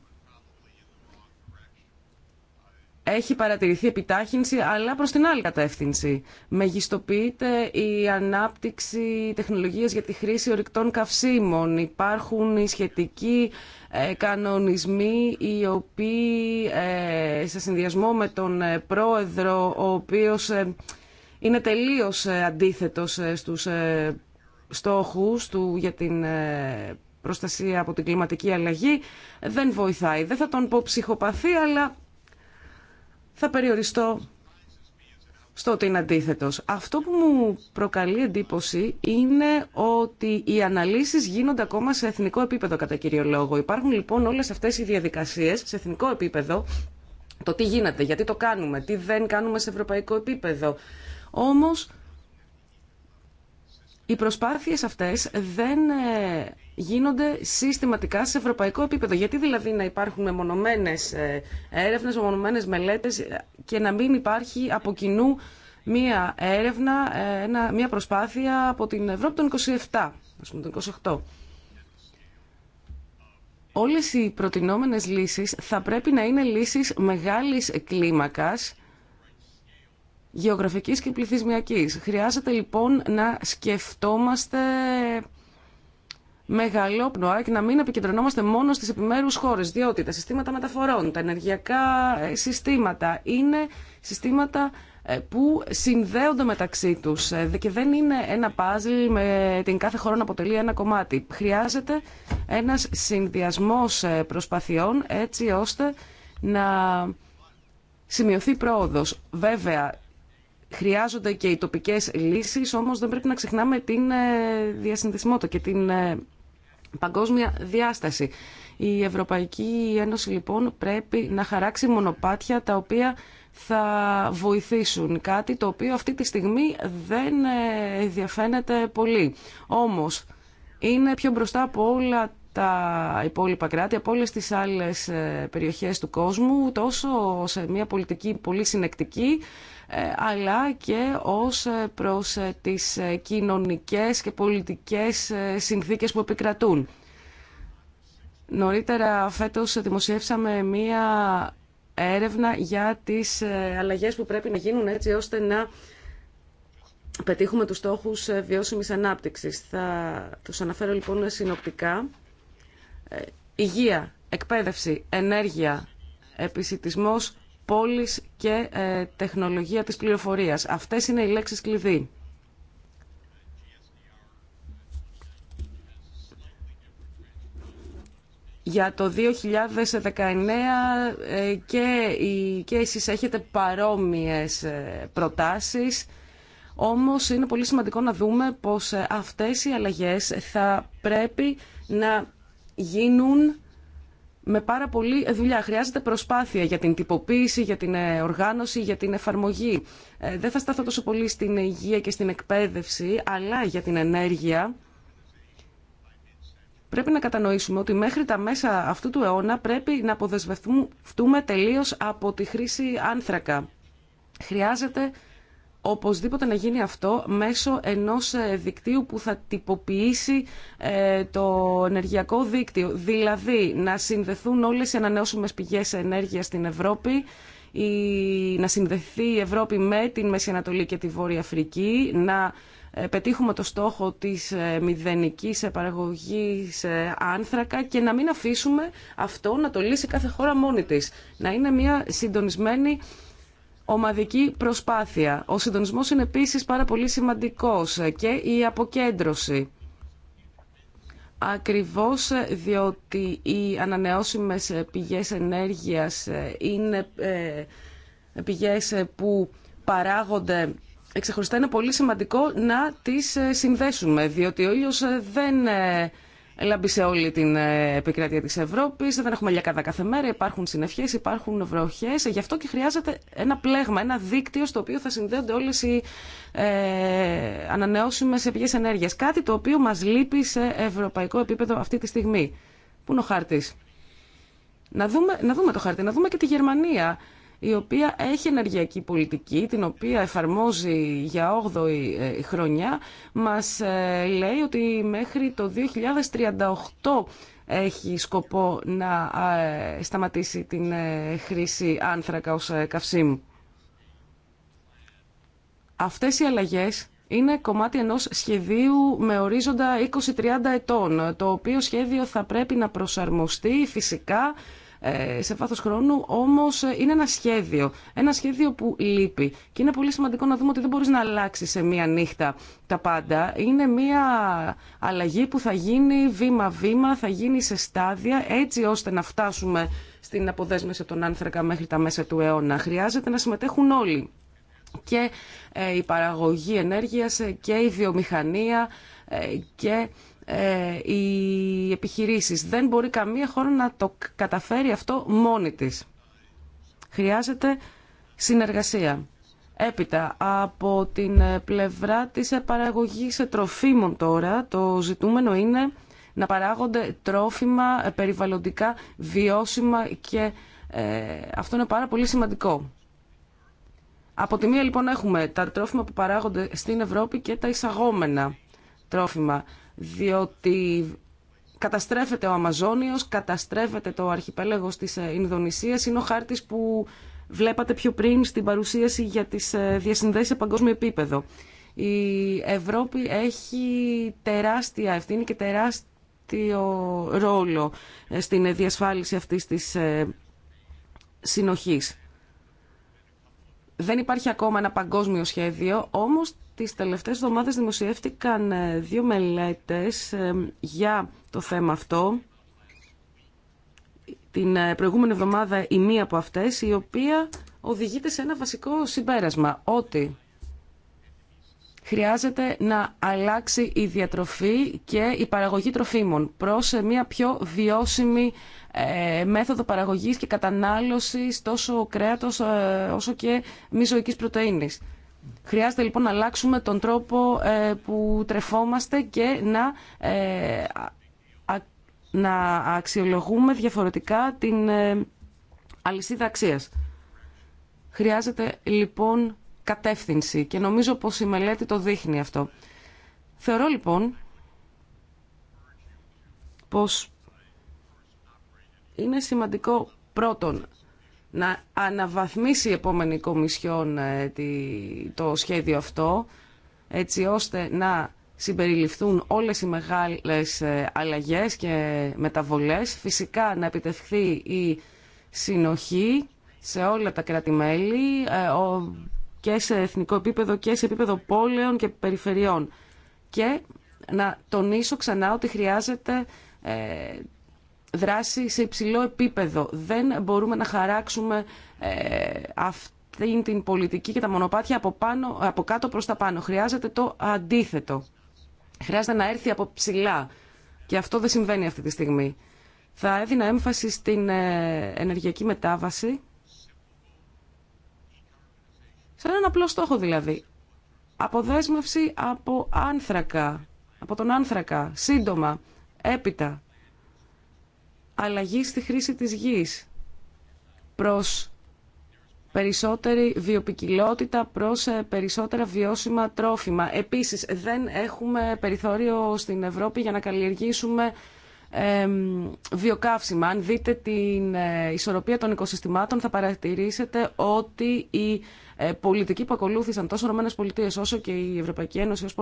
έχει παρατηρηθεί επιτάχυνση, αλλά προς την άλλη κατεύθυνση. Μεγιστοποιείται η ανάπτυξη τεχνολογίας για τη χρήση ορυκτών καυσίμων. Υπάρχουν οι σχετικοί ε, κανονισμοί οι οποίοι ε, σε συνδυασμό με τον ε, πρόεδρο, ο οποίος είναι τελείως αντίθετος στους στόχους του για την προστασία από την κλιματική αλλαγή δεν βοηθάει. Δεν θα τον πω ψυχοπαθή, αλλά θα περιοριστώ στο ότι είναι αντίθετο. Αυτό που μου προκαλεί εντύπωση είναι ότι οι αναλύσει γίνονται ακόμα σε εθνικό επίπεδο κατά κύριο λόγο. Υπάρχουν λοιπόν όλες αυτές οι διαδικασίες σε εθνικό επίπεδο, το τι γίνεται, γιατί το κάνουμε, τι δεν κάνουμε σε ευρωπαϊκό επίπεδο. Όμως οι προσπάθειες αυτές δεν ε, γίνονται συστηματικά σε ευρωπαϊκό επίπεδο. Γιατί δηλαδή να υπάρχουν μεμονωμένες ε, έρευνες, μεμονωμένες μελέτες και να μην υπάρχει από κοινού μία έρευνα, ε, μία προσπάθεια από την Ευρώπη των 27, α πούμε των 28. Όλες οι προτινόμενες λύσεις θα πρέπει να είναι λύσεις μεγάλης κλίμακας γεωγραφικής και πληθυσμιακής. Χρειάζεται λοιπόν να σκεφτόμαστε μεγαλόπνοα ε, και να μην επικεντρωνόμαστε μόνο στις επιμέρους χώρες, διότι τα συστήματα μεταφορών, τα ενεργειακά ε, συστήματα είναι συστήματα ε, που συνδέονται μεταξύ τους και δεν είναι ένα πάζλ με την κάθε χώρα να αποτελεί ένα κομμάτι. Χρειάζεται ένας συνδυασμός προσπαθειών έτσι ώστε να σημειωθεί πρόοδος. Βέβαια, Χρειάζονται και οι τοπικές λύσεις, όμως δεν πρέπει να ξεχνάμε την ε, διασυνδεσιμότητα και την ε, παγκόσμια διάσταση. Η Ευρωπαϊκή Ένωση λοιπόν πρέπει να χαράξει μονοπάτια τα οποία θα βοηθήσουν κάτι το οποίο αυτή τη στιγμή δεν ε, διαφαίνεται πολύ. Όμως είναι πιο μπροστά από όλα τα υπόλοιπα κράτη, από όλε τις άλλες περιοχές του κόσμου, τόσο σε μια πολιτική πολύ συνεκτική, ε, αλλά και ως ε, προς ε, τις κοινωνικές και πολιτικές συνθήκες που επικρατούν. Νωρίτερα φέτος δημοσιεύσαμε μία έρευνα για τις αλλαγές που πρέπει να γίνουν έτσι ώστε να πετύχουμε τους στόχους βιώσιμης ανάπτυξης. Θα τους αναφέρω λοιπόν συνοπτικά. Υγεία, εκπαίδευση, ενέργεια, επισητισμός, πόλης και ε, τεχνολογία της πληροφορίας. Αυτές είναι οι λέξεις κλειδί. Για το 2019 ε, και, η, και εσείς έχετε παρόμοιες ε, προτάσεις, όμως είναι πολύ σημαντικό να δούμε πως αυτές οι αλλαγές θα πρέπει να γίνουν με πάρα πολύ δουλειά. Χρειάζεται προσπάθεια για την τυποποίηση, για την ε, οργάνωση, για την εφαρμογή. Ε, δεν θα σταθώ τόσο πολύ στην υγεία και στην εκπαίδευση, αλλά για την ενέργεια. Πρέπει να κατανοήσουμε ότι μέχρι τα μέσα αυτού του αιώνα πρέπει να αποδεσμευτούμε τελείως από τη χρήση άνθρακα. Χρειάζεται οπωσδήποτε να γίνει αυτό μέσω ενός ε, δικτύου που θα τυποποιήσει ε, το ενεργειακό δίκτυο. Δηλαδή να συνδεθούν όλες οι ανανεώσιμες πηγές ενέργειας στην Ευρώπη, να συνδεθεί η Ευρώπη με την Μέση Ανατολή και τη Βόρεια Αφρική, να ε, πετύχουμε το στόχο της μηδενικής παραγωγής άνθρακα και να μην αφήσουμε αυτό να το λύσει κάθε χώρα μόνη της. Να είναι μια συντονισμένη ομαδική προσπάθεια. Ο συντονισμός είναι επίσης πάρα πολύ σημαντικός και η αποκέντρωση. Ακριβώς διότι οι ανανεώσιμες πηγές ενέργειας είναι ε, πηγές που παράγονται εξεχωριστά είναι πολύ σημαντικό να τις ε, συνδέσουμε, διότι ο ήλιος δεν ε, σε όλη την ε, επικράτεια της Ευρώπης, δεν έχουμε λιακάδα κάθε μέρα, υπάρχουν συννεφιές, υπάρχουν βροχές, γι' αυτό και χρειάζεται ένα πλέγμα, ένα δίκτυο στο οποίο θα συνδέονται όλες οι ε, ανανεώσιμες πηγές ενέργειες. Κάτι το οποίο μας λείπει σε ευρωπαϊκό επίπεδο αυτή τη στιγμή. Πού είναι ο χάρτης. Να δούμε, να δούμε το χάρτη, να δούμε και τη Γερμανία η οποία έχει ενεργειακή πολιτική, την οποία εφαρμόζει για 8η ε, χρονιά, μας ε, λέει ότι μέχρι το 2038 έχει σκοπό να ε, σταματήσει την χρήση άνθρακα ως καυσίμου. Αυτές οι αλλαγές είναι κομμάτι ενός σχεδίου με ορίζοντα 20-30 ετών, το οποίο σχέδιο θα πρέπει να προσαρμοστεί φυσικά ε, σε βάθος χρόνου, όμως ε, είναι ένα σχέδιο. Ένα σχέδιο που λείπει. Και είναι πολύ σημαντικό να δούμε ότι δεν μπορείς να αλλάξει σε μία νύχτα τα πάντα. Είναι μία αλλαγή που θα γίνει βήμα-βήμα, θα γίνει σε στάδια, έτσι ώστε να φτάσουμε στην αποδέσμευση των άνθρακα μέχρι τα μέσα του αιώνα. Χρειάζεται να συμμετέχουν όλοι. Και ε, η παραγωγή ενέργειας και η βιομηχανία και ε, οι επιχειρήσεις. Δεν μπορεί καμία χώρα να το καταφέρει αυτό μόνη της. Χρειάζεται συνεργασία. Έπειτα, από την πλευρά της παραγωγής τροφίμων τώρα, το ζητούμενο είναι να παράγονται τρόφιμα ε, περιβαλλοντικά βιώσιμα και ε, αυτό είναι πάρα πολύ σημαντικό. Από τη μία λοιπόν έχουμε τα τρόφιμα που παράγονται στην Ευρώπη και τα εισαγόμενα τρόφιμα διότι καταστρέφεται ο Αμαζόνιος, καταστρέφεται το αρχιπέλαγος της ε, Ινδονησίας, είναι ο χάρτης που βλέπατε πιο πριν στην παρουσίαση για τις ε, διασυνδέσεις σε παγκόσμιο επίπεδο. Η Ευρώπη έχει τεράστια ευθύνη και τεράστιο ρόλο ε, στην διασφάλιση αυτής της συνοχής. Δεν υπάρχει ακόμα ένα παγκόσμιο σχέδιο, όμως Τις τελευταίες εβδομάδες δημοσιεύτηκαν ε, δύο μελέτες ε, για το θέμα αυτό. Την ε, προηγούμενη εβδομάδα η μία από αυτές, η οποία οδηγείται σε ένα βασικό συμπέρασμα, ότι χρειάζεται να αλλάξει η διατροφή και η παραγωγή τροφίμων προς μια πιο βιώσιμη μέθοδο παραγωγής και κατανάλωσης τόσο κρέατος όσο και μη ζωικής πρωτεΐνης. Χρειάζεται λοιπόν να αλλάξουμε τον τρόπο ε, που τρεφόμαστε και να, ε, να αξιολογούμε διαφορετικά την ε, αλυσίδα αξίας. Χρειάζεται λοιπόν κατεύθυνση και νομίζω πως η μελέτη το δείχνει αυτό. Θεωρώ λοιπόν πως είναι σημαντικό πρώτον να αναβαθμίσει η επόμενη Κομισιόν ε, το σχέδιο αυτό, έτσι ώστε να συμπεριληφθούν όλες οι μεγάλες ε, αλλαγές και μεταβολές. Φυσικά να επιτευχθεί η συνοχή σε όλα τα κράτη-μέλη ε, και σε εθνικό επίπεδο και σε επίπεδο πόλεων και περιφερειών. Και να τονίσω ξανά ότι χρειάζεται δράση σε υψηλό επίπεδο. Δεν μπορούμε να χαράξουμε ε, αυτή την πολιτική και τα μονοπάτια από, πάνω, από κάτω προς τα πάνω. Χρειάζεται το αντίθετο. Χρειάζεται να έρθει από ψηλά. Και αυτό δεν συμβαίνει αυτή τη στιγμή. Θα έδινα έμφαση στην ε, ενεργειακή μετάβαση. Σαν έναν απλό στόχο δηλαδή. Αποδέσμευση από άνθρακα. Από τον άνθρακα. Σύντομα. Έπειτα αλλαγή στη χρήση της γης προς περισσότερη βιοπικιλότητα προς ε, περισσότερα βιώσιμα τρόφιμα. Επίσης, δεν έχουμε περιθώριο στην Ευρώπη για να καλλιεργήσουμε βιοκαύσιμα. Αν δείτε την ε, ισορροπία των οικοσυστημάτων θα παρατηρήσετε ότι η ε, πολιτική που ακολούθησαν τόσο οι ΗΠΑ όσο και η Ευρωπαϊκή Ένωση ως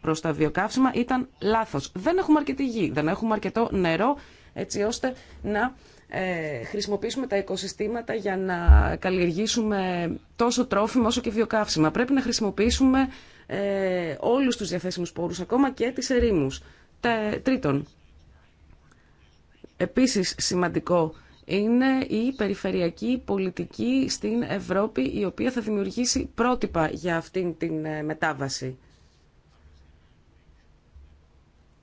προς τα βιοκαύσιμα ήταν λάθος. Δεν έχουμε αρκετή γη, δεν έχουμε αρκετό νερό έτσι ώστε να ε, χρησιμοποιήσουμε τα οικοσυστήματα για να καλλιεργήσουμε τόσο τρόφιμα όσο και βιοκαύσιμα. Πρέπει να χρησιμοποιήσουμε ε, όλους τους διαθέσιμους πόρους, ακόμα και τις ερήμους. Τρίτον, επίσης σημαντικό είναι η περιφερειακή πολιτική στην Ευρώπη η οποία θα δημιουργήσει πρότυπα για αυτήν την ε, μετάβαση.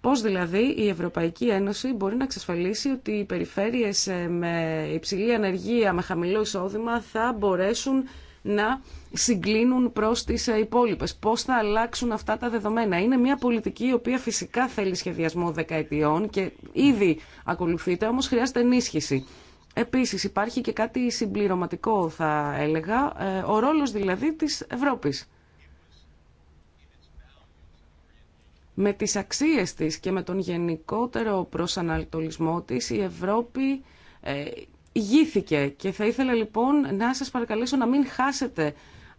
Πώς δηλαδή η Ευρωπαϊκή Ένωση μπορεί να εξασφαλίσει ότι οι περιφέρειες ε, με υψηλή ανεργία, με χαμηλό εισόδημα θα μπορέσουν να συγκλίνουν προς τις ε, υπόλοιπες. Πώς θα αλλάξουν αυτά τα δεδομένα. Είναι μια πολιτική η οποία φυσικά θέλει σχεδιασμό δεκαετιών και ήδη ακολουθείται, όμως χρειάζεται ενίσχυση. Επίσης υπάρχει και κάτι συμπληρωματικό θα έλεγα, ε, ο ρόλος δηλαδή της Ευρώπης. με τις αξίες της και με τον γενικότερο προσανατολισμό της η Ευρώπη ε, ηγήθηκε και θα ήθελα λοιπόν να σας παρακαλέσω να μην χάσετε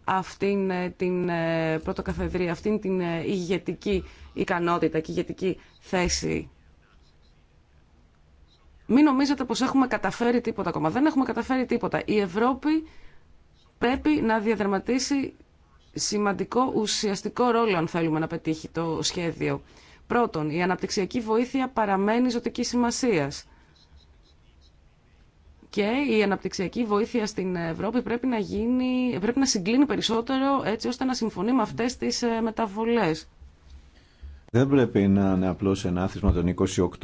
αυτήν ε, την ε, πρωτοκαθεδρία, αυτήν την ε, ηγετική ικανότητα και ηγετική θέση. Μην νομίζετε πως έχουμε καταφέρει τίποτα ακόμα. Δεν έχουμε καταφέρει τίποτα. Η Ευρώπη πρέπει να διαδραματίσει σημαντικό ουσιαστικό ρόλο αν θέλουμε να πετύχει το σχέδιο. Πρώτον, η αναπτυξιακή βοήθεια παραμένει ζωτική σημασίας. Και η αναπτυξιακή βοήθεια στην Ευρώπη πρέπει να, γίνει, πρέπει να συγκλίνει περισσότερο έτσι ώστε να συμφωνεί με αυτές τις ε, μεταβολές. Δεν πρέπει να είναι απλώς ένα άθισμα των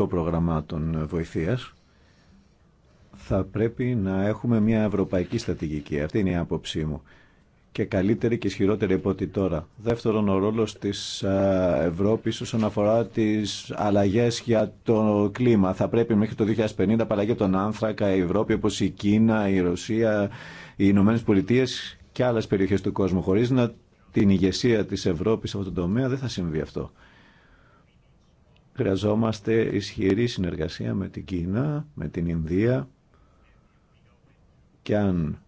28 προγραμμάτων ε, βοηθείας. Θα πρέπει να έχουμε μια ευρωπαϊκή στρατηγική. Αυτή είναι η άποψή μου και καλύτερη και ισχυρότερη από ό,τι τώρα. Δεύτερον, ο ρόλος της Ευρώπης όσον αφορά τι αλλαγέ για το κλίμα. Θα πρέπει μέχρι το 2050 παρά για τον άνθρακα η Ευρώπη όπω η Κίνα, η Ρωσία, οι Ηνωμένε Πολιτείε και άλλε περιοχέ του κόσμου. χωρί την ηγεσία τη Ευρώπη σε αυτό το τομέα δεν θα συμβεί αυτό. Χρειαζόμαστε ισχυρή συνεργασία με την Κίνα, με την Ινδία και αν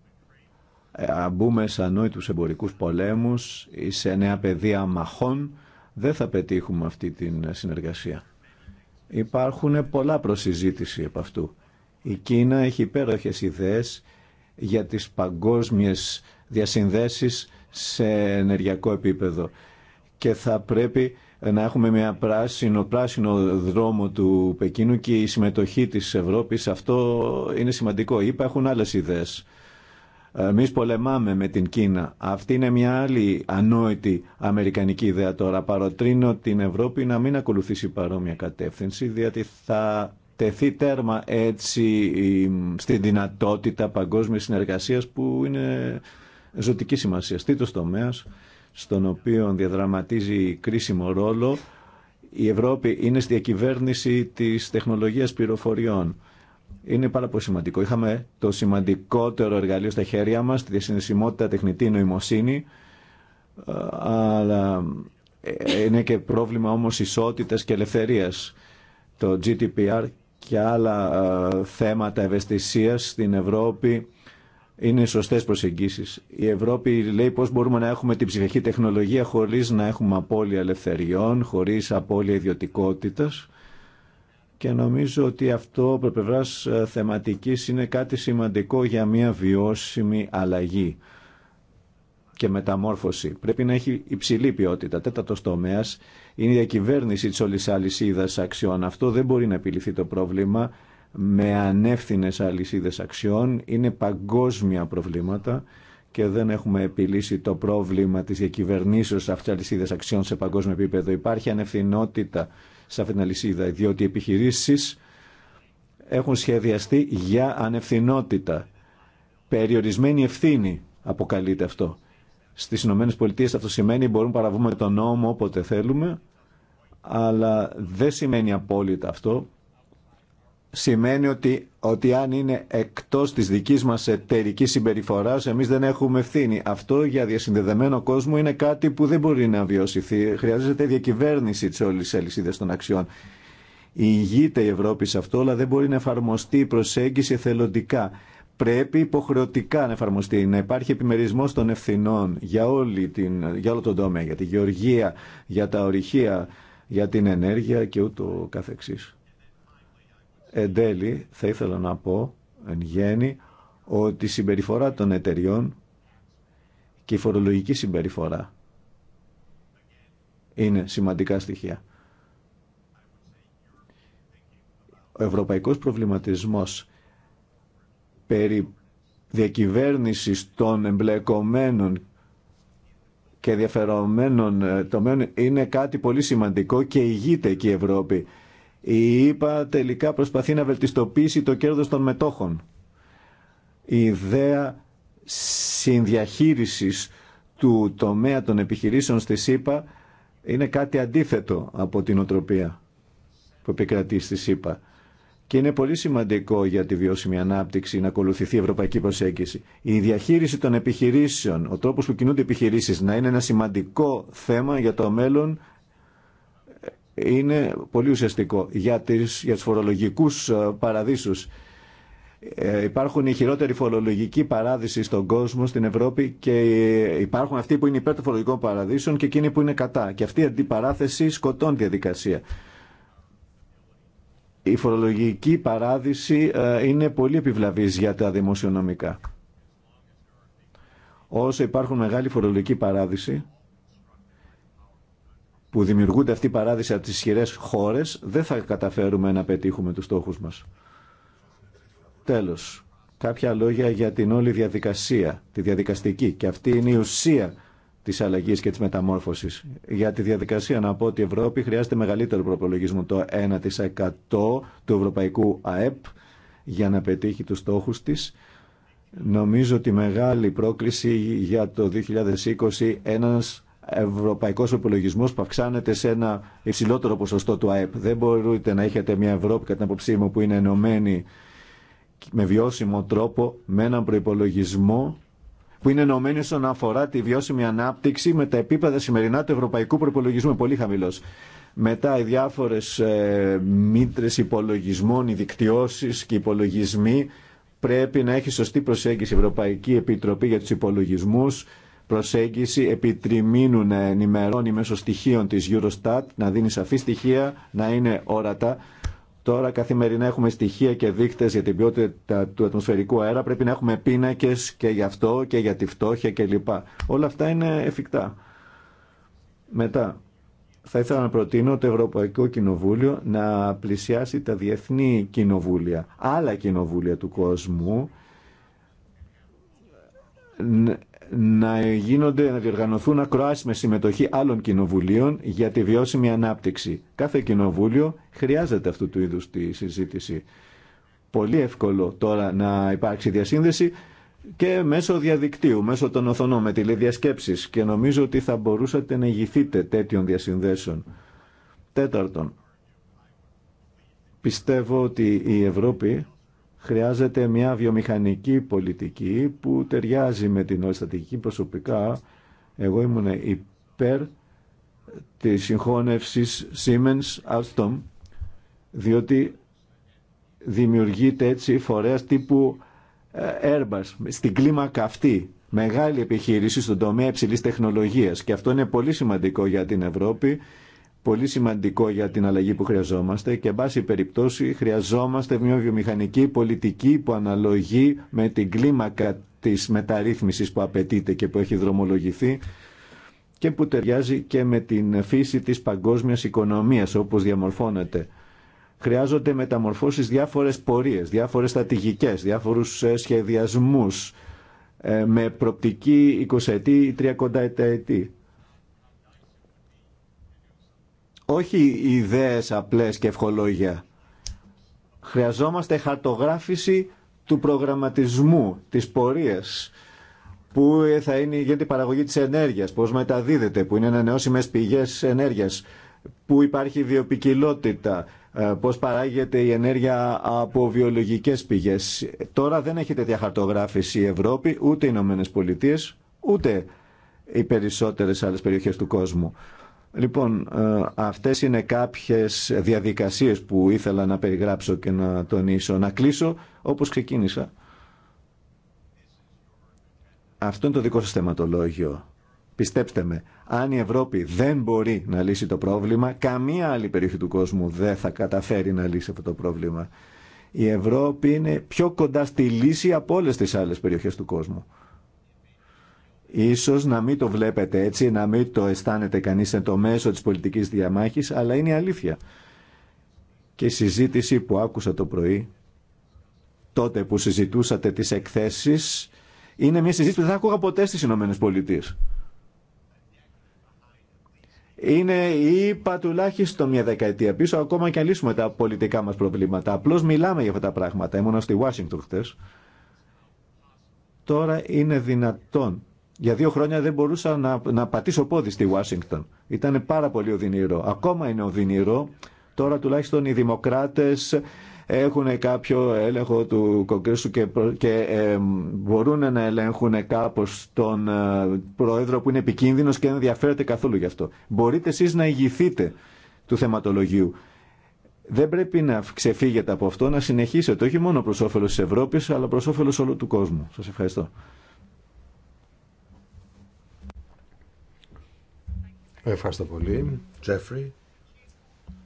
ε, μπούμε σε ανόητους εμπορικούς πολέμους ή σε νέα πεδία μαχών, δεν θα πετύχουμε αυτή την συνεργασία. Υπάρχουν πολλά προσυζήτηση από αυτού. Η Κίνα έχει υπέροχες ιδέες για τις παγκόσμιες διασυνδέσεις σε ενεργειακό επίπεδο και θα πρέπει να έχουμε μια πράσινο, πράσινο δρόμο του Πεκίνου και η συμμετοχή της Ευρώπης. Αυτό είναι σημαντικό. Υπάρχουν άλλες ιδέες Εμεί πολεμάμε με την Κίνα. Αυτή είναι μια άλλη ανόητη αμερικανική ιδέα τώρα. Παροτρύνω την Ευρώπη να μην ακολουθήσει παρόμοια κατεύθυνση, διότι θα τεθεί τέρμα έτσι στη δυνατότητα παγκόσμιας συνεργασίας που είναι ζωτική σημασία. στο τομέας, στον οποίο διαδραματίζει κρίσιμο ρόλο, η Ευρώπη είναι στη διακυβέρνηση της τεχνολογίας πληροφοριών είναι πάρα πολύ σημαντικό. Είχαμε το σημαντικότερο εργαλείο στα χέρια μας, τη διασυνδεσιμότητα τεχνητή νοημοσύνη, αλλά είναι και πρόβλημα όμως ισότητας και ελευθερίας. Το GDPR και άλλα ε, θέματα ευαισθησίας στην Ευρώπη είναι σωστές προσεγγίσεις. Η Ευρώπη λέει πώς μπορούμε να έχουμε την ψηφιακή τεχνολογία χωρίς να έχουμε απώλεια ελευθεριών, χωρίς απώλεια ιδιωτικότητας και νομίζω ότι αυτό από πλευρά ε, θεματικής είναι κάτι σημαντικό για μια βιώσιμη αλλαγή και μεταμόρφωση. Πρέπει να έχει υψηλή ποιότητα. τέταρτο τομέα. είναι η διακυβέρνηση της όλη αλυσίδα αξιών. Αυτό δεν μπορεί να επιληθεί το πρόβλημα με ανεύθυνες αλυσίδε αξιών. Είναι παγκόσμια προβλήματα και δεν έχουμε επιλύσει το πρόβλημα της διακυβερνήσεως αυτής της αξιών σε παγκόσμιο επίπεδο. Υπάρχει ανευθυνότητα σε αυτήν την αλυσίδα, διότι οι επιχειρήσεις έχουν σχεδιαστεί για ανευθυνότητα. Περιορισμένη ευθύνη αποκαλείται αυτό. Στις ΗΠΑ Πολιτείες αυτό σημαίνει μπορούμε να παραβούμε τον νόμο όποτε θέλουμε, αλλά δεν σημαίνει απόλυτα αυτό σημαίνει ότι, ότι αν είναι εκτός της δικής μας εταιρικής συμπεριφοράς εμείς δεν έχουμε ευθύνη. Αυτό για διασυνδεδεμένο κόσμο είναι κάτι που δεν μπορεί να βιώσιθει. Χρειάζεται διακυβέρνηση της όλης αλυσίδας των αξιών. Υγείται η Ευρώπη σε αυτό, αλλά δεν μπορεί να εφαρμοστεί η προσέγγιση εθελοντικά. Πρέπει υποχρεωτικά να εφαρμοστεί, να υπάρχει επιμερισμός των ευθυνών για, όλη την, για όλο τον τομέα, για τη γεωργία, για τα ορυχεία, για την ενέργεια και ούτω καθεξής. Εν τέλει, θα ήθελα να πω, εν γέννη, ότι η συμπεριφορά των εταιριών και η φορολογική συμπεριφορά είναι σημαντικά στοιχεία. Ο ευρωπαϊκός προβληματισμός περί διακυβέρνησης των εμπλεκομένων και διαφερομένων τομέων είναι κάτι πολύ σημαντικό και ηγείται εκεί η Ευρώπη η ΕΠΑ τελικά προσπαθεί να βελτιστοποιήσει το κέρδος των μετόχων. Η ιδέα συνδιαχείρισης του τομέα των επιχειρήσεων στη ΣΥΠΑ είναι κάτι αντίθετο από την οτροπία που επικρατεί στη ΣΥΠΑ. Και είναι πολύ σημαντικό για τη βιώσιμη ανάπτυξη να ακολουθηθεί η ευρωπαϊκή προσέγγιση. Η διαχείριση των επιχειρήσεων, ο τρόπος που κινούνται οι επιχειρήσει, να είναι ένα σημαντικό θέμα για το μέλλον είναι πολύ ουσιαστικό για, τις, για τους φορολογικούς ε, παραδείσους. Ε, υπάρχουν οι χειρότεροι φορολογικοί παράδεισοι στον κόσμο, στην Ευρώπη και ε, υπάρχουν αυτοί που είναι υπέρ των φορολογικών παραδείσων και εκείνοι που είναι κατά. Και αυτή η αντιπαράθεση σκοτώνει τη διαδικασία. Η φορολογική παράδειση είναι πολύ επιβλαβής για τα δημοσιονομικά. Όσο υπάρχουν μεγάλη φορολογική παράδειση, που δημιουργούνται αυτοί οι παράδεισοι από τι ισχυρέ χώρες, δεν θα καταφέρουμε να πετύχουμε τους στόχου μας. Τέλος, κάποια λόγια για την όλη διαδικασία, τη διαδικαστική. Και αυτή είναι η ουσία της αλλαγή και της μεταμόρφωσης. Για τη διαδικασία να πω ότι η Ευρώπη χρειάζεται μεγαλύτερο προπολογισμό, το 1% του ευρωπαϊκού ΑΕΠ, για να πετύχει του στόχου τη. Νομίζω ότι μεγάλη πρόκληση για το 2020 ένας ευρωπαϊκός υπολογισμός που αυξάνεται σε ένα υψηλότερο ποσοστό του ΑΕΠ. Δεν μπορείτε να έχετε μια Ευρώπη κατά την αποψή μου που είναι ενωμένη με βιώσιμο τρόπο, με έναν προπολογισμό που είναι ενωμένη όσον αφορά τη βιώσιμη ανάπτυξη με τα επίπεδα σημερινά του ευρωπαϊκού προπολογισμού, πολύ χαμηλό. Μετά οι διάφορε ε, μήτρε υπολογισμών, οι δικτυώσει και υπολογισμοί πρέπει να έχει σωστή προσέγγιση η Ευρωπαϊκή Επιτροπή για του υπολογισμού προσέγγιση επιτριμήνουν να ενημερώνει μέσω στοιχείων της Eurostat, να δίνει σαφή στοιχεία, να είναι όρατα. Τώρα καθημερινά έχουμε στοιχεία και δείκτες για την ποιότητα του ατμοσφαιρικού αέρα. Πρέπει να έχουμε πίνακες και γι' αυτό και για τη φτώχεια κλπ. Όλα αυτά είναι εφικτά. Μετά, θα ήθελα να προτείνω το Ευρωπαϊκό Κοινοβούλιο να πλησιάσει τα διεθνή κοινοβούλια, άλλα κοινοβούλια του κόσμου, να γίνονται, να διοργανωθούν ακροάσεις με συμμετοχή άλλων κοινοβουλίων για τη βιώσιμη ανάπτυξη. Κάθε κοινοβούλιο χρειάζεται αυτού του είδους τη συζήτηση. Πολύ εύκολο τώρα να υπάρξει διασύνδεση και μέσω διαδικτύου, μέσω των οθονών με τηλεδιασκέψεις και νομίζω ότι θα μπορούσατε να ηγηθείτε τέτοιων διασυνδέσεων. Τέταρτον, πιστεύω ότι η Ευρώπη χρειάζεται μια βιομηχανική πολιτική που ταιριάζει με την οριστατική. προσωπικά. Εγώ ήμουν υπέρ τη συγχώνευσης Siemens Alstom διότι δημιουργείται έτσι φορέας τύπου ε, Airbus στην κλίμακα αυτή μεγάλη επιχείρηση στον τομέα υψηλής τεχνολογίας και αυτό είναι πολύ σημαντικό για την Ευρώπη πολύ σημαντικό για την αλλαγή που χρειαζόμαστε και, εν πάση περιπτώσει, χρειαζόμαστε μια βιομηχανική πολιτική που αναλογεί με την κλίμακα της μεταρρύθμισης που απαιτείται και που έχει δρομολογηθεί και που ταιριάζει και με την φύση της παγκόσμιας οικονομίας όπως διαμορφώνεται. Χρειάζονται μεταμορφώσεις διάφορες πορείες, διάφορες στατηγικέ, διάφορους ε, σχεδιασμούς ε, με προπτική 20 ή 30 ετή όχι ιδέες απλές και ευχολόγια. Χρειαζόμαστε χαρτογράφηση του προγραμματισμού, της πορείας, που θα είναι, για η παραγωγή της ενέργειας, πώς μεταδίδεται, που είναι ανανεώσιμες πηγές ενέργειας, που υπάρχει βιοπικιλότητα, ε, πώς παράγεται η ενέργεια από βιολογικές πηγές. Τώρα δεν έχετε τέτοια χαρτογράφηση η Ευρώπη, ούτε οι Ηνωμένε Πολιτείε, ούτε οι περισσότερες άλλες περιοχές του κόσμου. Λοιπόν, ε, αυτές είναι κάποιες διαδικασίες που ήθελα να περιγράψω και να τονίσω. Να κλείσω όπως ξεκίνησα. Αυτό είναι το δικό σας θεματολόγιο. Πιστέψτε με, αν η Ευρώπη δεν μπορεί να λύσει το πρόβλημα, καμία άλλη περιοχή του κόσμου δεν θα καταφέρει να λύσει αυτό το πρόβλημα. Η Ευρώπη είναι πιο κοντά στη λύση από όλες τις άλλες περιοχές του κόσμου. Ίσως να μην το βλέπετε έτσι, να μην το αισθάνεται κανείς σε το μέσο της πολιτικής διαμάχης, αλλά είναι η αλήθεια. Και η συζήτηση που άκουσα το πρωί, τότε που συζητούσατε τις εκθέσεις, είναι μια συζήτηση που δεν άκουγα ποτέ στις Ηνωμένες Πολιτείες. Είναι είπα τουλάχιστον μια δεκαετία πίσω, ακόμα και αν λύσουμε τα πολιτικά μας προβλήματα. Απλώς μιλάμε για αυτά τα πράγματα. Ήμουν στη Ουάσιγκτον χτες. Τώρα είναι δυνατόν για δύο χρόνια δεν μπορούσα να, να πατήσω πόδι στη Ουάσιγκτον. Ήταν πάρα πολύ οδυνηρό. Ακόμα είναι οδυνηρό. Τώρα τουλάχιστον οι δημοκράτες έχουν κάποιο έλεγχο του Κογκρέσου και, και ε, μπορούν να ελέγχουν κάπως τον ε, πρόεδρο που είναι επικίνδυνος και δεν ενδιαφέρεται καθόλου γι' αυτό. Μπορείτε εσείς να ηγηθείτε του θεματολογίου. Δεν πρέπει να ξεφύγετε από αυτό, να συνεχίσετε όχι μόνο προς όφελος της Ευρώπης, αλλά προς όφελο όλου του κόσμου. Σας ευχαριστώ. Ευχαριστώ πολύ. Τζέφρι.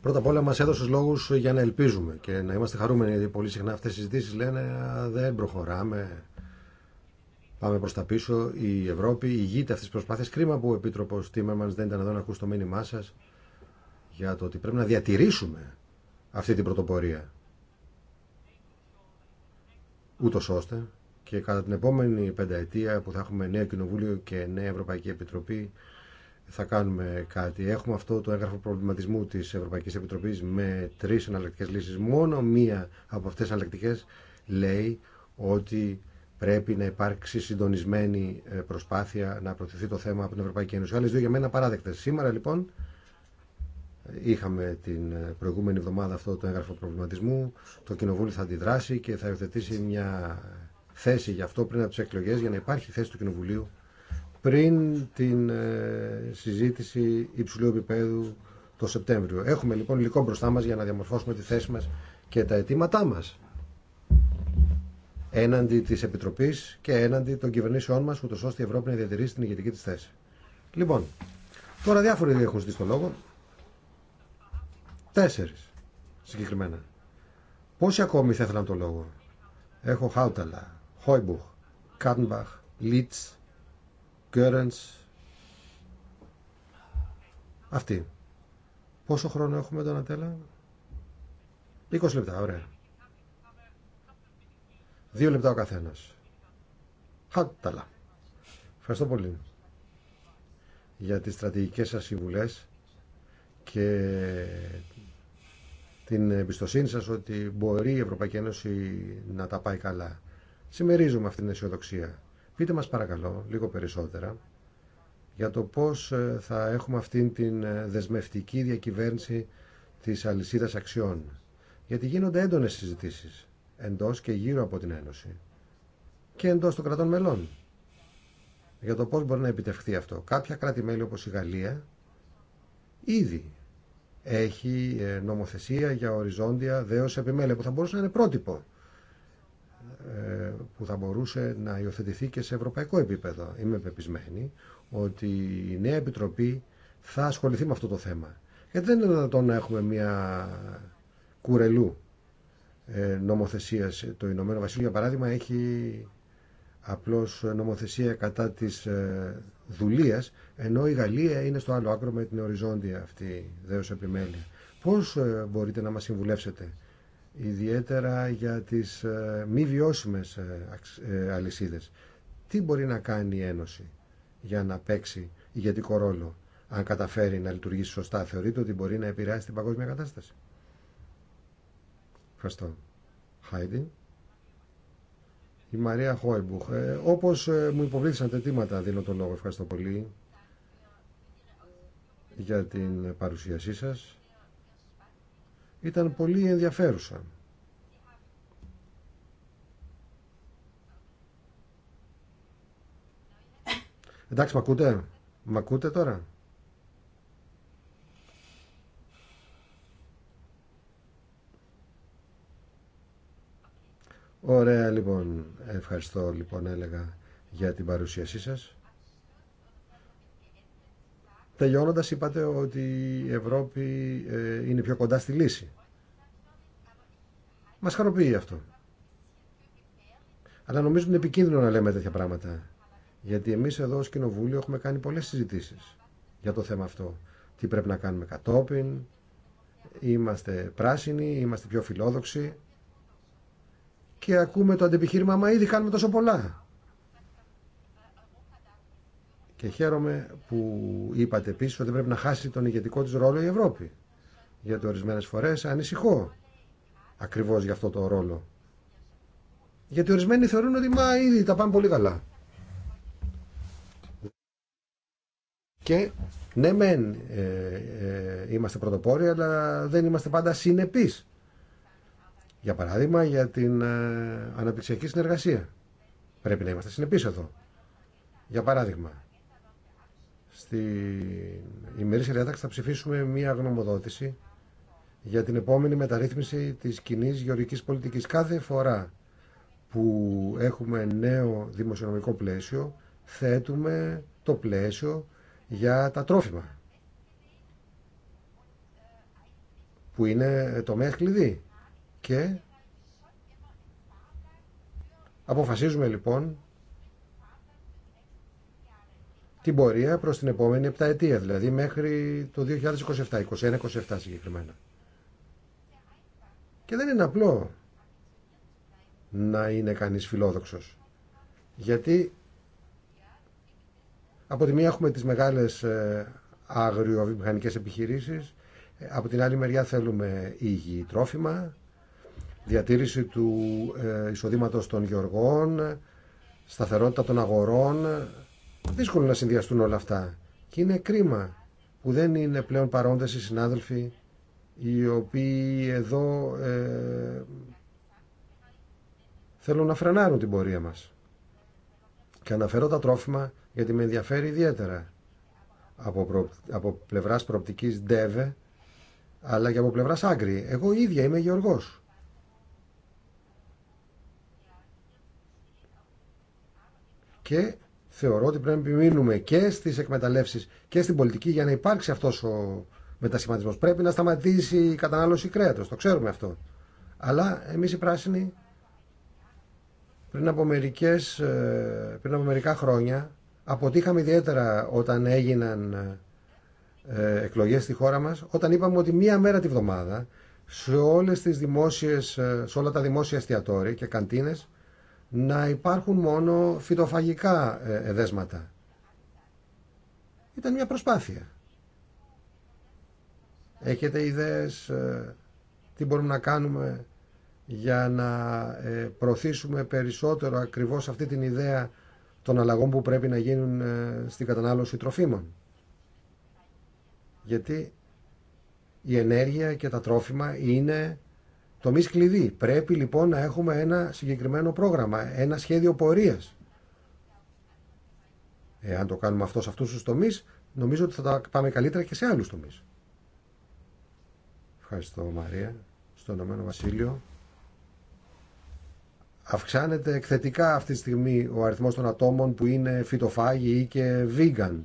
Πρώτα απ' όλα μα έδωσε λόγου για να ελπίζουμε και να είμαστε χαρούμενοι γιατί πολύ συχνά αυτέ οι συζητήσει λένε δεν προχωράμε. Πάμε προ τα πίσω. Η Ευρώπη ηγείται αυτή τη προσπάθεια. Κρίμα που ο Επίτροπο Τίμερμαν δεν ήταν εδώ να ακούσει το μήνυμά σα για το ότι πρέπει να διατηρήσουμε αυτή την πρωτοπορία. Ούτω ώστε και κατά την επόμενη πενταετία που θα έχουμε νέο Κοινοβούλιο και νέα Ευρωπαϊκή Επιτροπή θα κάνουμε κάτι. Έχουμε αυτό το έγγραφο προβληματισμού τη Ευρωπαϊκή Επιτροπή με τρει εναλλακτικέ λύσει. Μόνο μία από αυτέ τι εναλλακτικέ λέει ότι πρέπει να υπάρξει συντονισμένη ε, προσπάθεια να προωθηθεί το θέμα από την Ευρωπαϊκή Ένωση. Άλλε δύο για μένα παράδεκτε. Σήμερα λοιπόν είχαμε την ε, προηγούμενη εβδομάδα αυτό το έγγραφο προβληματισμού. Το Κοινοβούλιο θα αντιδράσει και θα υιοθετήσει μια θέση γι' αυτό πριν από τι εκλογέ για να υπάρχει θέση του Κοινοβουλίου πριν την ε, συζήτηση υψηλού επίπεδου το Σεπτέμβριο. Έχουμε λοιπόν υλικό μπροστά μας για να διαμορφώσουμε τη θέση μας και τα αιτήματά μας έναντι της Επιτροπής και έναντι των κυβερνήσεών μας, ούτως ώστε η Ευρώπη να διατηρήσει την ηγετική της θέση. Λοιπόν, τώρα διάφοροι έχουν ζητήσει το λόγο. Τέσσερις συγκεκριμένα. Πόσοι ακόμη θα ήθελαν το λόγο. Έχω Χάουταλα, Χόιμπουχ, Κάντμπαχ, Λίτς, αυτή. Πόσο χρόνο έχουμε, Ντανατέλα? 20 λεπτά, ωραία. Δύο λεπτά ο καθένας. Χάταλα. Ευχαριστώ πολύ για τις στρατηγικές σας συμβουλές και την εμπιστοσύνη σας ότι μπορεί η Ευρωπαϊκή Ένωση να τα πάει καλά. Σημερίζουμε αυτήν την αισιοδοξία. Πείτε μας παρακαλώ λίγο περισσότερα για το πώς ε, θα έχουμε αυτήν την ε, δεσμευτική διακυβέρνηση της αλυσίδας αξιών. Γιατί γίνονται έντονες συζητήσεις εντός και γύρω από την Ένωση και εντός των κρατών μελών για το πώς μπορεί να επιτευχθεί αυτό. Κάποια κράτη-μέλη όπως η Γαλλία ήδη έχει ε, νομοθεσία για οριζόντια δέωση επιμέλεια που θα μπορούσε να είναι πρότυπο ε, που θα μπορούσε να υιοθετηθεί και σε ευρωπαϊκό επίπεδο. Είμαι πεπισμένη ότι η νέα Επιτροπή θα ασχοληθεί με αυτό το θέμα. Γιατί δεν είναι δυνατόν να έχουμε μια κουρελού ε, νομοθεσία. Το Ηνωμένο Βασίλειο, για παράδειγμα, έχει απλώς νομοθεσία κατά της ε, δουλείας, ενώ η Γαλλία είναι στο άλλο άκρο με την οριζόντια αυτή δέως επιμέλεια. Πώς μπορείτε να μα συμβουλεύσετε ιδιαίτερα για τις ε, μη βιώσιμες ε, ε, αλυσίδες. Τι μπορεί να κάνει η Ένωση για να παίξει ηγετικό ρόλο, αν καταφέρει να λειτουργήσει σωστά, θεωρείτε ότι μπορεί να επηρεάσει την παγκόσμια κατάσταση. Ευχαριστώ. Χάιντι. Η Μαρία Χόιμπουχ. Ε, όπως μου υποβλήθησαν τετήματα, δίνω τον λόγο. Ευχαριστώ πολύ για την παρουσίασή σας ήταν πολύ ενδιαφέρουσα. Εντάξει, μ' ακούτε, τώρα. Ωραία λοιπόν, ευχαριστώ λοιπόν έλεγα για την παρουσίασή σας. Τελειώνοντα, είπατε ότι η Ευρώπη ε, είναι πιο κοντά στη λύση. Μα χαροποιεί αυτό. Αλλά νομίζω είναι επικίνδυνο να λέμε τέτοια πράγματα. Γιατί εμεί εδώ ω Κοινοβούλιο έχουμε κάνει πολλέ συζητήσει για το θέμα αυτό. Τι πρέπει να κάνουμε κατόπιν, είμαστε πράσινοι, είμαστε πιο φιλόδοξοι και ακούμε το αντεπιχείρημα, μα ήδη κάνουμε τόσο πολλά. Και χαίρομαι που είπατε επίση ότι πρέπει να χάσει τον ηγετικό τη ρόλο η Ευρώπη. Γιατί ορισμένε φορέ ανησυχώ ακριβώ για αυτό το ρόλο. Γιατί ορισμένοι θεωρούν ότι μα ήδη τα πάμε πολύ καλά. Και ναι μεν ε, ε, είμαστε πρωτοπόροι αλλά δεν είμαστε πάντα συνεπείς. Για παράδειγμα για την ε, αναπτυξιακή συνεργασία. Πρέπει να είμαστε συνεπείς εδώ. Για παράδειγμα Στη ημερήσια διάταξη θα ψηφίσουμε μία γνωμοδότηση για την επόμενη μεταρρύθμιση της κοινή γεωργικής πολιτικής. Κάθε φορά που έχουμε νέο δημοσιονομικό πλαίσιο, θέτουμε το πλαίσιο για τα τρόφιμα, που είναι μέχρι κλειδί. Και αποφασίζουμε λοιπόν την πορεία προς την επόμενη επταετία, δηλαδή μέχρι το 2027, 2021-2027 συγκεκριμένα. Και δεν είναι απλό να είναι κανείς φιλόδοξος. Γιατί από τη μία έχουμε τις μεγάλες ε, αγριοβιομηχανικές επιχειρήσεις, ε, από την άλλη μεριά θέλουμε υγιή τρόφιμα, διατήρηση του ε, εισοδήματος των γεωργών, σταθερότητα των αγορών, Δύσκολο να συνδυαστούν όλα αυτά. Και είναι κρίμα που δεν είναι πλέον παρόντες οι συνάδελφοι οι οποίοι εδώ ε, θέλουν να φρενάρουν την πορεία μας. Και αναφέρω τα τρόφιμα γιατί με ενδιαφέρει ιδιαίτερα από, προ, από πλευράς προοπτικής ΔΕΒΕ αλλά και από πλευράς Άγκρη. Εγώ ίδια είμαι γεωργός. Και θεωρώ ότι πρέπει να επιμείνουμε και στι εκμεταλλεύσεις και στην πολιτική για να υπάρξει αυτός ο μετασχηματισμός. Πρέπει να σταματήσει η κατανάλωση κρέατο. το ξέρουμε αυτό. Αλλά εμείς οι πράσινοι πριν από, μερικές, ε, πριν από μερικά χρόνια αποτύχαμε ιδιαίτερα όταν έγιναν ε, εκλογές στη χώρα μας, όταν είπαμε ότι μία μέρα τη βδομάδα σε, ε, σε όλα τα δημόσια εστιατόρια και καντίνες να υπάρχουν μόνο φυτοφαγικά ε, εδέσματα. Ήταν μια προσπάθεια. Έχετε ιδέες ε, τι μπορούμε να κάνουμε για να ε, προωθήσουμε περισσότερο ακριβώς αυτή την ιδέα των αλλαγών που πρέπει να γίνουν στην κατανάλωση τροφίμων. Γιατί η ενέργεια και τα τρόφιμα είναι Τομείς κλειδί. Πρέπει λοιπόν να έχουμε ένα συγκεκριμένο πρόγραμμα, ένα σχέδιο πορεία. Εάν το κάνουμε αυτό σε αυτούς τους τομείς, νομίζω ότι θα τα πάμε καλύτερα και σε άλλους τομεί. Ευχαριστώ Μαρία. Στο Ηνωμένο Βασίλειο αυξάνεται εκθετικά αυτή τη στιγμή ο αριθμός των ατόμων που είναι φυτοφάγοι ή και vegan.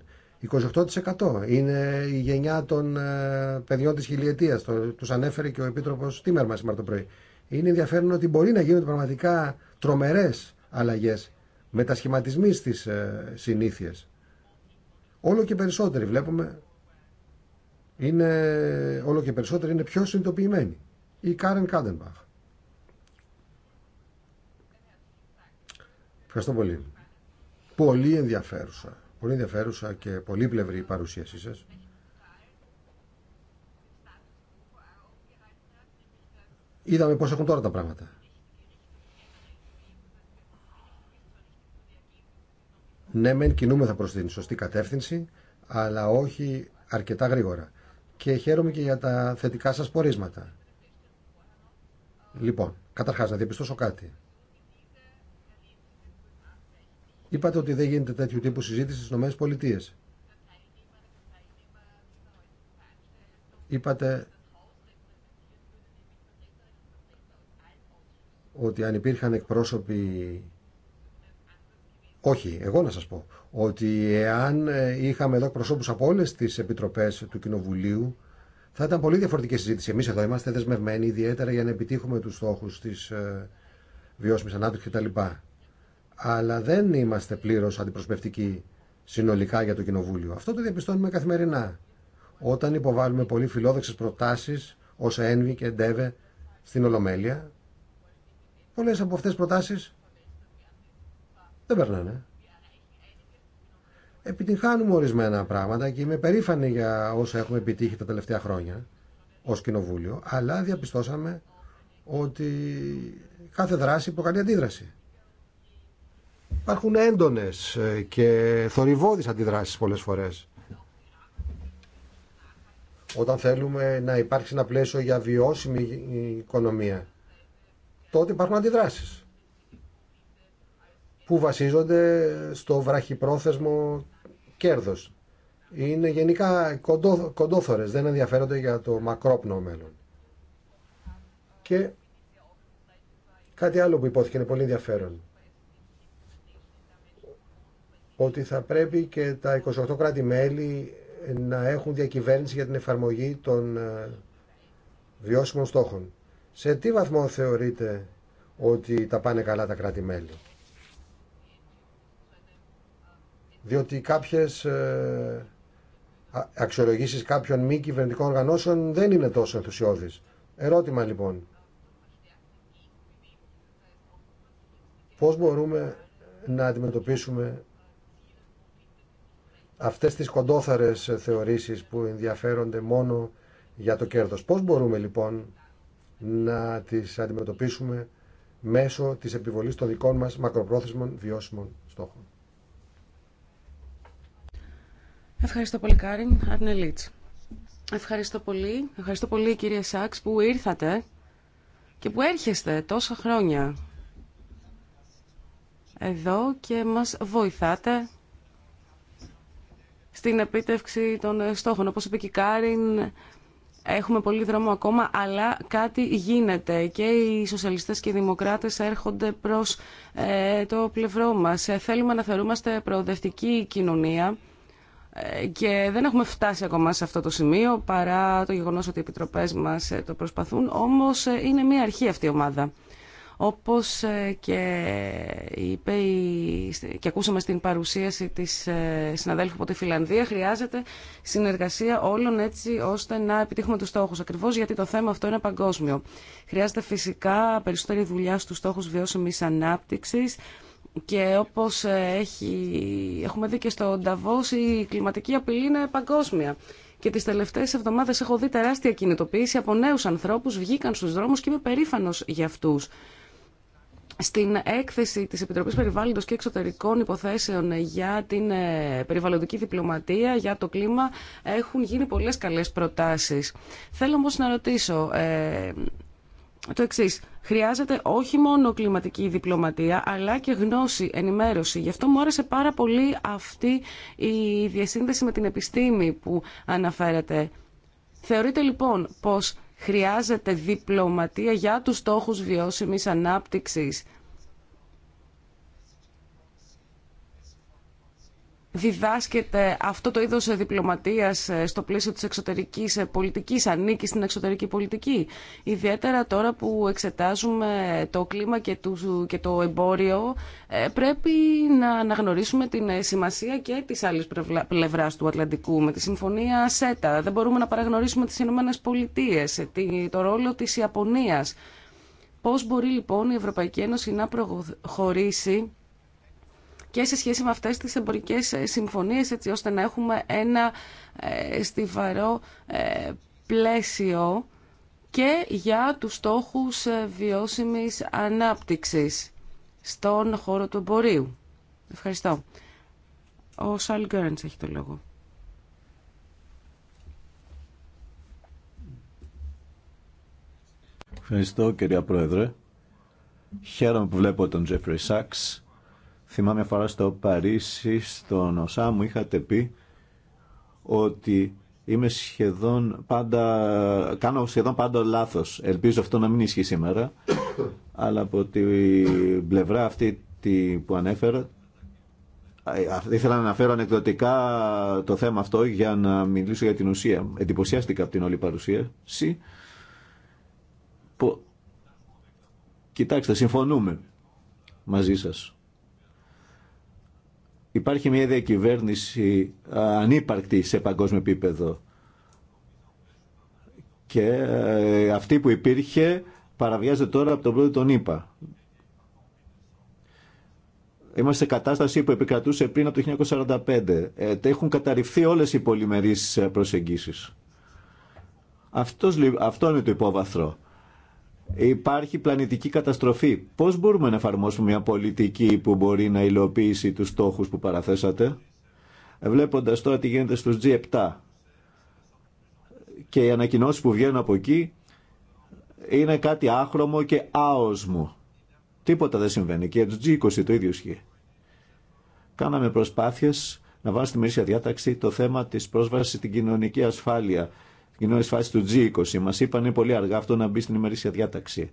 28% είναι η γενιά των ε, παιδιών της χιλιετίας. Τους ανέφερε και ο Επίτροπος Τίμερμα σήμερα το πρωί. Είναι ενδιαφέρον ότι μπορεί να γίνονται πραγματικά τρομερές αλλαγές μετασχηματισμοί στις ε, συνήθειες. Όλο και περισσότεροι βλέπουμε είναι, όλο και περισσότεροι είναι πιο συνειδητοποιημένοι. Η Κάρεν Κάντεμπαχ. Ευχαριστώ πολύ. Πολύ ενδιαφέρουσα Πολύ ενδιαφέρουσα και πλευρή η παρουσίασή σας. Είδαμε πώς έχουν τώρα τα πράγματα. Ναι, μεν κινούμεθα προς την σωστή κατεύθυνση, αλλά όχι αρκετά γρήγορα. Και χαίρομαι και για τα θετικά σας πορίσματα. Λοιπόν, καταρχάς να διαπιστώσω κάτι. Είπατε ότι δεν γίνεται τέτοιου τύπου συζήτηση στι Πολιτείε. Είπατε ότι αν υπήρχαν εκπρόσωποι όχι, εγώ να σας πω ότι εάν ε, είχαμε εδώ προσώπους από όλες τις επιτροπές του Κοινοβουλίου θα ήταν πολύ διαφορετική συζήτηση. Εμείς εδώ είμαστε δεσμευμένοι ιδιαίτερα για να επιτύχουμε τους στόχους της ε, βιώσιμης ανάπτυξης κτλ αλλά δεν είμαστε πλήρως αντιπροσωπευτικοί συνολικά για το Κοινοβούλιο. Αυτό το διαπιστώνουμε καθημερινά. Όταν υποβάλλουμε πολύ φιλόδοξες προτάσεις ω ΕΝΒΙ και στην Ολομέλεια, Πολλέ από αυτές τις προτάσεις δεν περνάνε. Επιτυγχάνουμε ορισμένα πράγματα και είμαι περήφανη για όσα έχουμε επιτύχει τα τελευταία χρόνια ως Κοινοβούλιο, αλλά διαπιστώσαμε ότι κάθε δράση προκαλεί αντίδραση. Υπάρχουν έντονες ε, και θορυβώδεις αντιδράσεις πολλές φορές. Όταν θέλουμε να υπάρξει ένα πλαίσιο για βιώσιμη οικονομία, τότε υπάρχουν αντιδράσεις που βασίζονται στο βραχυπρόθεσμο κέρδος. Είναι γενικά κοντό, κοντόθωρες, δεν ενδιαφέρονται για το μακρόπνο μέλλον. Και κάτι άλλο που υπόθηκε είναι πολύ ενδιαφέρον ότι θα πρέπει και τα 28 κράτη-μέλη να έχουν διακυβέρνηση για την εφαρμογή των ε, βιώσιμων στόχων. Σε τι βαθμό θεωρείτε ότι τα πάνε καλά τα κράτη-μέλη. Διότι κάποιες ε, αξιολογήσεις κάποιων μη κυβερνητικών οργανώσεων δεν είναι τόσο ενθουσιώδεις. Ερώτημα λοιπόν. Πώς μπορούμε να αντιμετωπίσουμε αυτές τις κοντόθαρες θεωρήσεις που ενδιαφέρονται μόνο για το κέρδος. Πώς μπορούμε λοιπόν να τις αντιμετωπίσουμε μέσω της επιβολής των δικών μας μακροπρόθεσμων βιώσιμων στόχων. Ευχαριστώ πολύ Κάριν Αρνελίτς. Ευχαριστώ πολύ. Ευχαριστώ πολύ κύριε Σάξ που ήρθατε και που έρχεστε τόσα χρόνια εδώ και μας βοηθάτε στην επίτευξη των ε, στόχων. Όπως είπε και η Κάριν, έχουμε πολύ δρόμο ακόμα, αλλά κάτι γίνεται και οι σοσιαλιστές και οι δημοκράτες έρχονται προς ε, το πλευρό μας. Ε, θέλουμε να θεωρούμαστε προοδευτική κοινωνία και δεν έχουμε φτάσει ακόμα σε αυτό το σημείο παρά το γεγονός ότι οι επιτροπές μας το προσπαθούν, όμως είναι μια αρχή αυτή η ομάδα. Όπως ε, και, είπε και ακούσαμε στην παρουσίαση της ε, συναδέλφου από τη Φιλανδία, χρειάζεται συνεργασία όλων έτσι ώστε να επιτύχουμε τους στόχους. Ακριβώς γιατί το θέμα αυτό είναι παγκόσμιο. Χρειάζεται φυσικά περισσότερη δουλειά στους στόχους βιώσιμης ανάπτυξης, και όπως ε, έχουμε δει και στο Νταβός, η κλιματική απειλή είναι παγκόσμια. Και τις τελευταίες εβδομάδες έχω δει τεράστια κινητοποίηση από νέους ανθρώπους, βγήκαν στους δρόμους και είμαι περήφανος για αυτούς. Στην έκθεση της Επιτροπής Περιβάλλοντος και Εξωτερικών Υποθέσεων για την ε, περιβαλλοντική διπλωματία, για το κλίμα, έχουν γίνει πολλές καλές προτάσεις. Θέλω όμως να ρωτήσω ε, το εξή. Χρειάζεται όχι μόνο κλιματική διπλωματία, αλλά και γνώση, ενημέρωση. Γι' αυτό μου άρεσε πάρα πολύ αυτή η διασύνδεση με την επιστήμη που αναφέρεται. Θεωρείτε λοιπόν πως Χρειάζεται διπλωματία για τους στόχους βιώσιμης ανάπτυξης διδάσκεται αυτό το είδος διπλωματίας ε, στο πλαίσιο της εξωτερικής ε, πολιτικής, ανήκει στην εξωτερική πολιτική. Ιδιαίτερα τώρα που εξετάζουμε το κλίμα και το εμπόριο, ε, πρέπει να αναγνωρίσουμε την σημασία και της άλλης πλευράς του Ατλαντικού με τη Συμφωνία ΣΕΤΑ. Δεν μπορούμε να παραγνωρίσουμε τις Ηνωμένε Πολιτείες, το ρόλο της Ιαπωνίας. Πώς μπορεί λοιπόν η Ευρωπαϊκή Ένωση να προχωρήσει και σε σχέση με αυτές τις εμπορικές ε, συμφωνίες έτσι ώστε να έχουμε ένα ε, στιβαρό ε, πλαίσιο και για τους στόχους βιώσιμης ανάπτυξης στον χώρο του εμπορίου. Ευχαριστώ. Ο Σαλ Γκέρντς έχει το λόγο. Ευχαριστώ κυρία Πρόεδρε. Χαίρομαι που βλέπω τον Τζέφρι Σάξ Θυμάμαι μια φορά στο Παρίσι, στον ΟΣΑ μου είχατε πει ότι είμαι σχεδόν πάντα, κάνω σχεδόν πάντα λάθος. Ελπίζω αυτό να μην ισχύει σήμερα, αλλά από την πλευρά αυτή που ανέφερα, ήθελα να αναφέρω ανεκδοτικά το θέμα αυτό για να μιλήσω για την ουσία. Εντυπωσιάστηκα από την όλη παρουσίαση. Που... Κοιτάξτε, συμφωνούμε μαζί σας. Υπάρχει μια διακυβέρνηση ε, ανύπαρκτη σε παγκόσμιο επίπεδο. Και ε, αυτή που υπήρχε παραβιάζεται τώρα από τον πρώτο τον ΗΠΑ. Είμαστε σε κατάσταση που επικρατούσε πριν από το 1945. Ε, έχουν καταρριφθεί όλες οι πολυμερείς προσεγγίσεις. Αυτός, αυτό είναι το υπόβαθρο υπάρχει πλανητική καταστροφή. Πώς μπορούμε να εφαρμόσουμε μια πολιτική που μπορεί να υλοποιήσει τους στόχους που παραθέσατε, βλέποντας τώρα τι γίνεται στους G7 και οι ανακοινώσει που βγαίνουν από εκεί είναι κάτι άχρωμο και άοσμο. Τίποτα δεν συμβαίνει και για τους G20 το ίδιο ισχύει. Κάναμε προσπάθειες να βάλουμε στη μερίσια διάταξη το θέμα της πρόσβασης στην κοινωνική ασφάλεια είναι στη του G20. Μα είπαν πολύ αργά αυτό να μπει στην ημερήσια διάταξη.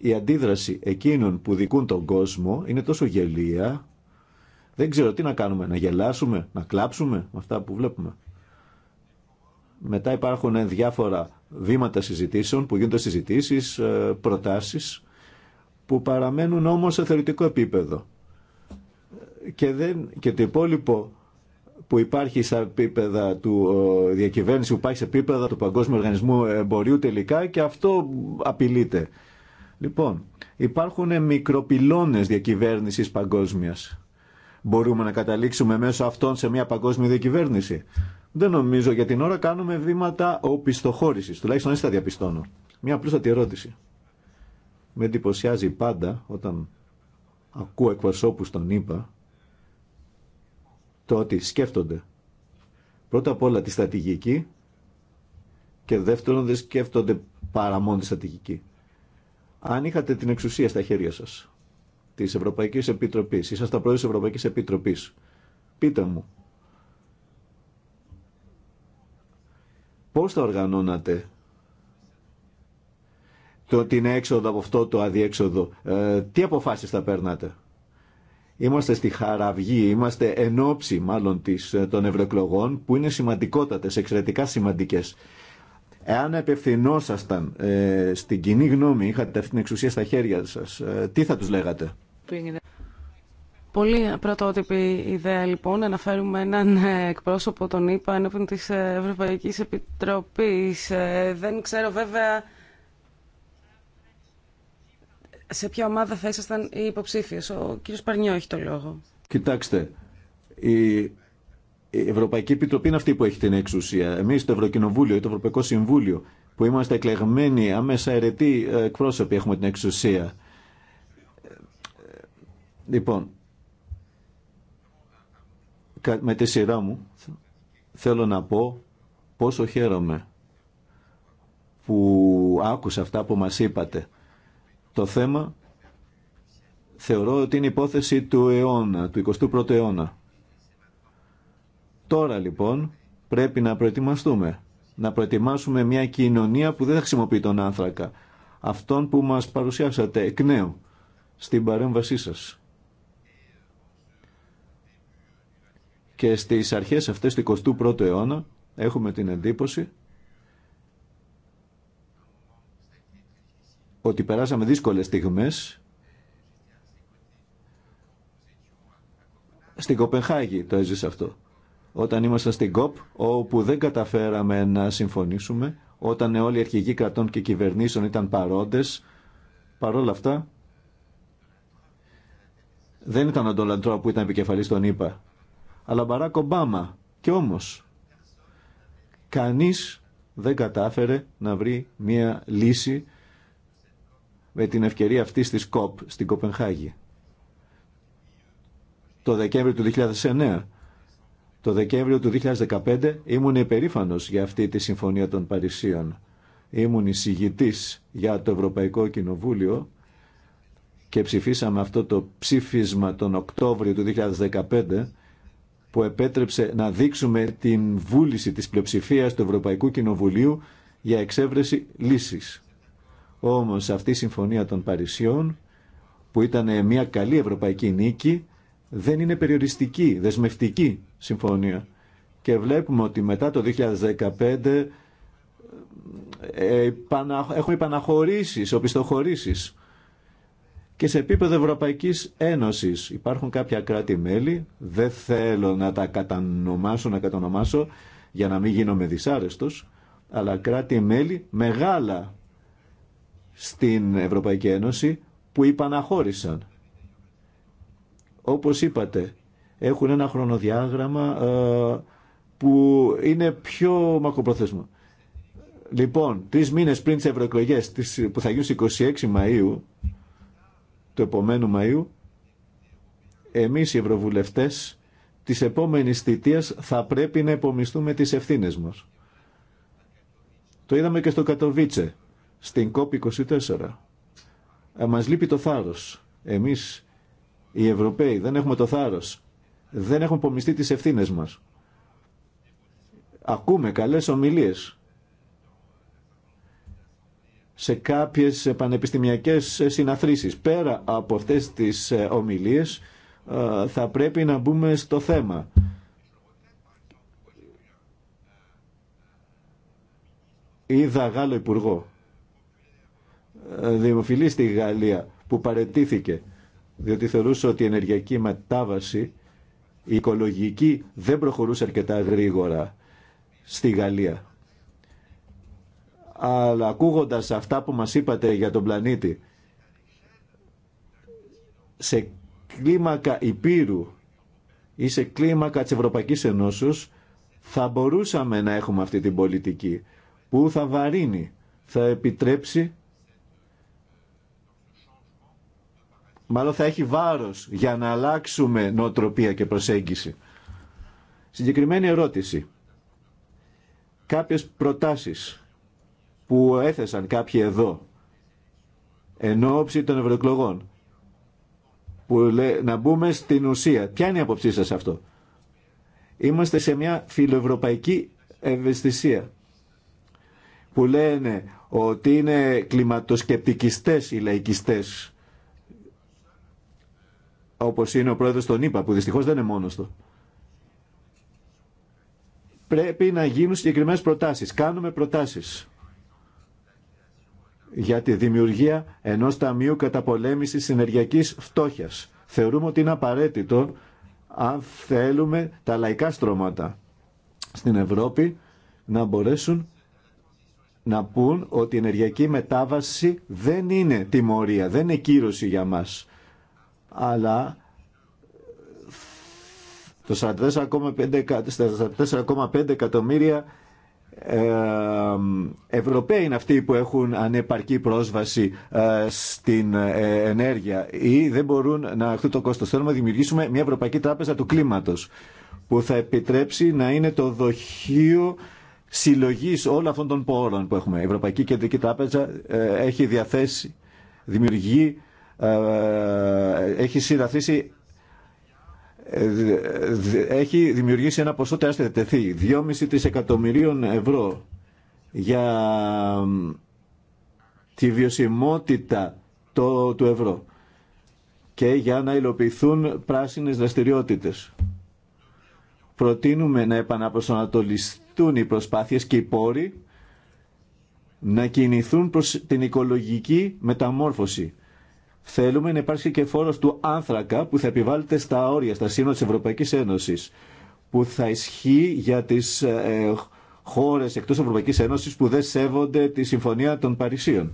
Η αντίδραση εκείνων που δικούν τον κόσμο είναι τόσο γελία. Δεν ξέρω τι να κάνουμε, να γελάσουμε, να κλάψουμε με αυτά που βλέπουμε. Μετά υπάρχουν διάφορα βήματα συζητήσεων που γίνονται συζητήσεις, ε, προτάσεις που παραμένουν όμως σε θεωρητικό επίπεδο και, δεν, και το υπόλοιπο που υπάρχει σε επίπεδα του ε, διακυβέρνηση, που υπάρχει σε επίπεδα του Παγκόσμιου Οργανισμού Εμπορίου τελικά και αυτό απειλείται. Λοιπόν, υπάρχουν μικροπυλώνες διακυβέρνησης παγκόσμιας. Μπορούμε να καταλήξουμε μέσω αυτών σε μια παγκόσμια διακυβέρνηση. Δεν νομίζω για την ώρα κάνουμε βήματα οπισθοχώρησης, τουλάχιστον έτσι θα διαπιστώνω. Μια απλούστατη ερώτηση. Με εντυπωσιάζει πάντα όταν ακούω εκπροσώπους τον είπα, το ότι σκέφτονται πρώτα απ' όλα τη στρατηγική και δεύτερον δεν σκέφτονται παρά μόνο τη στρατηγική. Αν είχατε την εξουσία στα χέρια σας, της Ευρωπαϊκής Επιτροπής, ήσασταν πρόεδρος της Ευρωπαϊκής Επιτροπής, πείτε μου, πώς θα οργανώνατε το, την έξοδο από αυτό το αδιέξοδο, ε, τι αποφάσεις θα παίρνατε. Είμαστε στη χαραυγή, είμαστε εν ώψη μάλλον της, ε, των ευρωεκλογών που είναι σημαντικότατες, εξαιρετικά σημαντικές. Εάν απευθυνόσασταν ε, στην κοινή γνώμη, είχατε αυτή την εξουσία στα χέρια σας, ε, τι θα τους λέγατε. Πολύ πρωτότυπη ιδέα λοιπόν. Αναφέρουμε έναν εκπρόσωπο, τον είπα, ενώπιν της Ευρωπαϊκής Επιτροπής. Δεν ξέρω βέβαια σε ποια ομάδα θα ήσασταν οι υποψήφιες. Ο κύριος Παρνιό έχει το λόγο. Κοιτάξτε, η, Ευρωπαϊκή Επιτροπή είναι αυτή που έχει την εξουσία. Εμείς το Ευρωκοινοβούλιο ή το Ευρωπαϊκό Συμβούλιο που είμαστε εκλεγμένοι άμεσα αιρετοί ε, εκπρόσωποι έχουμε την εξουσία. Ε, λοιπόν, με τη σειρά μου θέλω να πω πόσο χαίρομαι που άκουσα αυτά που μας είπατε το θέμα θεωρώ ότι είναι υπόθεση του αιώνα, του 21ου αιώνα. Τώρα λοιπόν πρέπει να προετοιμαστούμε. Να προετοιμάσουμε μια κοινωνία που δεν θα χρησιμοποιεί τον άνθρακα. Αυτόν που μας παρουσιάσατε εκ νέου στην παρέμβασή σας. Και στις αρχές αυτές του 21ου αιώνα έχουμε την εντύπωση ότι περάσαμε δύσκολες στιγμές στην Κοπενχάγη το έζησε αυτό όταν ήμασταν στην ΚΟΠ όπου δεν καταφέραμε να συμφωνήσουμε όταν όλοι οι αρχηγοί κρατών και κυβερνήσεων ήταν παρόντες παρόλα αυτά δεν ήταν ο Ντολαντρό που ήταν επικεφαλής των ΗΠΑ αλλά Μπαράκ Ομπάμα και όμως κανείς δεν κατάφερε να βρει μία λύση με την ευκαιρία αυτή της ΚΟΠ στην Κοπενχάγη. Το Δεκέμβριο του 2009, το Δεκέμβριο του 2015 ήμουν υπερήφανος για αυτή τη Συμφωνία των Παρισίων. Ήμουν εισηγητής για το Ευρωπαϊκό Κοινοβούλιο και ψηφίσαμε αυτό το ψήφισμα τον Οκτώβριο του 2015 που επέτρεψε να δείξουμε την βούληση της πλειοψηφίας του Ευρωπαϊκού Κοινοβουλίου για εξέβρεση λύσης. Όμως αυτή η συμφωνία των Παρισιών που ήταν μια καλή ευρωπαϊκή νίκη δεν είναι περιοριστική, δεσμευτική συμφωνία. Και βλέπουμε ότι μετά το 2015 ε, έχουμε επαναχωρήσεις, οπισθοχωρήσεις. Και σε επίπεδο Ευρωπαϊκής Ένωσης υπάρχουν κάποια κράτη-μέλη, δεν θέλω να τα κατανομάσω, να κατανομάσω για να μην γίνομαι δυσάρεστος, αλλά κράτη-μέλη μεγάλα στην Ευρωπαϊκή Ένωση που υπαναχώρησαν. Όπως είπατε, έχουν ένα χρονοδιάγραμμα ε, που είναι πιο μακροπροθέσμο. Λοιπόν, τρει μήνε πριν τι ευρωεκλογέ που θα γίνουν στι 26 Μαου, του επομένου Μαΐου, εμείς οι ευρωβουλευτέ τη επόμενη θητεία θα πρέπει να υπομισθούμε τις ευθύνε μας. Το είδαμε και στο Κατοβίτσε στην COP24. Ε, μας λείπει το θάρρος. Εμείς οι Ευρωπαίοι δεν έχουμε το θάρρος. Δεν έχουμε απομειστεί τις ευθύνες μας. Ακούμε καλές ομιλίες σε κάποιες πανεπιστημιακές συναθρήσεις. Πέρα από αυτές τις ε, ομιλίες ε, θα πρέπει να μπούμε στο θέμα. Είδα Γάλλο Υπουργό δημοφιλή στη Γαλλία που παρετήθηκε διότι θεωρούσε ότι η ενεργειακή μετάβαση η οικολογική δεν προχωρούσε αρκετά γρήγορα στη Γαλλία. Αλλά ακούγοντας αυτά που μας είπατε για τον πλανήτη σε κλίμακα υπήρου ή σε κλίμακα της Ευρωπαϊκής Ενώσεως θα μπορούσαμε να έχουμε αυτή την πολιτική που θα βαρύνει, θα επιτρέψει μάλλον θα έχει βάρος για να αλλάξουμε νοοτροπία και προσέγγιση. Συγκεκριμένη ερώτηση. Κάποιες προτάσεις που έθεσαν κάποιοι εδώ εν ώψη των ευρωεκλογών που λέει, να μπούμε στην ουσία. Ποια είναι η απόψή σας αυτό. Είμαστε σε μια φιλοευρωπαϊκή ευαισθησία που λένε ότι είναι κλιματοσκεπτικιστές οι λαϊκιστές Όπω είναι ο πρόεδρο των ΗΠΑ, που δυστυχώς δεν είναι μόνο του. Πρέπει να γίνουν συγκεκριμένες προτάσεις. Κάνουμε προτάσεις για τη δημιουργία ενός Ταμείου Καταπολέμησης ενεργειακή Φτώχειας. Θεωρούμε ότι είναι απαραίτητο αν θέλουμε τα λαϊκά στρώματα στην Ευρώπη να μπορέσουν να πούν ότι η ενεργειακή μετάβαση δεν είναι τιμωρία, δεν είναι κύρωση για μας αλλά το 44,5 εκατομμύρια ε, Ευρωπαίοι είναι αυτοί που έχουν ανεπαρκή πρόσβαση ε, στην ε, ενέργεια ή δεν μπορούν να έχουν το κόστος. Θέλουμε να δημιουργήσουμε μια Ευρωπαϊκή Τράπεζα του Κλίματος που θα επιτρέψει να είναι το δοχείο συλλογής όλων αυτών των πόρων που έχουμε. Η Ευρωπαϊκή Κεντρική Τράπεζα έχει διαθέσει, δημιουργεί ε, έχει ε, έχει δημιουργήσει ένα ποσό τεράστιο τεθεί 2,5 δισεκατομμυρίων ευρώ για τη βιωσιμότητα το, του ευρώ και για να υλοποιηθούν πράσινες δραστηριότητες. Προτείνουμε να επαναπροσανατολιστούν οι προσπάθειες και οι πόροι να κινηθούν προς την οικολογική μεταμόρφωση Θέλουμε να υπάρξει και φόρος του άνθρακα που θα επιβάλλεται στα όρια, στα σύνορα της Ευρωπαϊκής Ένωσης, που θα ισχύει για τις ε, ε χώρες εκτός Ευρωπαϊκής Ένωσης που δεν σέβονται τη Συμφωνία των Παρισίων.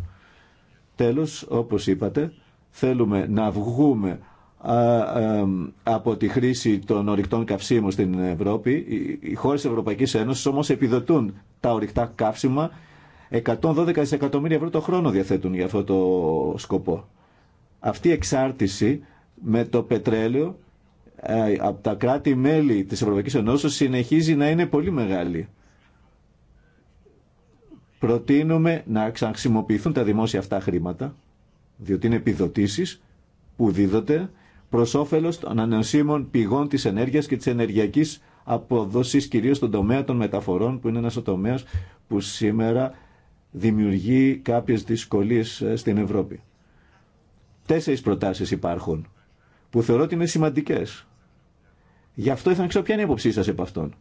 Τέλος, όπως είπατε, θέλουμε να βγούμε ε, από τη χρήση των ορυκτών καυσίμων στην Ευρώπη. Οι χώρες της Ευρωπαϊκής Ένωσης όμως επιδοτούν τα ορυκτά καύσιμα 112 δισεκατομμύρια ευρώ το χρόνο διαθέτουν για αυτό το σκοπό. Αυτή η εξάρτηση με το πετρέλαιο ε, από τα κράτη-μέλη της Ευρωπαϊκής Ένωσης συνεχίζει να είναι πολύ μεγάλη. Προτείνουμε να ξαναχρησιμοποιηθούν τα δημόσια αυτά χρήματα, διότι είναι επιδοτήσεις που δίδονται προς όφελος των ανανεωσίμων πηγών της ενέργειας και της ενεργειακής αποδόσης, κυρίως στον τομέα των μεταφορών, που είναι ένας ο τομέας που σήμερα δημιουργεί κάποιες δυσκολίες ε, στην Ευρώπη. Τέσσερις προτάσεις υπάρχουν που θεωρώ ότι είναι σημαντικές. Γι' αυτό ήθελα να ξέρω ποια είναι η άποψή σας επ' αυτών.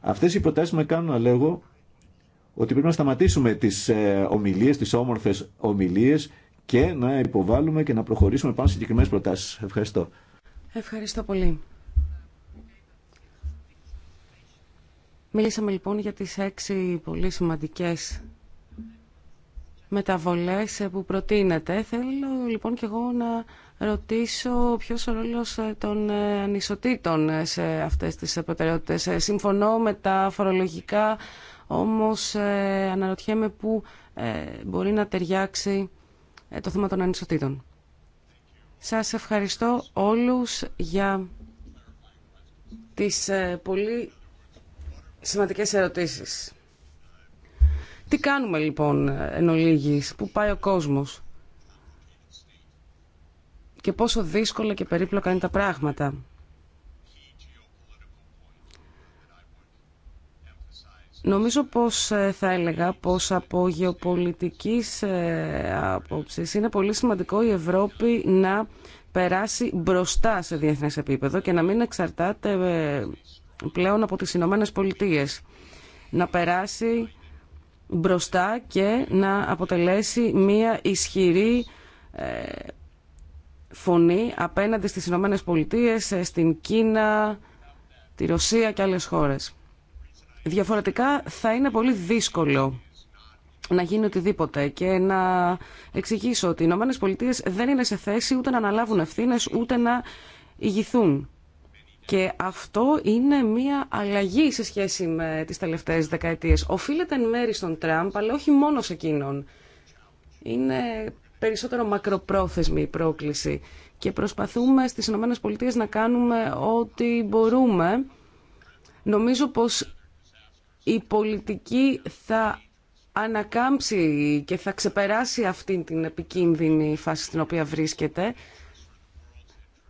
Αυτές οι προτάσεις με κάνουν να λέγω ότι πρέπει να σταματήσουμε τις ε, ομιλίες, τις όμορφες ομιλίες και να υποβάλουμε και να προχωρήσουμε πάνω σε συγκεκριμένες προτάσεις. Ευχαριστώ. Ευχαριστώ πολύ. Μίλησαμε λοιπόν για τις έξι πολύ σημαντικές μεταβολές ε, που προτείνεται. Θέλω λοιπόν και εγώ να ρωτήσω ποιος ο ρόλος ε, των ε, ανισοτήτων σε αυτές τις προτεραιότητες. Συμφωνώ με τα φορολογικά, όμως αναρωτιέμαι πού μπορεί να ταιριάξει το θέμα των ανισοτήτων. Σας ευχαριστώ όλους για τις πολύ σημαντικές ερωτήσεις. Τι κάνουμε λοιπόν εν ολίγης, πού πάει ο κόσμος και πόσο δύσκολα και περίπλοκα είναι τα πράγματα. Νομίζω πως ε, θα έλεγα πως από γεωπολιτικής απόψης ε, είναι πολύ σημαντικό η Ευρώπη να περάσει μπροστά σε διεθνές επίπεδο και να μην εξαρτάται ε, πλέον από τις Ηνωμένε Πολιτείες. Να περάσει μπροστά και να αποτελέσει μια ισχυρή ε, φωνή απέναντι στις Ηνωμένες Πολιτείες, ε, στην Κίνα, τη Ρωσία και άλλες χώρες. Διαφορετικά θα είναι πολύ δύσκολο να γίνει οτιδήποτε και να εξηγήσω ότι οι Ηνωμένες Πολιτείες δεν είναι σε θέση ούτε να αναλάβουν ευθύνες ούτε να ηγηθούν. Και αυτό είναι μια αλλαγή σε σχέση με τις τελευταίες δεκαετίες. Οφείλεται εν μέρη στον Τραμπ, αλλά όχι μόνο σε εκείνον. Είναι περισσότερο μακροπρόθεσμη η πρόκληση. Και προσπαθούμε στις ΗΠΑ να κάνουμε ό,τι μπορούμε. Νομίζω πως η πολιτική θα ανακάμψει και θα ξεπεράσει αυτή την επικίνδυνη φάση στην οποία βρίσκεται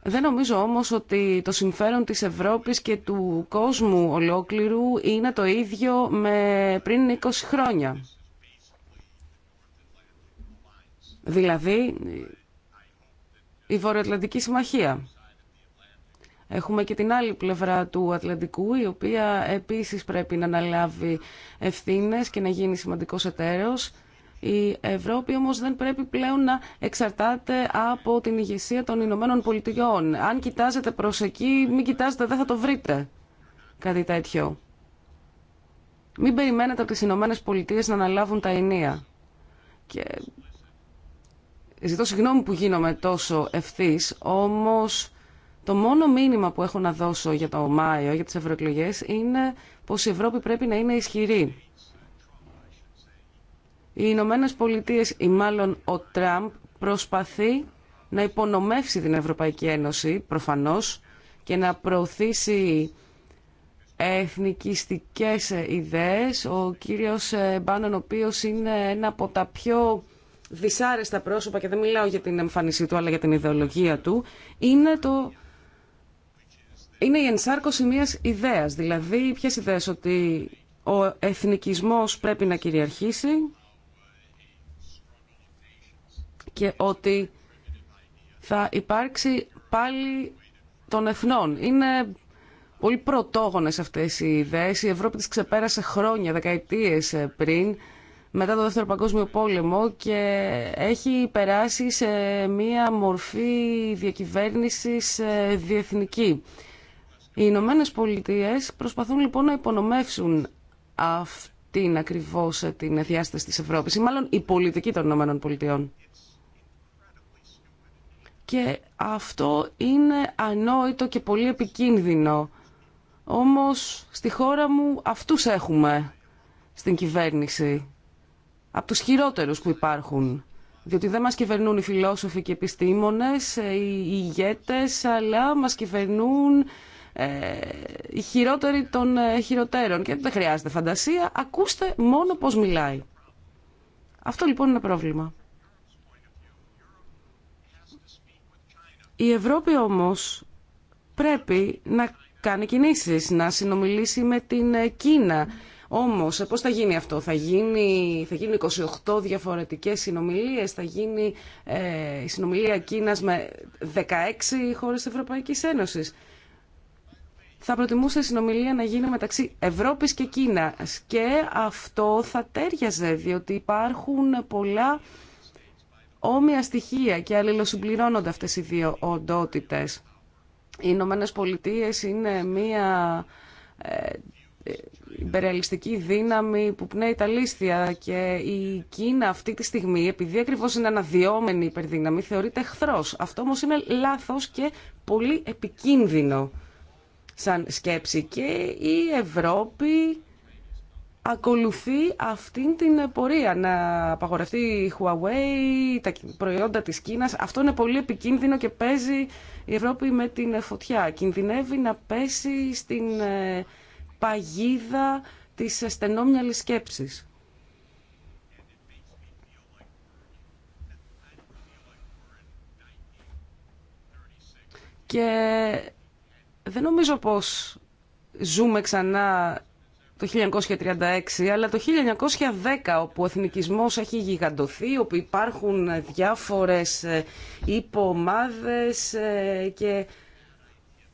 δεν νομίζω όμως ότι το συμφέρον της Ευρώπης και του κόσμου ολόκληρου είναι το ίδιο με πριν 20 χρόνια. Δηλαδή η Βορειοατλαντική Συμμαχία. Έχουμε και την άλλη πλευρά του Ατλαντικού, η οποία επίσης πρέπει να αναλάβει ευθύνες και να γίνει σημαντικός εταίρος. Η Ευρώπη όμως δεν πρέπει πλέον να εξαρτάται από την ηγεσία των Ηνωμένων Πολιτειών. Αν κοιτάζετε προ εκεί, μην κοιτάζετε, δεν θα το βρείτε κάτι τέτοιο. Μην περιμένετε από τι Ηνωμένε Πολιτείε να αναλάβουν τα ενία. Και... Ζητώ συγγνώμη που γίνομαι τόσο ευθύ, όμως το μόνο μήνυμα που έχω να δώσω για το Μάιο, για τι ευρωεκλογέ, είναι πω η Ευρώπη πρέπει να είναι ισχυρή. Οι Ηνωμένε Πολιτείε ή μάλλον ο Τραμπ προσπαθεί να υπονομεύσει την Ευρωπαϊκή Ένωση προφανώς και να προωθήσει εθνικιστικές ιδέες. Ο κύριος ε, Μπάνον, ο οποίος είναι ένα από τα πιο δυσάρεστα πρόσωπα και δεν μιλάω για την εμφάνισή του αλλά για την ιδεολογία του, είναι το... Είναι η ενσάρκωση μιας ιδέας, δηλαδή ποιες ιδέες ότι ο εθνικισμός πρέπει να κυριαρχήσει, και ότι θα υπάρξει πάλι των εθνών. Είναι πολύ πρωτόγονες αυτές οι ιδέες. Η Ευρώπη τις ξεπέρασε χρόνια, δεκαετίες πριν, μετά το Δεύτερο Παγκόσμιο Πόλεμο και έχει περάσει σε μία μορφή διακυβέρνησης ε, διεθνική. Οι Ηνωμένε Πολιτείε προσπαθούν λοιπόν να υπονομεύσουν αυτήν ακριβώς την διάσταση της Ευρώπης ή μάλλον η πολιτική των Ηνωμένων Πολιτειών και αυτό είναι ανόητο και πολύ επικίνδυνο. Όμως στη χώρα μου αυτούς έχουμε στην κυβέρνηση. Από τους χειρότερους που υπάρχουν. Διότι δεν μας κυβερνούν οι φιλόσοφοι και οι επιστήμονες, ε, οι ηγέτες, αλλά μας κυβερνούν ε, οι χειρότεροι των ε, χειροτέρων. Και δεν χρειάζεται φαντασία, ακούστε μόνο πώς μιλάει. Αυτό λοιπόν είναι πρόβλημα. Η Ευρώπη όμως πρέπει να κάνει κινήσεις, να συνομιλήσει με την Κίνα. Όμως, ε, πώς θα γίνει αυτό, θα γίνει, θα γίνει 28 διαφορετικές συνομιλίες, θα γίνει ε, η συνομιλία Κίνας με 16 χώρες της Ευρωπαϊκής Ένωσης. Θα προτιμούσε η συνομιλία να γίνει μεταξύ Ευρώπης και Κίνας και αυτό θα τέριαζε διότι υπάρχουν πολλά όμοια στοιχεία και αλληλοσυμπληρώνονται αυτές οι δύο οντότητες. Οι Ηνωμένε Πολιτείε είναι μία ε, υπερεαλιστική δύναμη που πνέει τα λίστια και η Κίνα αυτή τη στιγμή, επειδή ακριβώς είναι αναδυόμενη υπερδύναμη, θεωρείται εχθρός. Αυτό όμως είναι λάθος και πολύ επικίνδυνο σαν σκέψη και η Ευρώπη ακολουθεί αυτήν την πορεία. Να απαγορευτεί η Huawei, τα προϊόντα της Κίνας. Αυτό είναι πολύ επικίνδυνο και παίζει η Ευρώπη με την φωτιά. Κινδυνεύει να πέσει στην ε, παγίδα της στενόμυαλης σκέψης. Και δεν νομίζω πως ζούμε ξανά το 1936, αλλά το 1910, όπου ο εθνικισμός έχει γιγαντωθεί, όπου υπάρχουν διάφορες ε, υπομάδες ε, και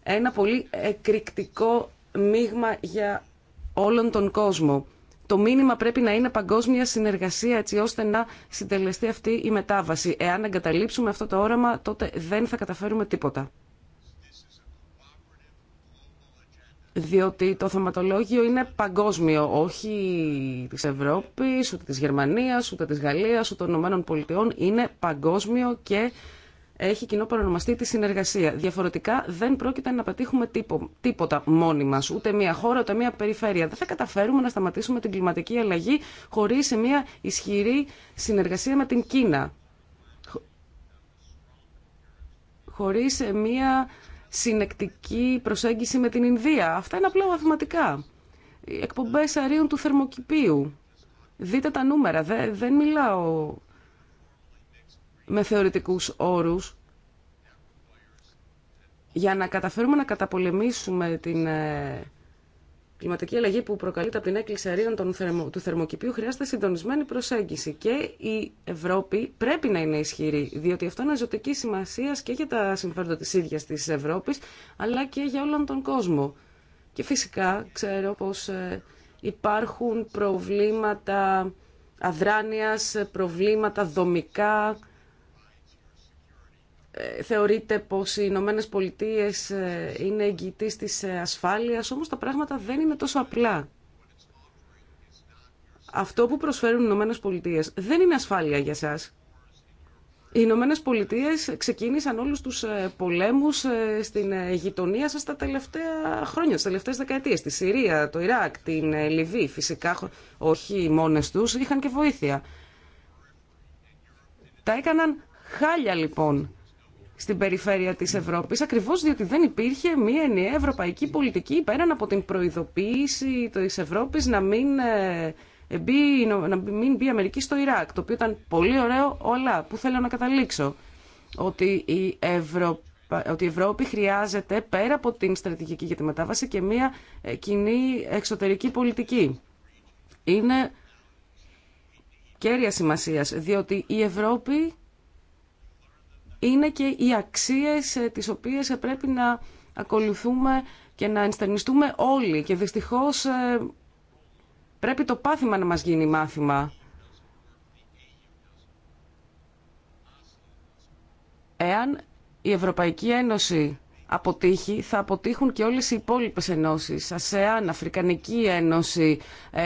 ένα πολύ εκρηκτικό μείγμα για όλον τον κόσμο. Το μήνυμα πρέπει να είναι παγκόσμια συνεργασία έτσι ώστε να συντελεστεί αυτή η μετάβαση. Εάν εγκαταλείψουμε αυτό το όραμα τότε δεν θα καταφέρουμε τίποτα. διότι το θεματολόγιο είναι παγκόσμιο, όχι της Ευρώπης, ούτε της Γερμανίας, ούτε της Γαλλίας, ούτε των Ηνωμένων Πολιτειών. Είναι παγκόσμιο και έχει κοινό παρονομαστή τη συνεργασία. Διαφορετικά δεν πρόκειται να πετύχουμε τίποτα μόνοι μα, ούτε μία χώρα, ούτε μία περιφέρεια. Δεν θα καταφέρουμε να σταματήσουμε την κλιματική αλλαγή χωρί μία ισχυρή συνεργασία με την Κίνα. Χωρί μία συνεκτική προσέγγιση με την Ινδία. Αυτά είναι απλά μαθηματικά. Οι εκπομπές αρίων του θερμοκηπίου. Δείτε τα νούμερα. Δεν, δεν μιλάω με θεωρητικούς όρους. Για να καταφέρουμε να καταπολεμήσουμε την ε, κλιματική αλλαγή που προκαλείται από την έκκληση αερίων του θερμοκηπίου χρειάζεται συντονισμένη προσέγγιση και η Ευρώπη πρέπει να είναι ισχυρή, διότι αυτό είναι ζωτική σημασία και για τα συμφέροντα τη ίδια τη Ευρώπη, αλλά και για όλον τον κόσμο. Και φυσικά ξέρω πω ε, υπάρχουν προβλήματα αδράνειας, προβλήματα δομικά ε, θεωρείται πως οι Ηνωμένε Πολιτείε ε, είναι εγγυητής της ε, ασφάλειας, όμως τα πράγματα δεν είναι τόσο απλά. Αυτό που προσφέρουν οι Ηνωμένε Πολιτείε δεν είναι ασφάλεια για σας. Οι Ηνωμένε Πολιτείε ξεκίνησαν όλους τους πολέμους στην γειτονία σας τα τελευταία χρόνια, τις τελευταίες δεκαετίες. στη Συρία, το Ιράκ, την Λιβύη φυσικά, όχι μόνες τους, είχαν και βοήθεια. Τα έκαναν χάλια λοιπόν στην περιφέρεια της Ευρώπης, ακριβώς διότι δεν υπήρχε μια ενιαία ευρωπαϊκή πολιτική πέραν από την προειδοποίηση της Ευρώπης να μην, ε, μπει, να μην μπει η Αμερική στο Ιράκ, το οποίο ήταν πολύ ωραίο όλα, που θέλω να καταλήξω, ότι η Ευρώπη ότι η Ευρώπη χρειάζεται πέρα από την στρατηγική για τη μετάβαση και μια ε, κοινή εξωτερική πολιτική. Είναι κέρια σημασίας, διότι η Ευρώπη είναι και οι αξίες ε, τις οποίες ε, πρέπει να ακολουθούμε και να ενστερνιστούμε όλοι. Και δυστυχώς ε, πρέπει το πάθημα να μας γίνει μάθημα. Εάν η Ευρωπαϊκή Ένωση αποτύχει, θα αποτύχουν και όλες οι υπόλοιπες ενώσεις. ΑΣΕΑΝ, Αφρικανική Ένωση,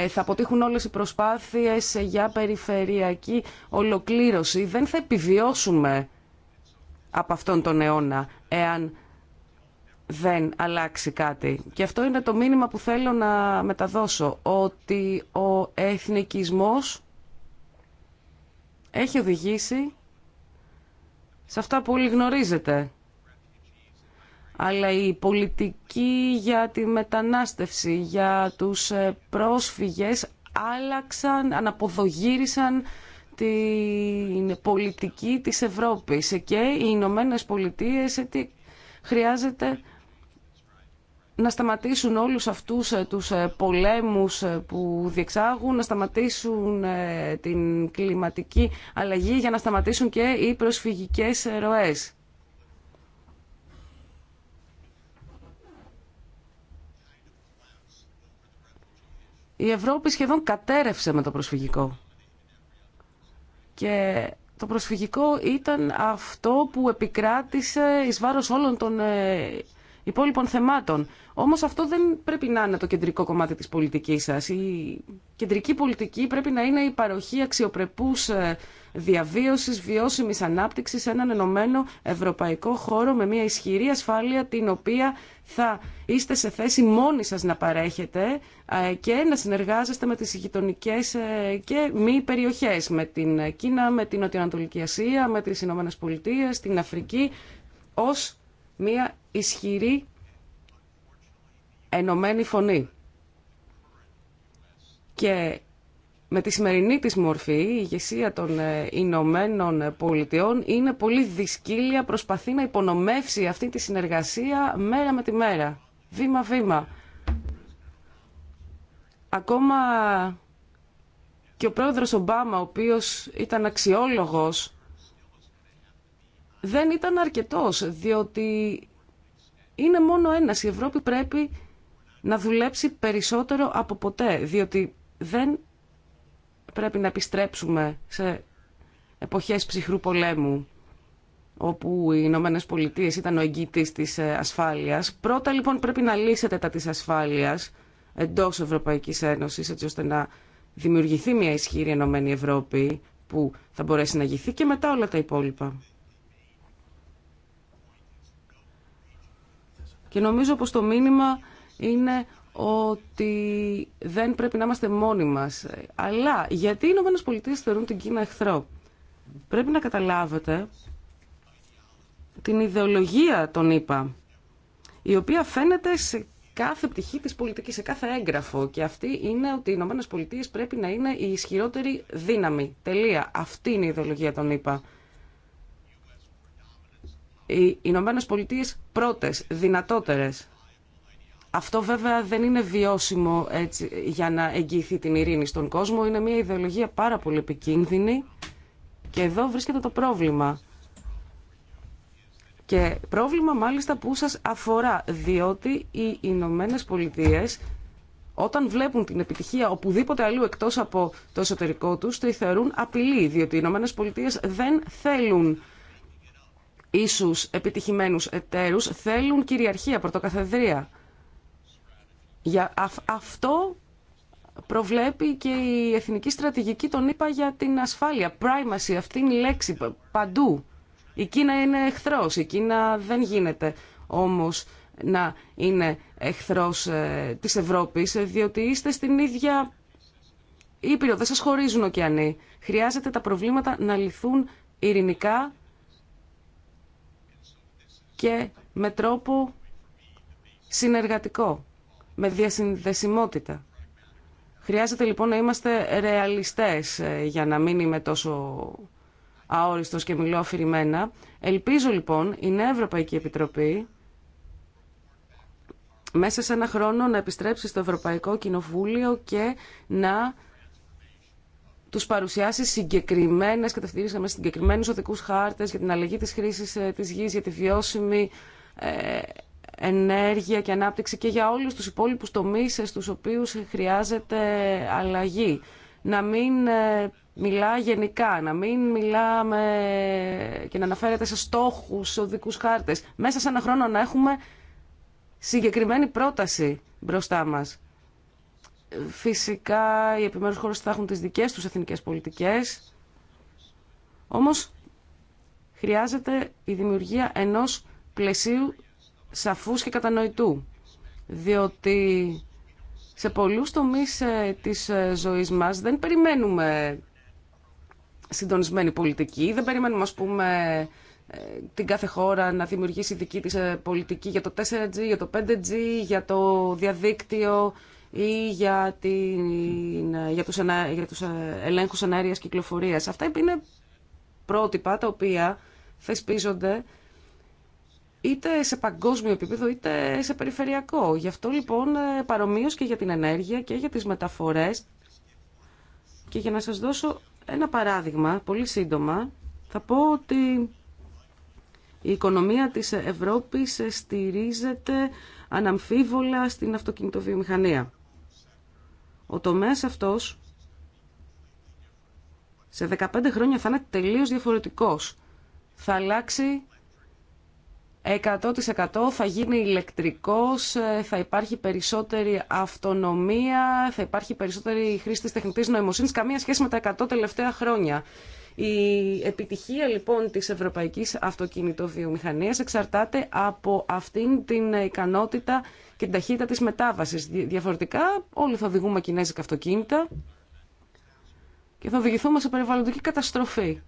θα αποτύχουν όλες οι προσπάθειες για περιφερειακή ολοκλήρωση. Δεν θα επιβιώσουμε από αυτόν τον αιώνα, εάν δεν αλλάξει κάτι. Και αυτό είναι το μήνυμα που θέλω να μεταδώσω, ότι ο εθνικισμός έχει οδηγήσει σε αυτά που όλοι γνωρίζετε. Αλλά η πολιτική για τη μετανάστευση, για τους ε, πρόσφυγες άλλαξαν, αναποδογύρισαν την πολιτική της Ευρώπης και οι Ηνωμένε Πολιτείε χρειάζεται να σταματήσουν όλους αυτούς ε, τους ε, πολέμους ε, που διεξάγουν, να σταματήσουν την κλιματική αλλαγή για να σταματήσουν και οι προσφυγικές ροές. Η Ευρώπη σχεδόν κατέρευσε με το προσφυγικό. Και το προσφυγικό ήταν αυτό που επικράτησε εις βάρος όλων των ε, υπόλοιπων θεμάτων. Όμως αυτό δεν πρέπει να είναι το κεντρικό κομμάτι της πολιτικής σας. Η κεντρική πολιτική πρέπει να είναι η παροχή αξιοπρεπούς ε, διαβίωσης, βιώσιμης ανάπτυξης σε έναν ενωμένο ευρωπαϊκό χώρο με μια ισχυρή ασφάλεια την οποία θα είστε σε θέση μόνοι σας να παρέχετε ε, και να συνεργάζεστε με τις γειτονικέ ε, και μη περιοχές, με την Κίνα, με την Νοτιοανατολική Ασία, με τις Ηνωμένε Πολιτείε, την Αφρική, ως μια ισχυρή ενωμένη φωνή. Και με τη σημερινή της μορφή, η ηγεσία των ε, Ηνωμένων Πολιτειών είναι πολύ δυσκύλια, προσπαθεί να υπονομεύσει αυτή τη συνεργασία μέρα με τη μέρα, βήμα-βήμα. Ακόμα και ο πρόεδρος Ομπάμα, ο οποίος ήταν αξιόλογος, δεν ήταν αρκετός, διότι είναι μόνο ένα. Η Ευρώπη πρέπει να δουλέψει περισσότερο από ποτέ, διότι δεν πρέπει να επιστρέψουμε σε εποχές ψυχρού πολέμου όπου οι Ηνωμένε Πολιτείε ήταν ο εγγύτης της ε, ασφάλειας. Πρώτα λοιπόν πρέπει να λύσετε τα της ασφάλειας εντός Ευρωπαϊκή Ένωσης έτσι ώστε να δημιουργηθεί μια ισχύρη Ενωμένη Ευρώπη που θα μπορέσει να γυθεί και μετά όλα τα υπόλοιπα. Και νομίζω πως το μήνυμα είναι ότι δεν πρέπει να είμαστε μόνοι μας. Αλλά γιατί οι Ηνωμένες Πολιτείες θεωρούν την Κίνα εχθρό. Πρέπει να καταλάβετε την ιδεολογία των ΗΠΑ, η οποία φαίνεται σε κάθε πτυχή της πολιτικής, σε κάθε έγγραφο. Και αυτή είναι ότι οι Ηνωμένες Πολιτείες πρέπει να είναι η ισχυρότερη δύναμη. Τελεία. Αυτή είναι η ιδεολογία των ΗΠΑ οι Ηνωμένε Πολιτείε πρώτες, δυνατότερες. Αυτό βέβαια δεν είναι βιώσιμο για να εγγυηθεί την ειρήνη στον κόσμο. Είναι μια ιδεολογία πάρα πολύ επικίνδυνη και εδώ βρίσκεται το πρόβλημα. Και πρόβλημα μάλιστα που σας αφορά, διότι οι Ηνωμένε Πολιτείε όταν βλέπουν την επιτυχία οπουδήποτε αλλού εκτός από το εσωτερικό τους, τη θεωρούν απειλή, διότι οι Ηνωμένε Πολιτείε δεν θέλουν ίσους επιτυχημένου Ετερούς θέλουν κυριαρχία, πρωτοκαθεδρία. Για αυτό προβλέπει και η εθνική στρατηγική, τον είπα, για την ασφάλεια. Primacy, αυτή είναι η λέξη παντού. Η Κίνα είναι εχθρός, η Κίνα δεν γίνεται όμως να είναι εχθρός ε, της Ευρώπης, ε, διότι είστε στην ίδια ήπειρο, δεν σα χωρίζουν ωκεανοί. Χρειάζεται τα προβλήματα να λυθούν ειρηνικά και με τρόπο συνεργατικό, με διασυνδεσιμότητα. Χρειάζεται λοιπόν να είμαστε ρεαλιστές ε, για να μην είμαι τόσο αόριστος και μιλώ αφηρημένα. Ελπίζω λοιπόν η Νέα Ευρωπαϊκή Επιτροπή μέσα σε ένα χρόνο να επιστρέψει στο Ευρωπαϊκό Κοινοβούλιο και να τους παρουσιάσει συγκεκριμένε, κατευθυντήσαμε συγκεκριμένου συγκεκριμένους οδικούς χάρτες για την αλλαγή της χρήσης ε, τη γη, για τη βιώσιμη ε, ενέργεια και ανάπτυξη και για όλους τους υπόλοιπου τομείς ε, στου οποίους χρειάζεται αλλαγή. Να μην ε, μιλά γενικά, να μην μιλάμε και να αναφέρεται σε στόχους, σε οδικούς χάρτες. Μέσα σε ένα χρόνο να έχουμε συγκεκριμένη πρόταση μπροστά μας. Φυσικά οι επιμέρους χώρες θα έχουν τις δικές τους εθνικές πολιτικές. Όμως χρειάζεται η δημιουργία ενός πλαισίου σαφούς και κατανοητού. Διότι σε πολλούς τομείς ε, της ε, ζωής μας δεν περιμένουμε συντονισμένη πολιτική, δεν περιμένουμε ας πούμε ε, την κάθε χώρα να δημιουργήσει δική της πολιτική για το 4G, για το 5G, για το διαδίκτυο, ή για, την, για, τους, ανα, τους ε, ελέγχους κυκλοφορίας. Αυτά είναι πρότυπα τα οποία θεσπίζονται είτε σε παγκόσμιο επίπεδο είτε σε περιφερειακό. Γι' αυτό λοιπόν ε, παρομοίως και για την ενέργεια και για τις μεταφορές και για να σας δώσω ένα παράδειγμα πολύ σύντομα θα πω ότι η οικονομία της Ευρώπης στηρίζεται αναμφίβολα στην αυτοκινητοβιομηχανία. Ο τομέας αυτός σε 15 χρόνια θα είναι τελείως διαφορετικός. Θα αλλάξει 100% θα γίνει ηλεκτρικός, ε, θα υπάρχει περισσότερη αυτονομία, θα υπάρχει περισσότερη χρήση της τεχνητής νοημοσύνης, καμία σχέση με τα 100 τελευταία χρόνια. Η επιτυχία λοιπόν της ευρωπαϊκής αυτοκινητοβιομηχανίας εξαρτάται από αυτήν την ικανότητα και την ταχύτητα της μετάβασης. Διαφορετικά όλοι θα οδηγούμε κινέζικα αυτοκίνητα και θα οδηγηθούμε σε περιβαλλοντική καταστροφή.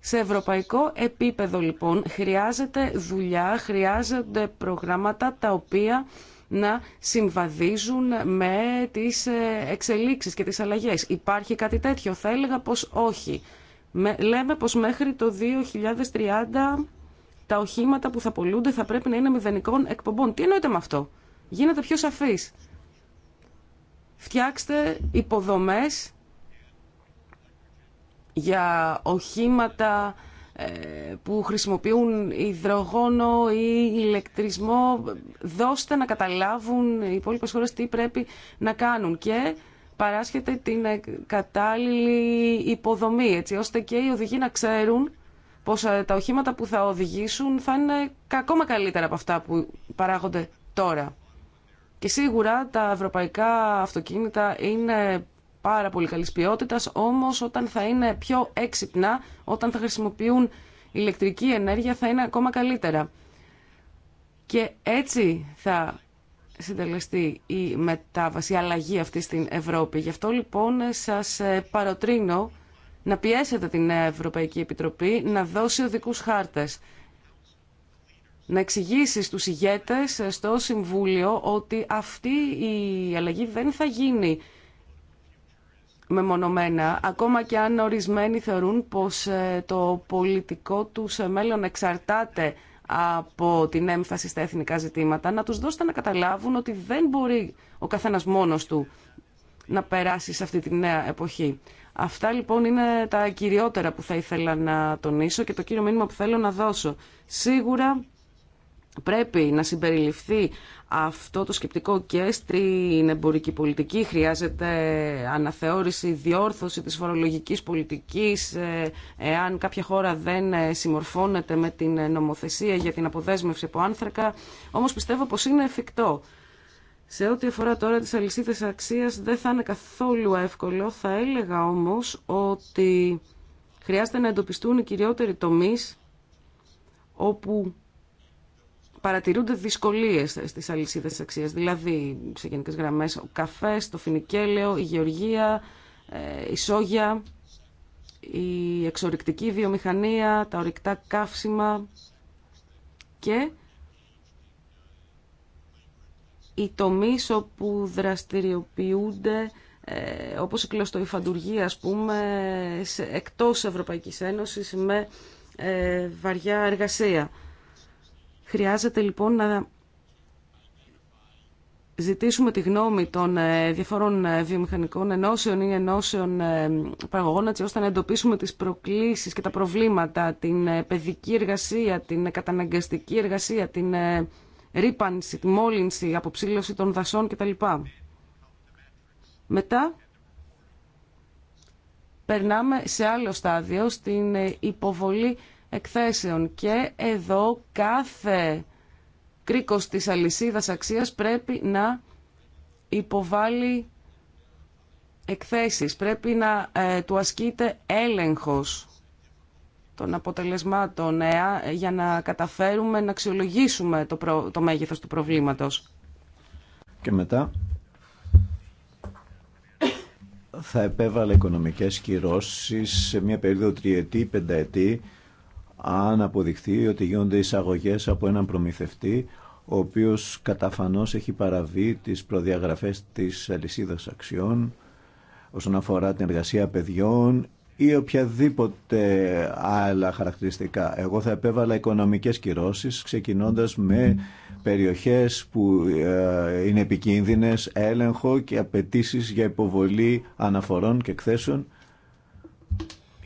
Σε ευρωπαϊκό επίπεδο λοιπόν χρειάζεται δουλειά, χρειάζονται προγράμματα τα οποία να συμβαδίζουν με τις ε, εξελίξεις και τις αλλαγές. Υπάρχει κάτι τέτοιο. Θα έλεγα πως όχι. Λέμε πως μέχρι το 2030 τα οχήματα που θα πολλούνται θα πρέπει να είναι μηδενικών εκπομπών. Τι εννοείται με αυτό. Γίνεται πιο σαφής. Φτιάξτε υποδομές για οχήματα ε, που χρησιμοποιούν υδρογόνο ή ηλεκτρισμό, δώστε να καταλάβουν οι υπόλοιπε χώρε τι πρέπει να κάνουν και παράσχεται την κατάλληλη υποδομή, έτσι ώστε και οι οδηγοί να ξέρουν πως ε, τα οχήματα που θα οδηγήσουν θα είναι ακόμα καλύτερα από αυτά που παράγονται τώρα. Και σίγουρα τα ευρωπαϊκά αυτοκίνητα είναι πάρα πολύ καλής ποιότητας, όμως όταν θα είναι πιο έξυπνα, όταν θα χρησιμοποιούν ηλεκτρική ενέργεια θα είναι ακόμα καλύτερα. Και έτσι θα συντελεστεί η μετάβαση, η αλλαγή αυτή στην Ευρώπη. Γι' αυτό λοιπόν σας ε, παροτρύνω να πιέσετε την Ευρωπαϊκή Επιτροπή να δώσει οδικούς χάρτες. Να εξηγήσει στους ηγέτες ε, στο Συμβούλιο ότι αυτή η αλλαγή δεν θα γίνει μεμονωμένα, ακόμα και αν ορισμένοι θεωρούν πως ε, το πολιτικό τους ε, μέλλον εξαρτάται από την έμφαση στα εθνικά ζητήματα, να τους δώσετε να καταλάβουν ότι δεν μπορεί ο καθένας μόνος του να περάσει σε αυτή τη νέα εποχή. Αυτά λοιπόν είναι τα κυριότερα που θα ήθελα να τονίσω και το κύριο μήνυμα που θέλω να δώσω. Σίγουρα πρέπει να συμπεριληφθεί αυτό το σκεπτικό και στην εμπορική πολιτική. Χρειάζεται αναθεώρηση, διόρθωση της φορολογικής πολιτικής ε, εάν κάποια χώρα δεν ε, συμμορφώνεται με την νομοθεσία για την αποδέσμευση από άνθρακα. Όμως πιστεύω πως είναι εφικτό. Σε ό,τι αφορά τώρα τις αλυσίδες αξίας δεν θα είναι καθόλου εύκολο. Θα έλεγα όμως ότι χρειάζεται να εντοπιστούν οι κυριότεροι τομείς όπου παρατηρούνται δυσκολίες στις αλυσίδες αξία, Δηλαδή, σε γενικέ γραμμές, ο καφές, το φινικέλαιο, η γεωργία, ε, η σόγια, η εξορυκτική βιομηχανία, τα ορυκτά καύσιμα και οι τομεί όπου δραστηριοποιούνται ε, όπως η κλωστοϊφαντουργία ας πούμε σε, εκτός Ευρωπαϊκής Ένωσης με ε, βαριά εργασία. Χρειάζεται λοιπόν να ζητήσουμε τη γνώμη των ε, διαφορών ε, βιομηχανικών ενώσεων ή ενώσεων ε, παραγωγών έτσι ώστε να εντοπίσουμε τις προκλήσεις και τα προβλήματα, την παιδική εργασία, την καταναγκαστική εργασία, την ρήπανση, τη μόλυνση, αποψήλωση των δασών κτλ. Μετά περνάμε σε άλλο στάδιο, στην υποβολή εκθέσεων. Και εδώ κάθε κρίκος της αλυσίδας αξίας πρέπει να υποβάλει εκθέσεις, πρέπει να ε, του ασκείται έλεγχος των αποτελεσμάτων ε, για να καταφέρουμε να αξιολογήσουμε το, προ, το μέγεθος του προβλήματος. Και μετά θα επέβαλε οικονομικές κυρώσεις σε μια περίοδο τριετή, πενταετή, αν αποδειχθεί ότι γίνονται εισαγωγές από έναν προμηθευτή ο οποίος καταφανώς έχει παραβεί τις προδιαγραφές της αλυσίδα αξιών όσον αφορά την εργασία παιδιών ή οποιαδήποτε άλλα χαρακτηριστικά. Εγώ θα επέβαλα οικονομικές κυρώσεις ξεκινώντας με περιοχές που ε, είναι επικίνδυνες, έλεγχο και απαιτήσει για υποβολή αναφορών και εκθέσεων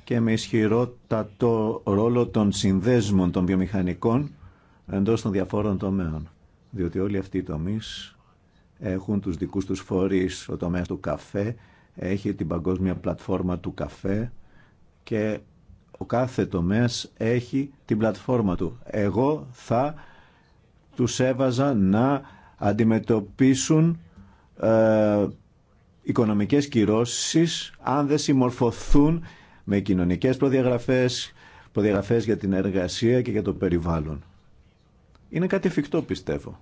και με ισχυρότατο ρόλο των συνδέσμων των βιομηχανικών εντός των διαφόρων τομέων. Διότι όλοι αυτοί οι τομείς έχουν τους δικούς τους φορείς. Ο τομέας του καφέ έχει την παγκόσμια πλατφόρμα του καφέ και ο κάθε τομέας έχει την πλατφόρμα του. Εγώ θα τους έβαζα να αντιμετωπίσουν ε, οικονομικές κυρώσεις αν δεν συμμορφωθούν με κοινωνικές προδιαγραφές, προδιαγραφές για την εργασία και για το περιβάλλον. Είναι κάτι εφικτό πιστεύω.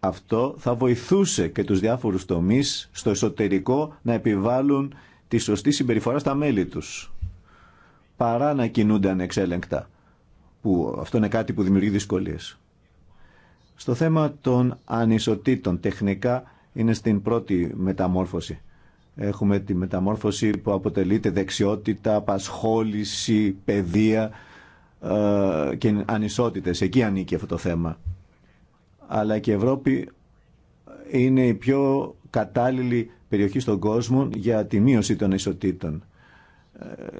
Αυτό θα βοηθούσε και τους διάφορους τομείς στο εσωτερικό να επιβάλλουν τη σωστή συμπεριφορά στα μέλη τους παρά να κινούνται ανεξέλεγκτα που αυτό είναι κάτι που δημιουργεί δυσκολίες. Στο θέμα των ανισοτήτων τεχνικά είναι στην πρώτη μεταμόρφωση. Έχουμε τη μεταμόρφωση που αποτελείται δεξιότητα, απασχόληση, παιδεία ε, και ανισότητες. Εκεί ανήκει αυτό το θέμα. Αλλά και η Ευρώπη είναι η πιο κατάλληλη περιοχή στον κόσμο για τη μείωση των ισοτήτων.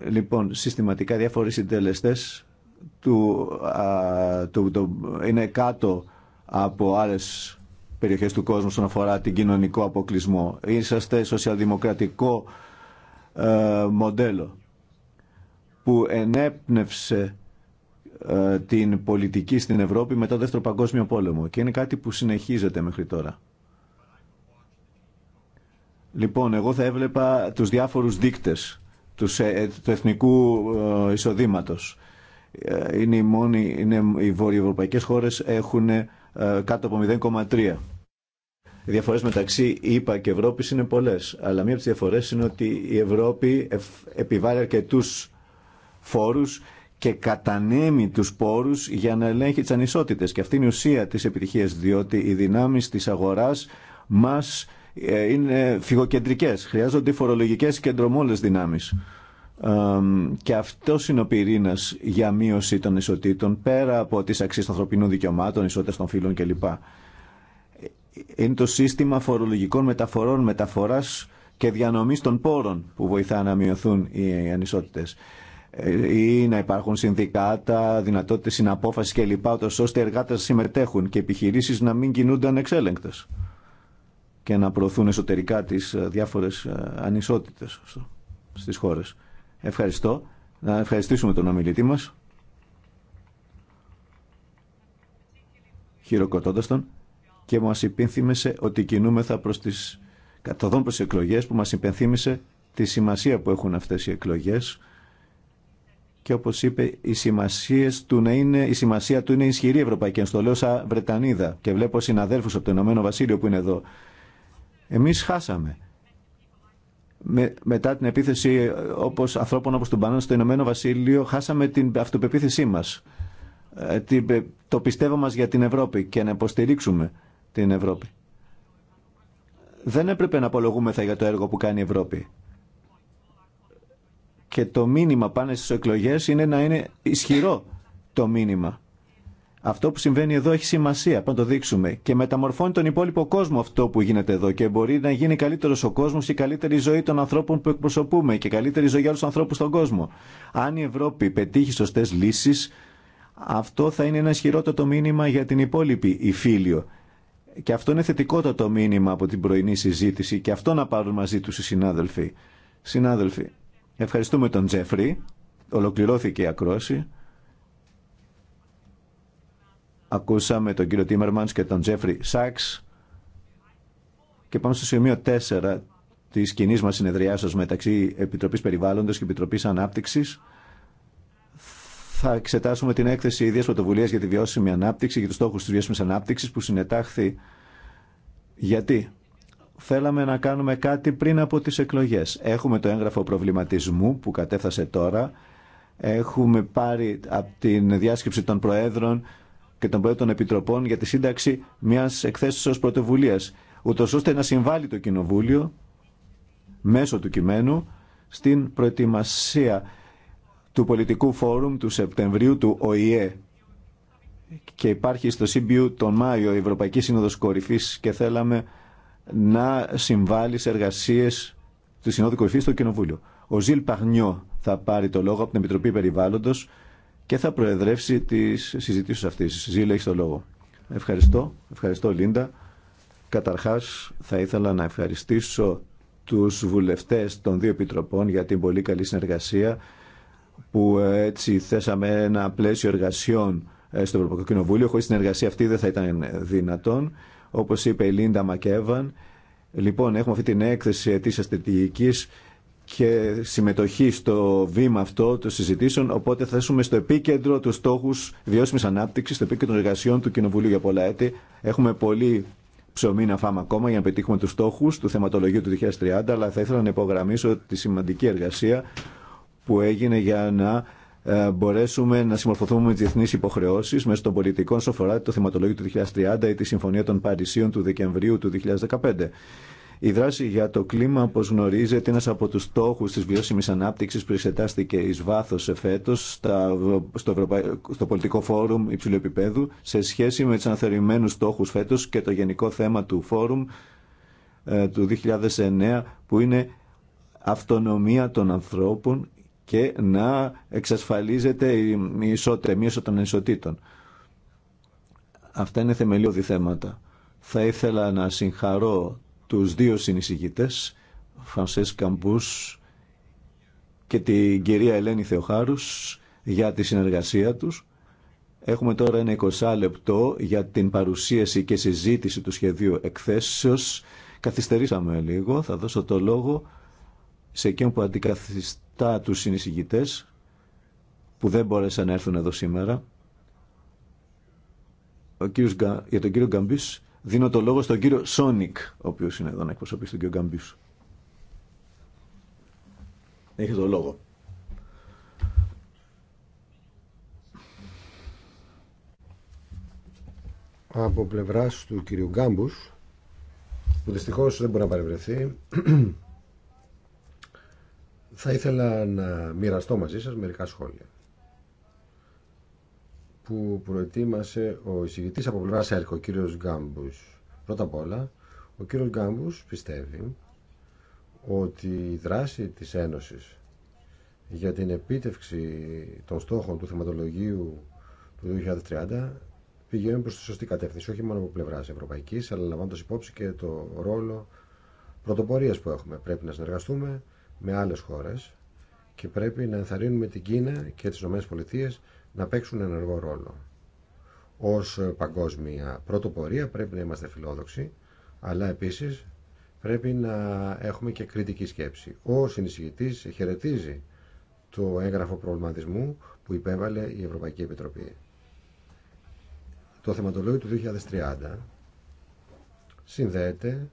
Ε, λοιπόν, συστηματικά διάφοροι συντελεστές του, είναι κάτω από άλλες περιοχές του κόσμου στον αφορά την κοινωνικό αποκλεισμό. Είσαστε σοσιαλδημοκρατικό ε, μοντέλο που ενέπνευσε ε, την πολιτική στην Ευρώπη μετά το Δεύτερο Παγκόσμιο Πόλεμο και είναι κάτι που συνεχίζεται μέχρι τώρα. Λοιπόν, εγώ θα έβλεπα τους διάφορους δείκτες ε, του, εθνικού εισοδήματος. Είναι οι, μόνοι, είναι οι βορειοευρωπαϊκές χώρες έχουν ε, κάτω από 0,3. Οι διαφορές μεταξύ ΙΠΑ και Ευρώπης είναι πολλές, αλλά μία από τις διαφορές είναι ότι η Ευρώπη επιβάλλει αρκετούς φόρους και κατανέμει τους πόρους για να ελέγχει τις ανισότητες. Και αυτή είναι η ουσία της επιτυχίας, διότι οι δυνάμεις της αγοράς μας ε, είναι φυγοκεντρικές. Χρειάζονται φορολογικές κεντρομόλε δυνάμεις και αυτό είναι ο πυρήνα για μείωση των ισοτήτων πέρα από τι αξίε των ανθρωπινών δικαιωμάτων, ισότητα των φύλων κλπ. Είναι το σύστημα φορολογικών μεταφορών, μεταφορά και διανομή των πόρων που βοηθά να μειωθούν οι ανισότητε. Ε, ή να υπάρχουν συνδικάτα, δυνατότητε συναπόφαση κλπ. ώστε οι εργάτε συμμετέχουν και επιχειρήσει να μην κινούνται ανεξέλεγκτε και να προωθούν εσωτερικά τι ε, διάφορε ανισότητε στι χώρε. Ευχαριστώ. Να ευχαριστήσουμε τον ομιλητή μας. Χειροκοτώντας τον και μας υπενθύμησε ότι κινούμεθα προς τις καθοδόν εκλογές που μας υπενθύμησε τη σημασία που έχουν αυτές οι εκλογές και όπως είπε οι σημασίες του είναι, η σημασία του είναι ισχυρή Ευρωπαϊκή Ένωση. λέω Βρετανίδα και βλέπω συναδέλφους από το Ηνωμένο Βασίλειο που είναι εδώ. Εμείς χάσαμε με, μετά την επίθεση ε, όπως, ανθρώπων όπως τον Μπάνον στο Ηνωμένο Βασίλειο χάσαμε την αυτοπεποίθησή μας. Ε, την, ε, το πιστεύω μας για την Ευρώπη και να υποστηρίξουμε την Ευρώπη. Δεν έπρεπε να απολογούμεθα για το έργο που κάνει η Ευρώπη. Και το μήνυμα πάνε στις εκλογές είναι να είναι ισχυρό το μήνυμα. Αυτό που συμβαίνει εδώ έχει σημασία, πρέπει να το δείξουμε. Και μεταμορφώνει τον υπόλοιπο κόσμο αυτό που γίνεται εδώ. Και μπορεί να γίνει καλύτερο ο κόσμο και καλύτερη ζωή των ανθρώπων που εκπροσωπούμε και καλύτερη ζωή για όλου του ανθρώπου στον κόσμο. Αν η Ευρώπη πετύχει σωστέ λύσει, αυτό θα είναι ένα ισχυρότατο μήνυμα για την υπόλοιπη υφήλιο. Και αυτό είναι θετικότατο μήνυμα από την πρωινή συζήτηση και αυτό να πάρουν μαζί του οι συνάδελφοι. Συνάδελφοι, ευχαριστούμε τον Τζέφρι. Ολοκληρώθηκε η ακρόση. Ακούσαμε τον κύριο Τίμερμαντς και τον Τζέφρι Σάξ και πάμε στο σημείο 4 της κοινή μας συνεδριάσεως μεταξύ Επιτροπής Περιβάλλοντος και Επιτροπής Ανάπτυξης. Θα εξετάσουμε την έκθεση ίδιας πρωτοβουλίας για τη βιώσιμη ανάπτυξη και τους στόχους της βιώσιμης ανάπτυξης που συνετάχθη γιατί θέλαμε να κάνουμε κάτι πριν από τις εκλογές. Έχουμε το έγγραφο προβληματισμού που κατέφθασε τώρα. Έχουμε πάρει από την διάσκεψη των Προέδρων και των Προέδρων Επιτροπών για τη σύνταξη μια εκθέσεω πρωτοβουλία, ούτω ώστε να συμβάλλει το Κοινοβούλιο μέσω του κειμένου στην προετοιμασία του πολιτικού φόρουμ του Σεπτεμβρίου του ΟΗΕ και υπάρχει στο ΣΥΜΠΙΟΥ τον Μάιο η Ευρωπαϊκή Σύνοδος Κορυφής και θέλαμε να συμβάλλει σε εργασίες του Συνόδου Κορυφής στο Κοινοβούλιο. Ο Ζιλ Παγνιό θα πάρει το λόγο από την Επιτροπή Περιβάλλοντος και θα προεδρεύσει τι συζητήσει αυτή. Ζήλε, έχει το λόγο. Ευχαριστώ, ευχαριστώ Λίντα. Καταρχάς θα ήθελα να ευχαριστήσω τους βουλευτές των δύο επιτροπών για την πολύ καλή συνεργασία που ε, έτσι θέσαμε ένα πλαίσιο εργασιών ε, στο Ευρωπαϊκό Κοινοβούλιο. Χωρίς συνεργασία αυτή δεν θα ήταν ε, δυνατόν. Όπως είπε η Λίντα Μακέβαν, λοιπόν έχουμε αυτή την έκθεση της στρατηγική και συμμετοχή στο βήμα αυτό των συζητήσεων. Οπότε θα θέσουμε στο επίκεντρο του στόχου βιώσιμη ανάπτυξη, στο επίκεντρο των εργασιών του Κοινοβουλίου για πολλά έτη. Έχουμε πολύ ψωμί να φάμε ακόμα για να πετύχουμε του στόχου του θεματολογίου του 2030, αλλά θα ήθελα να υπογραμμίσω τη σημαντική εργασία που έγινε για να ε, μπορέσουμε να συμμορφωθούμε με τι διεθνεί υποχρεώσει μέσω των πολιτικών σοφορά το θεματολόγιο του 2030 ή τη Συμφωνία των Παρισίων του Δεκεμβρίου του 2015. Η δράση για το κλίμα, όπω γνωρίζετε, είναι ένα από του στόχου τη βιώσιμη ανάπτυξη που εξετάστηκε ει βάθο φέτο στο, στο Πολιτικό Φόρουμ Υψηλού Επιπέδου σε σχέση με του αναθεωρημένου στόχου φέτο και το γενικό θέμα του Φόρουμ ε, του 2009 που είναι αυτονομία των ανθρώπων και να εξασφαλίζεται η ισότητα, των ισοτήτων. Αυτά είναι θεμελιώδη θέματα. Θα ήθελα να συγχαρώ τους δύο συνεισηγητές, Φανσές Καμπούς και την κυρία Ελένη Θεοχάρους, για τη συνεργασία τους. Έχουμε τώρα ένα 20 λεπτό για την παρουσίαση και συζήτηση του σχεδίου εκθέσεως. Καθυστερήσαμε λίγο, θα δώσω το λόγο σε εκείνο που αντικαθιστά τους συνεισηγητές που δεν μπόρεσαν να έρθουν εδώ σήμερα. Ο για τον κύριο Γκαμπής Δίνω το λόγο στον κύριο Σόνικ, ο οποίος είναι εδώ να εκπροσωπήσει τον κύριο Γκαμπίους. Έχετε το λόγο. από πλευρά του κυρίου Γκάμπου, που δυστυχώς δεν μπορεί να παρευρεθεί θα ήθελα να μοιραστώ μαζί σας μερικά σχόλια που προετοίμασε ο εισηγητή από πλευρά ΣΕΛΚ, ο κύριος Γκάμπου. Πρώτα απ' όλα, ο κύριος Γκάμπου πιστεύει ότι η δράση της Ένωσης για την επίτευξη των στόχων του θεματολογίου του 2030 πηγαίνει προς τη σωστή κατεύθυνση, όχι μόνο από πλευρά ευρωπαϊκή, αλλά λαμβάνοντα υπόψη και το ρόλο πρωτοπορία που έχουμε. Πρέπει να συνεργαστούμε με άλλε χώρε και πρέπει να ενθαρρύνουμε την Κίνα και τι ΗΠΑ να παίξουν ενεργό ρόλο. Ως παγκόσμια πρωτοπορία πρέπει να είμαστε φιλόδοξοι, αλλά επίσης πρέπει να έχουμε και κριτική σκέψη. Ο συνεισηγητής χαιρετίζει το έγγραφο προβληματισμού που υπέβαλε η Ευρωπαϊκή Επιτροπή. Το θεματολόγιο του 2030 συνδέεται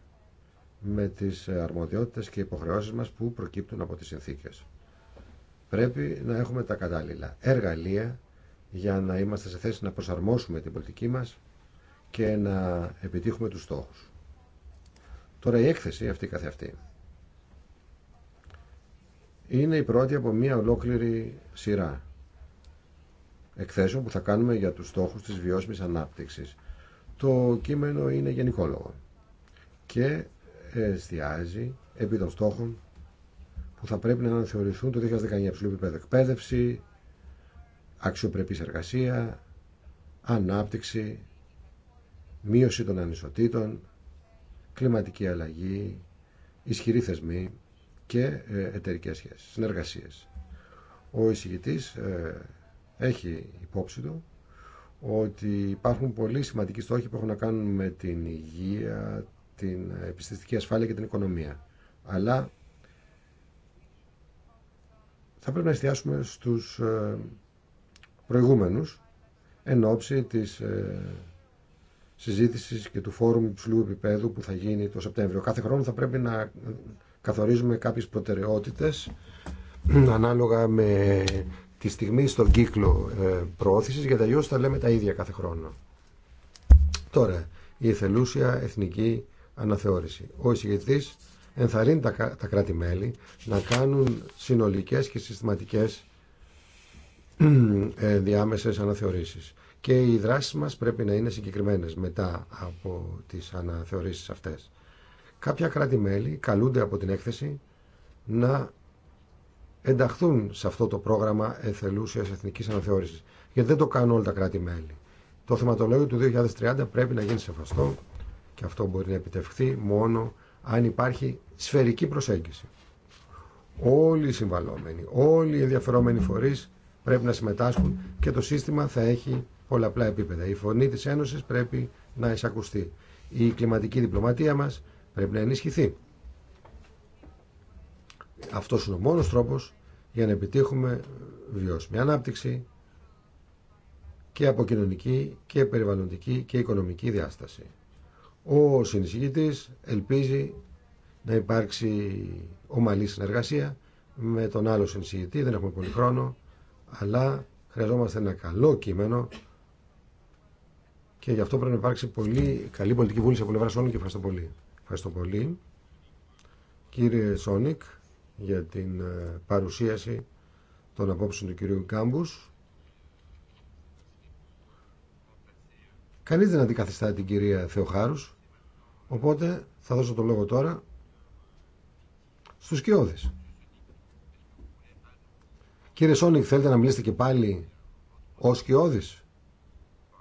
με τις αρμοδιότητες και υποχρεώσεις μας που προκύπτουν από τις συνθήκες. Πρέπει να έχουμε τα κατάλληλα εργαλεία για να είμαστε σε θέση να προσαρμόσουμε την πολιτική μας και να επιτύχουμε τους στόχους. Τώρα η έκθεση αυτή καθε αυτή είναι η πρώτη από μια ολόκληρη σειρά εκθέσεων που θα κάνουμε για τους στόχους της βιώσιμης ανάπτυξης. Το κείμενο είναι γενικόλογο και εστιάζει επί των στόχων που θα πρέπει να αναθεωρηθούν το 2019 εκπαίδευση, αξιοπρεπής εργασία, ανάπτυξη, μείωση των ανισοτήτων, κλιματική αλλαγή, ισχυροί θεσμοί και ε, εταιρικές σχέσεις, συνεργασίες. Ο εισηγητής ε, έχει υπόψη του ότι υπάρχουν πολύ σημαντικοί στόχοι που έχουν να κάνουν με την υγεία, την επιστηστική ασφάλεια και την οικονομία. Αλλά θα πρέπει να εστιάσουμε στους ε, προηγούμενους εν ώψη της ε, συζήτησης και του φόρουμ υψηλού επίπεδου που θα γίνει το Σεπτέμβριο. Κάθε χρόνο θα πρέπει να καθορίζουμε κάποιες προτεραιότητες ανάλογα με τη στιγμή στον κύκλο ε, προώθησης γιατί αλλιώ θα λέμε τα ίδια κάθε χρόνο. Τώρα, η εθελούσια εθνική αναθεώρηση. Ο εισηγητής ενθαρρύνει τα, τα κράτη-μέλη να κάνουν συνολικές και συστηματικές ε, διάμεσες αναθεωρήσεις. Και οι δράσεις μας πρέπει να είναι συγκεκριμένες μετά από τις αναθεωρήσεις αυτές. Κάποια κράτη-μέλη καλούνται από την έκθεση να ενταχθούν σε αυτό το πρόγραμμα εθελούσιας εθνικής αναθεώρησης. Γιατί δεν το κάνουν όλα τα κράτη-μέλη. Το θεματολόγιο του 2030 πρέπει να γίνει σεβαστό και αυτό μπορεί να επιτευχθεί μόνο αν υπάρχει σφαιρική προσέγγιση. Όλοι οι συμβαλόμενοι, όλοι οι ενδιαφερόμενοι φορείς πρέπει να συμμετάσχουν και το σύστημα θα έχει πολλαπλά επίπεδα. Η φωνή της Ένωσης πρέπει να εισακουστεί. Η κλιματική διπλωματία μας πρέπει να ενισχυθεί. Αυτός είναι ο μόνος τρόπος για να επιτύχουμε βιώσιμη ανάπτυξη και από κοινωνική και περιβαλλοντική και οικονομική διάσταση. Ο συνεισηγητής ελπίζει να υπάρξει ομαλή συνεργασία με τον άλλο συνεισηγητή, δεν έχουμε πολύ χρόνο, αλλά χρειαζόμαστε ένα καλό κείμενο και γι' αυτό πρέπει να υπάρξει πολύ καλή πολιτική βούληση από πλευρά Σόνικ και ευχαριστώ πολύ. Ευχαριστώ πολύ κύριε Σόνικ για την ε, παρουσίαση των απόψεων του κυρίου Κάμπου. Κανεί δεν αντικαθιστά την κυρία Θεοχάρους, οπότε θα δώσω το λόγο τώρα στους Κιώδης. Κύριε Σόνικ, θέλετε να μιλήσετε και πάλι ω κοιόδη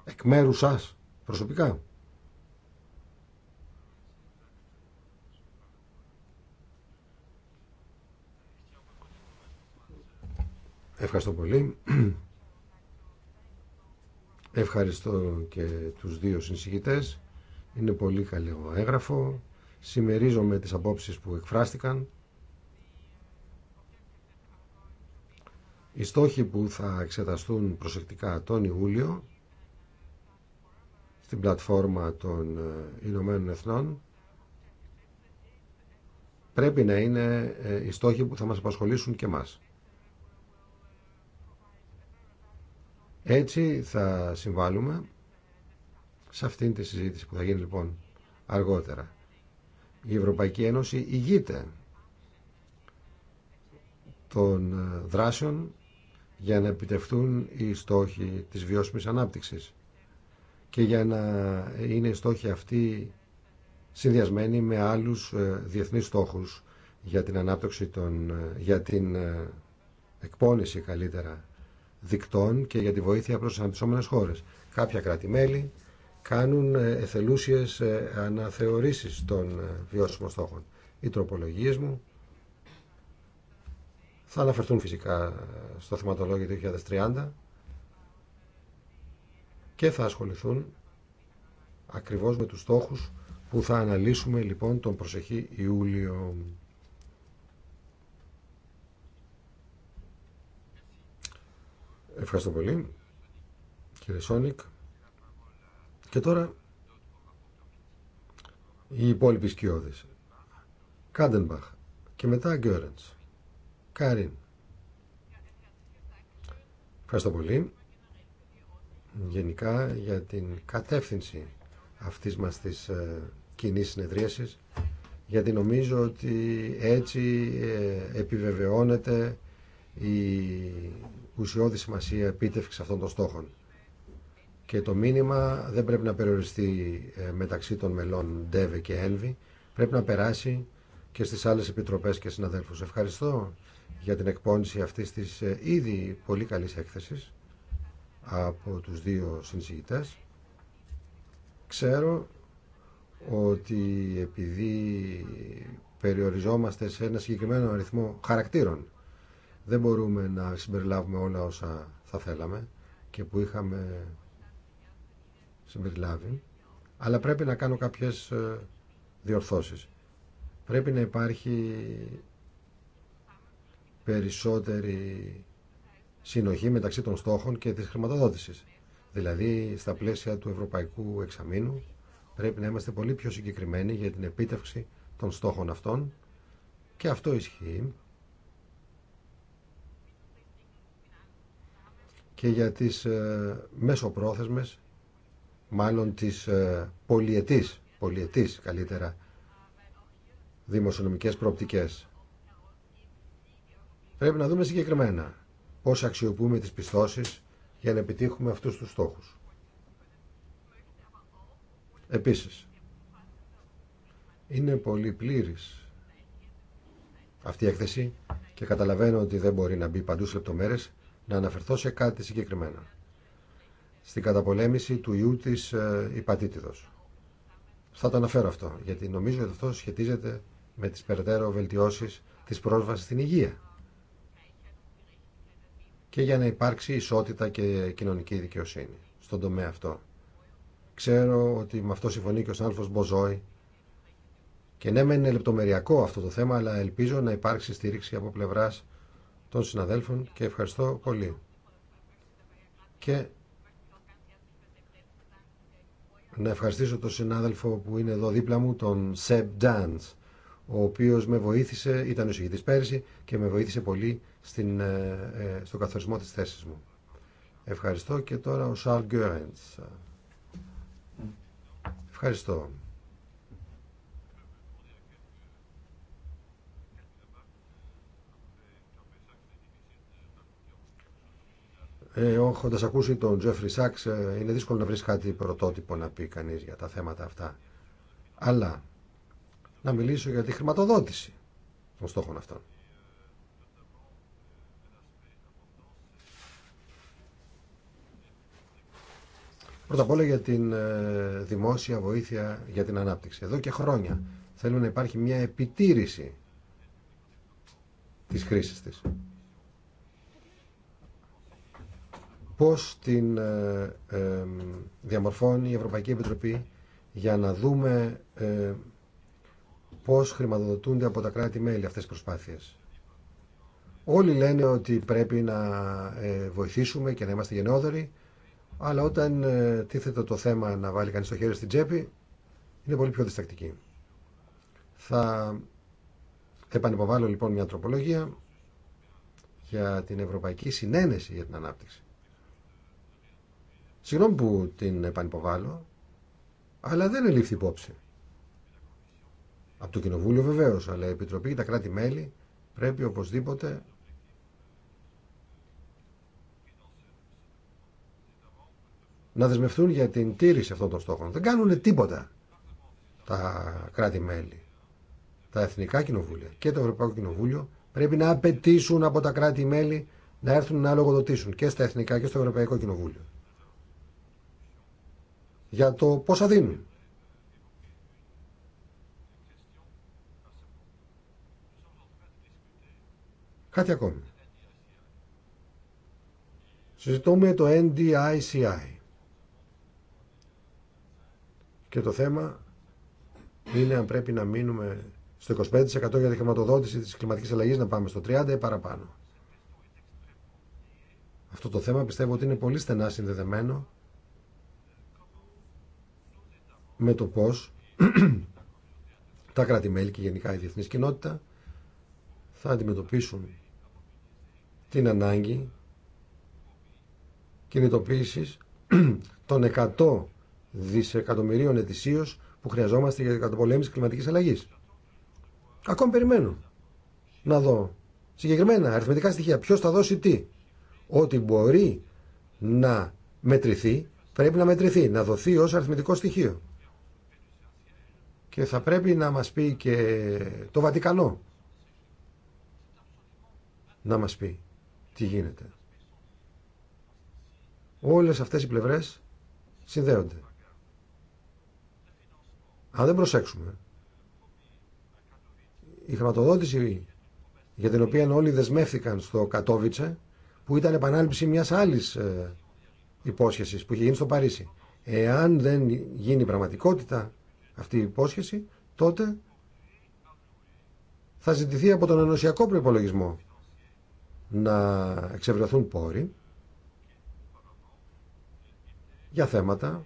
εκ μέρου σα προσωπικά. Ευχαριστώ πολύ. Ευχαριστώ και τους δύο συνσηγητές. Είναι πολύ καλό έγγραφο. Σημερίζομαι τις απόψεις που εκφράστηκαν Οι στόχοι που θα εξεταστούν προσεκτικά τον Ιούλιο στην πλατφόρμα των ε, Ηνωμένων Εθνών πρέπει να είναι ε, οι στόχοι που θα μας απασχολήσουν και μας. Έτσι θα συμβάλλουμε σε αυτήν τη συζήτηση που θα γίνει λοιπόν αργότερα. Η Ευρωπαϊκή Ένωση ηγείται των ε, δράσεων για να επιτευχθούν οι στόχοι της βιώσιμης ανάπτυξης και για να είναι οι στόχοι αυτοί συνδυασμένοι με άλλους ε, διεθνείς στόχους για την ανάπτυξη των, ε, για την ε, εκπόνηση καλύτερα δικτών και για τη βοήθεια προς τις αναπτυσσόμενες χώρες. Κάποια κράτη-μέλη κάνουν εθελούσιες αναθεωρήσεις των βιώσιμων στόχων. Οι τροπολογίες μου θα αναφερθούν φυσικά στο θεματολόγιο 2030 και θα ασχοληθούν ακριβώς με τους στόχους που θα αναλύσουμε λοιπόν τον προσεχή Ιούλιο. Ευχαριστώ πολύ κύριε Σόνικ. Και τώρα οι υπόλοιποι σκιώδες. Κάντενμπαχ και μετά Γκέρεντς. Κάριν. Ευχαριστώ πολύ γενικά για την κατεύθυνση αυτής μας της ε, κοινή συνεδρίασης γιατί νομίζω ότι έτσι ε, επιβεβαιώνεται η ουσιώδη σημασία επίτευξη αυτών των στόχων. Και το μήνυμα δεν πρέπει να περιοριστεί ε, μεταξύ των μελών ΝΤΕΒΕ και ΕΝΒΗ, πρέπει να περάσει και στις άλλες επιτροπές και συναδέλφους. Ευχαριστώ για την εκπόνηση αυτής της ε, ήδη πολύ καλής έκθεσης από τους δύο συνσηγητές. Ξέρω ότι επειδή περιοριζόμαστε σε ένα συγκεκριμένο αριθμό χαρακτήρων δεν μπορούμε να συμπεριλάβουμε όλα όσα θα θέλαμε και που είχαμε συμπεριλάβει αλλά πρέπει να κάνω κάποιες ε, διορθώσεις. Πρέπει να υπάρχει περισσότερη συνοχή μεταξύ των στόχων και της χρηματοδότησης. Δηλαδή, στα πλαίσια του Ευρωπαϊκού Εξαμήνου πρέπει να είμαστε πολύ πιο συγκεκριμένοι για την επίτευξη των στόχων αυτών και αυτό ισχύει και για τις ε, μεσοπρόθεσμες, μάλλον τις ε, πολυετής πολυετής καλύτερα, δημοσιονομικές προοπτικές. Πρέπει να δούμε συγκεκριμένα πώς αξιοποιούμε τις πιστώσεις για να επιτύχουμε αυτούς τους στόχους. Επίσης, είναι πολύ πλήρης αυτή η έκθεση και καταλαβαίνω ότι δεν μπορεί να μπει παντού σε λεπτομέρειες να αναφερθώ σε κάτι συγκεκριμένα. Στην καταπολέμηση του ιού της ε, υπατήτηδος. Θα το αναφέρω αυτό, γιατί νομίζω ότι αυτό σχετίζεται με τις περαιτέρω βελτιώσεις της πρόσβασης στην υγεία και για να υπάρξει ισότητα και κοινωνική δικαιοσύνη στον τομέα αυτό. Ξέρω ότι με αυτό συμφωνεί και ο συνάδελφος Μποζόη και ναι μεν είναι λεπτομεριακό αυτό το θέμα αλλά ελπίζω να υπάρξει στήριξη από πλευράς των συναδέλφων και ευχαριστώ πολύ. Και να ευχαριστήσω τον συνάδελφο που είναι εδώ δίπλα μου, τον Σεμ Ντάντς ο οποίος με βοήθησε, ήταν ο συγγητή πέρυσι και με βοήθησε πολύ στην, ε, ε, στο καθορισμό της θέση μου. Ευχαριστώ και τώρα ο Σαρλ Γκέρεντ. Ευχαριστώ. Ε, Έχοντα ακούσει τον Τζέφρι Σάξ, είναι δύσκολο να βρει κάτι πρωτότυπο να πει κανεί για τα θέματα αυτά. Αλλά να μιλήσω για τη χρηματοδότηση των στόχων αυτών. Πρώτα απ' όλα για την ε, δημόσια βοήθεια για την ανάπτυξη. Εδώ και χρόνια θέλουμε να υπάρχει μια επιτήρηση της χρήσης της. Πώς την ε, ε, διαμορφώνει η Ευρωπαϊκή Επιτροπή για να δούμε πώς χρηματοδοτούνται από τα κράτη-μέλη αυτές τις προσπάθειες. Όλοι λένε ότι πρέπει να ε, βοηθήσουμε και να είμαστε γενναιόδοροι, αλλά όταν ε, τίθεται το θέμα να βάλει κανείς το χέρι στην τσέπη, είναι πολύ πιο διστακτική. Θα επανεποβάλλω λοιπόν μια τροπολογία για την Ευρωπαϊκή Συνένεση για την Ανάπτυξη. Συγγνώμη που την επανυποβάλλω, αλλά δεν ελήφθη υπόψη. Από το Κοινοβούλιο βεβαίω, αλλά η Επιτροπή και τα κράτη-μέλη πρέπει οπωσδήποτε να δεσμευτούν για την τήρηση αυτών των στόχων. Δεν κάνουν τίποτα τα κράτη-μέλη, τα εθνικά κοινοβούλια και το Ευρωπαϊκό Κοινοβούλιο πρέπει να απαιτήσουν από τα κράτη-μέλη να έρθουν να λογοδοτήσουν και στα εθνικά και στο Ευρωπαϊκό Κοινοβούλιο για το πόσα δίνουν. Κάτι ακόμη. Συζητούμε το NDICI. Και το θέμα είναι αν πρέπει να μείνουμε στο 25% για τη χρηματοδότηση της κλιματικής αλλαγής να πάμε στο 30% ή παραπάνω. Αυτό το θέμα πιστεύω ότι είναι πολύ στενά συνδεδεμένο με το πώς τα κράτη-μέλη και γενικά η διεθνής κοινότητα θα αντιμετωπίσουν την ανάγκη κινητοποίηση των 100 δισεκατομμυρίων ετησίως που χρειαζόμαστε για την καταπολέμηση κλιματικής αλλαγής. Ακόμη περιμένω να δω συγκεκριμένα αριθμητικά στοιχεία. Ποιο θα δώσει τι. Ό,τι μπορεί να μετρηθεί πρέπει να μετρηθεί, να δοθεί ως αριθμητικό στοιχείο. Και θα πρέπει να μας πει και το Βατικανό να μας πει τι γίνεται. Όλες αυτές οι πλευρές συνδέονται. Αν δεν προσέξουμε, η χρηματοδότηση για την οποία όλοι δεσμεύθηκαν στο Κατόβιτσε, που ήταν επανάληψη μιας άλλης ε, υπόσχεσης που είχε γίνει στο Παρίσι. Εάν δεν γίνει πραγματικότητα αυτή η υπόσχεση, τότε θα ζητηθεί από τον ενωσιακό προπολογισμό να εξευρεθούν πόροι για θέματα,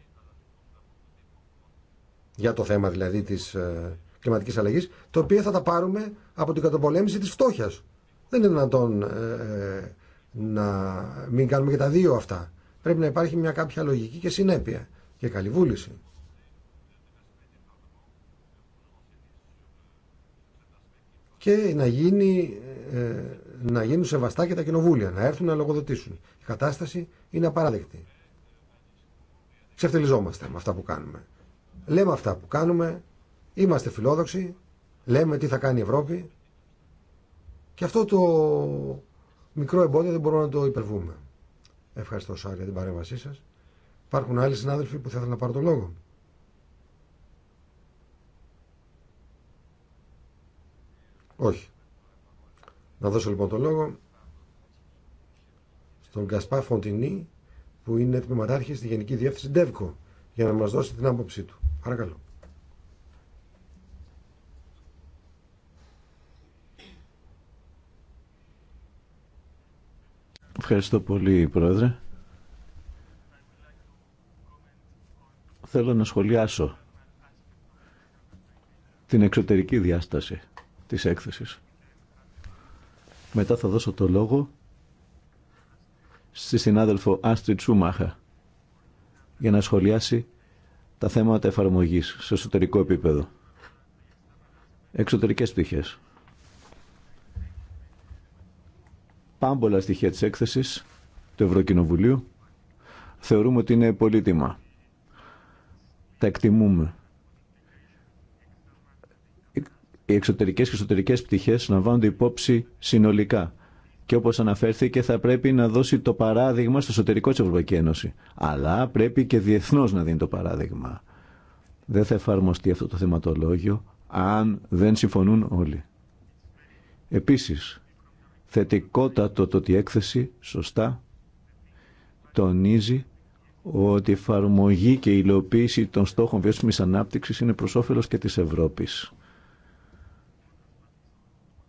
για το θέμα δηλαδή της ε, κλιματικής αλλαγής, το οποίο θα τα πάρουμε από την καταπολέμηση της φτώχειας. Δεν είναι δυνατόν ε, ε, να μην κάνουμε και τα δύο αυτά. Πρέπει να υπάρχει μια κάποια λογική και συνέπεια και καλή βούληση. Και να γίνει να γίνουν σεβαστά και τα κοινοβούλια, να έρθουν να λογοδοτήσουν. Η κατάσταση είναι απαράδεκτη. Ξεφτελιζόμαστε με αυτά που κάνουμε. Λέμε αυτά που κάνουμε, είμαστε φιλόδοξοι, λέμε τι θα κάνει η Ευρώπη και αυτό το μικρό εμπόδιο δεν μπορούμε να το υπερβούμε. Ευχαριστώ Σάρ για την παρέμβασή σας. Υπάρχουν άλλοι συνάδελφοι που θα ήθελαν να πάρουν το λόγο. Όχι. Να δώσω λοιπόν το λόγο στον Κασπά Φοντινή που είναι τμήματάρχη στη Γενική Διεύθυνση Ντεύκο για να μας δώσει την άποψή του. Παρακαλώ. Ευχαριστώ πολύ, Πρόεδρε. Θέλω να σχολιάσω την εξωτερική διάσταση της έκθεσης. Μετά θα δώσω το λόγο στη συνάδελφο Άστριτ Σούμαχα για να σχολιάσει τα θέματα εφαρμογής σε εσωτερικό επίπεδο. Εξωτερικές πτυχές. Πάμπολα στοιχεία της έκθεσης του Ευρωκοινοβουλίου θεωρούμε ότι είναι πολύτιμα. Τα εκτιμούμε οι εξωτερικές και εσωτερικές πτυχές να λαμβάνονται υπόψη συνολικά. Και όπως αναφέρθηκε θα πρέπει να δώσει το παράδειγμα στο εσωτερικό της Ευρωπαϊκή Ένωση. Αλλά πρέπει και διεθνώς να δίνει το παράδειγμα. Δεν θα εφαρμοστεί αυτό το θεματολόγιο αν δεν συμφωνούν όλοι. Επίσης, θετικότατο το ότι έκθεση σωστά τονίζει ότι η εφαρμογή και η υλοποίηση των στόχων βιώσιμης ανάπτυξης είναι προς όφελος και της Ευρώπης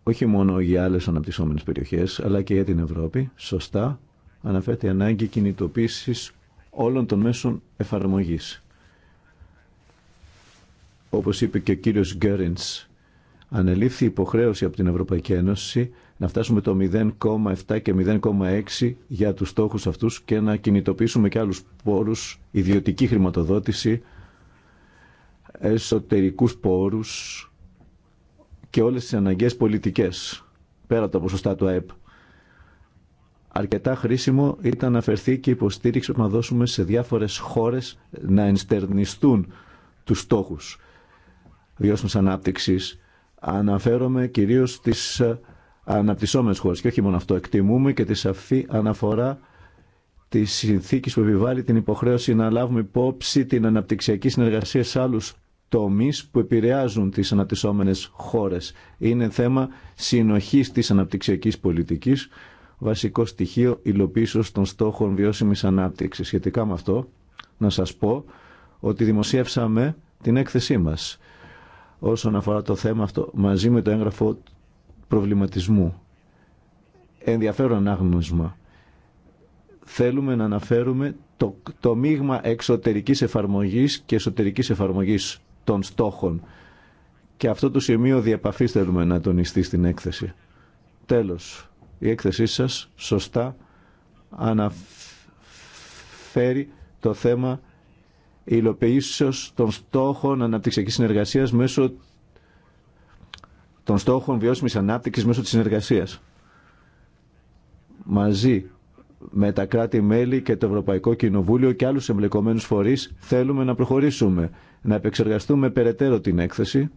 όχι μόνο για άλλε αναπτυσσόμενες περιοχές, αλλά και για την Ευρώπη, σωστά αναφέρεται η ανάγκη κινητοποίηση όλων των μέσων εφαρμογής. Όπως είπε και ο κύριος Γκέριντ, ανελήφθη υποχρέωση από την Ευρωπαϊκή Ένωση να φτάσουμε το 0,7 και 0,6 για τους στόχους αυτούς και να κινητοποιήσουμε και άλλους πόρους, ιδιωτική χρηματοδότηση, εσωτερικούς πόρους, και όλες τις αναγκαίες πολιτικές, πέρα από τα ποσοστά του ΑΕΠ. Αρκετά χρήσιμο ήταν να αφαιρθεί και υποστήριξη που να δώσουμε σε διάφορες χώρες να ενστερνιστούν τους στόχους βιώσιμης ανάπτυξης. Αναφέρομαι κυρίως στις ε, αναπτυσσόμενες χώρες και όχι μόνο αυτό. Εκτιμούμε και τη σαφή αναφορά τη συνθήκη που επιβάλλει την υποχρέωση να λάβουμε υπόψη την αναπτυξιακή συνεργασία σε άλλους Τομεί που επηρεάζουν τις αναπτυσσόμενες χώρες. Είναι θέμα συνοχής της αναπτυξιακής πολιτικής, βασικό στοιχείο υλοποίησης των στόχων βιώσιμης ανάπτυξης. Σχετικά με αυτό, να σας πω ότι δημοσιεύσαμε την έκθεσή μας όσον αφορά το θέμα αυτό, μαζί με το έγγραφο προβληματισμού. Ενδιαφέρον άγνωσμα. Θέλουμε να αναφέρουμε το, το μείγμα εξωτερικής εφαρμογής και εσωτερικής εφαρμογής των στόχων. Και αυτό το σημείο διαπαφής θέλουμε να τονιστεί στην έκθεση. Τέλος, η έκθεσή σας σωστά αναφέρει το θέμα υλοποιήσεως των στόχων αναπτυξιακής συνεργασίας μέσω των στόχων βιώσιμης ανάπτυξης μέσω της συνεργασίας. Μαζί με τα κράτη-μέλη και το Ευρωπαϊκό Κοινοβούλιο και άλλους εμπλεκομένους φορείς θέλουμε να προχωρήσουμε να επεξεργαστούμε περαιτέρω την έκθεση.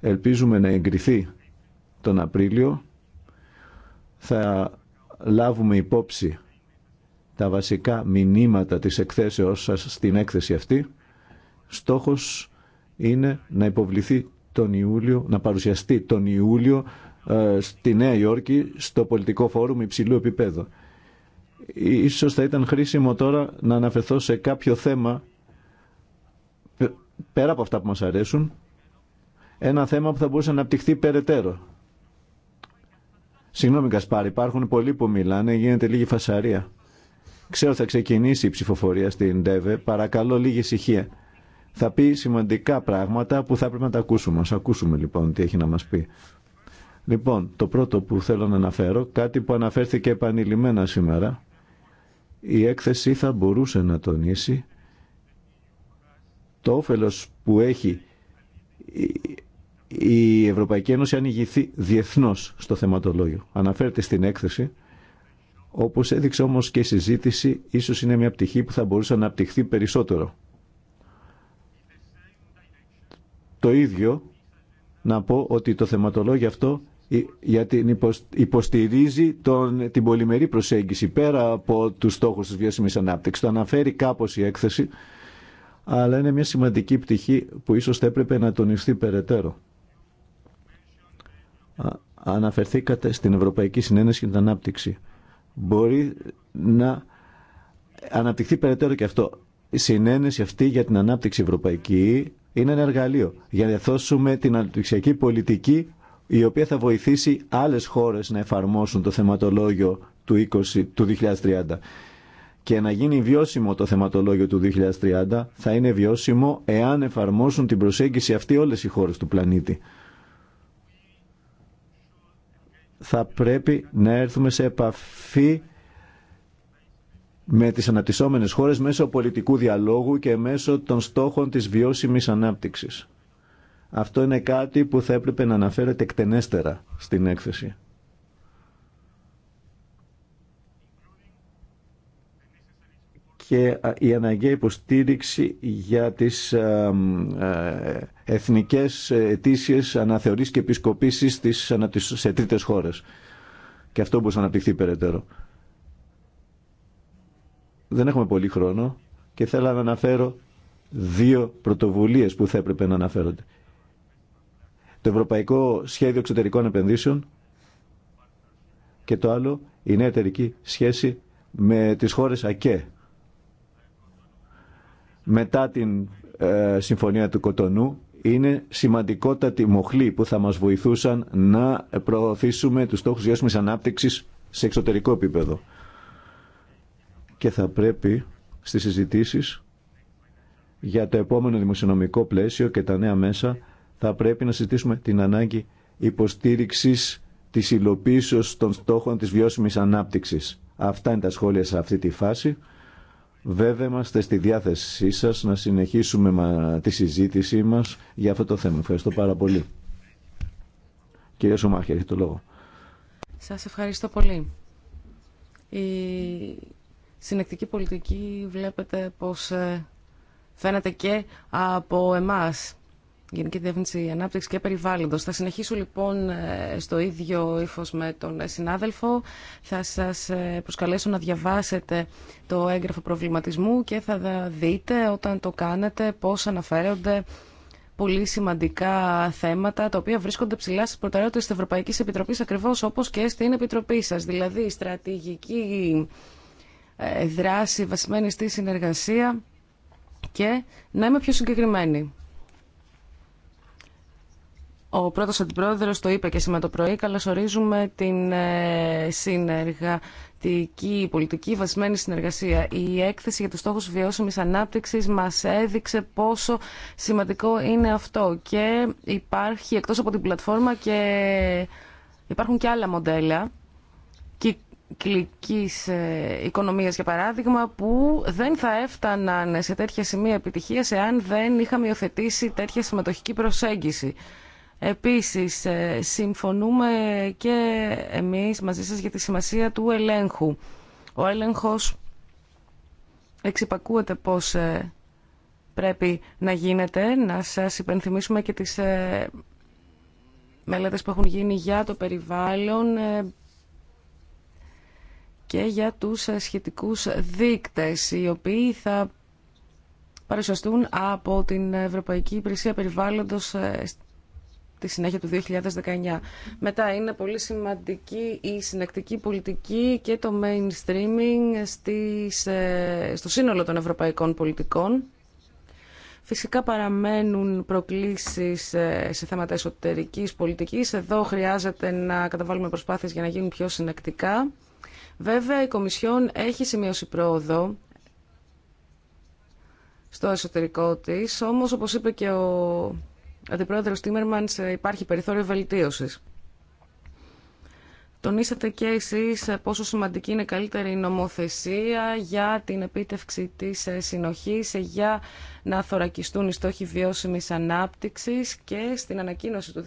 Ελπίζουμε να εγκριθεί τον Απρίλιο. Θα λάβουμε υπόψη τα βασικά μηνύματα της εκθέσεώς σας στην έκθεση αυτή. Στόχος είναι να υποβληθεί τον Ιούλιο, να παρουσιαστεί τον Ιούλιο ε, στη Νέα Υόρκη στο πολιτικό φόρουμ υψηλού επίπεδου. Ίσως θα ήταν χρήσιμο τώρα να αναφερθώ σε κάποιο θέμα πέρα από αυτά που μας αρέσουν, ένα θέμα που θα μπορούσε να αναπτυχθεί περαιτέρω. Συγγνώμη Κασπάρη, υπάρχουν πολλοί που μιλάνε, γίνεται λίγη φασαρία. Ξέρω θα ξεκινήσει η ψηφοφορία στην ΤΕΒΕ, παρακαλώ λίγη ησυχία. Θα πει σημαντικά πράγματα που θα πρέπει να τα ακούσουμε. Ας ακούσουμε λοιπόν τι έχει να μας πει. Λοιπόν, το πρώτο που θέλω να αναφέρω, κάτι που αναφέρθηκε επανειλημμένα σήμερα, η έκθεση θα μπορούσε να τονίσει το όφελος που έχει η Ευρωπαϊκή Ένωση αν διεθνώς στο θεματολόγιο. Αναφέρεται στην έκθεση, όπως έδειξε όμως και η συζήτηση, ίσως είναι μια πτυχή που θα μπορούσε να απτυχθεί περισσότερο. Το ίδιο να πω ότι το θεματολόγιο αυτό ε, γιατί υποστηρίζει τον, την πολυμερή προσέγγιση πέρα από τους στόχους της βιώσιμης ανάπτυξης. Το αναφέρει κάπως η έκθεση αλλά είναι μια σημαντική πτυχή που ίσως θα έπρεπε να τονιστεί περαιτέρω. Αναφερθήκατε στην Ευρωπαϊκή Συνένεση για την Ανάπτυξη. Μπορεί να αναπτυχθεί περαιτέρω και αυτό. Η συνένεση αυτή για την ανάπτυξη ευρωπαϊκή είναι ένα εργαλείο για να διαθώσουμε την αναπτυξιακή πολιτική η οποία θα βοηθήσει άλλες χώρες να εφαρμόσουν το θεματολόγιο του, 20, του 2030 και να γίνει βιώσιμο το θεματολόγιο του 2030 θα είναι βιώσιμο εάν εφαρμόσουν την προσέγγιση αυτή όλες οι χώρες του πλανήτη. Θα πρέπει να έρθουμε σε επαφή με τις αναπτυσσόμενες χώρες μέσω πολιτικού διαλόγου και μέσω των στόχων της βιώσιμης ανάπτυξης. Αυτό είναι κάτι που θα έπρεπε να αναφέρεται εκτενέστερα στην έκθεση. και η αναγκαία υποστήριξη για τις εθνικές αιτήσιες αναθεωρήσεις και επισκοπήσεις σε τρίτες χώρες. Και αυτό μπορεί να αναπτυχθεί περαιτέρω. Δεν έχουμε πολύ χρόνο και θέλω να αναφέρω δύο πρωτοβουλίες που θα έπρεπε να αναφέρονται. Το Ευρωπαϊκό Σχέδιο Εξωτερικών Επενδύσεων και το άλλο η νέα εταιρική σχέση με τις χώρες ΑΚΕ μετά την ε, Συμφωνία του Κοτονού είναι σημαντικότατη μοχλή που θα μας βοηθούσαν να προωθήσουμε τους στόχους βιώσιμης ανάπτυξης σε εξωτερικό επίπεδο. Και θα πρέπει στις συζητήσεις για το επόμενο δημοσιονομικό πλαίσιο και τα νέα μέσα θα πρέπει να συζητήσουμε την ανάγκη υποστήριξης της υλοποίησης των στόχων της βιώσιμης ανάπτυξης. Αυτά είναι τα σχόλια σε αυτή τη φάση. Βέβαια είμαστε στη διάθεσή σας να συνεχίσουμε τη συζήτησή μας για αυτό το θέμα. Ευχαριστώ πάρα πολύ. Κυρία Σωμάχη, έχετε το λόγο. Σας ευχαριστώ πολύ. Η συνεκτική πολιτική βλέπετε πως ε, φαίνεται και από εμάς Γενική Διεύθυνση Ανάπτυξη και Περιβάλλοντος. Θα συνεχίσω λοιπόν ε, στο ίδιο ύφο με τον ε, συνάδελφο. Θα σας ε, προσκαλέσω να διαβάσετε το έγγραφο προβληματισμού και θα δείτε όταν το κάνετε πώς αναφέρονται πολύ σημαντικά θέματα τα οποία βρίσκονται ψηλά στις προτεραιότητες της Ευρωπαϊκής Επιτροπής ακριβώς όπως και στην Επιτροπή σας. Δηλαδή η στρατηγική δράση βασισμένη στη συνεργασία και να είμαι πιο συγκεκριμένη. Ο πρώτος αντιπρόεδρο το είπε και σήμερα το πρωί, Καλωσορίζουμε ορίζουμε την ε, συνεργατική πολιτική βασμένη συνεργασία. Η έκθεση για τους στόχους βιώσιμης ανάπτυξης μας έδειξε πόσο σημαντικό είναι αυτό και υπάρχει εκτός από την πλατφόρμα και υπάρχουν και άλλα μοντέλα κυκλικής ε, οικονομίας για παράδειγμα που δεν θα έφταναν σε τέτοια σημεία επιτυχίας εάν δεν είχαμε υιοθετήσει τέτοια συμμετοχική προσέγγιση. Επίσης, ε, συμφωνούμε και εμείς μαζί σας για τη σημασία του ελέγχου. Ο έλεγχος εξυπακούεται πώς ε, πρέπει να γίνεται. Να σας υπενθυμίσουμε και τις ε, μελέτες που έχουν γίνει για το περιβάλλον και για τους σχετικούς δείκτες, οι οποίοι θα παρουσιαστούν από την Ευρωπαϊκή Υπηρεσία Περιβάλλοντος τη συνέχεια του 2019. Μετά είναι πολύ σημαντική η συνεκτική πολιτική και το mainstreaming στις, ε, στο σύνολο των ευρωπαϊκών πολιτικών. Φυσικά παραμένουν προκλήσεις ε, σε θέματα εσωτερικής πολιτικής. Εδώ χρειάζεται να καταβάλουμε προσπάθειες για να γίνουν πιο συνεκτικά. Βέβαια, η Κομισιόν έχει σημειώσει πρόοδο στο εσωτερικό της, όμως όπως είπε και ο Αντιπρόεδρος Τίμερμανς, ε, υπάρχει περιθώριο βελτίωση. Τονίσατε και εσείς ε, πόσο σημαντική είναι καλύτερη η νομοθεσία για την επίτευξη της ε, συνοχής, για να θωρακιστούν οι στόχοι βιώσιμης ανάπτυξης και στην ανακοίνωση του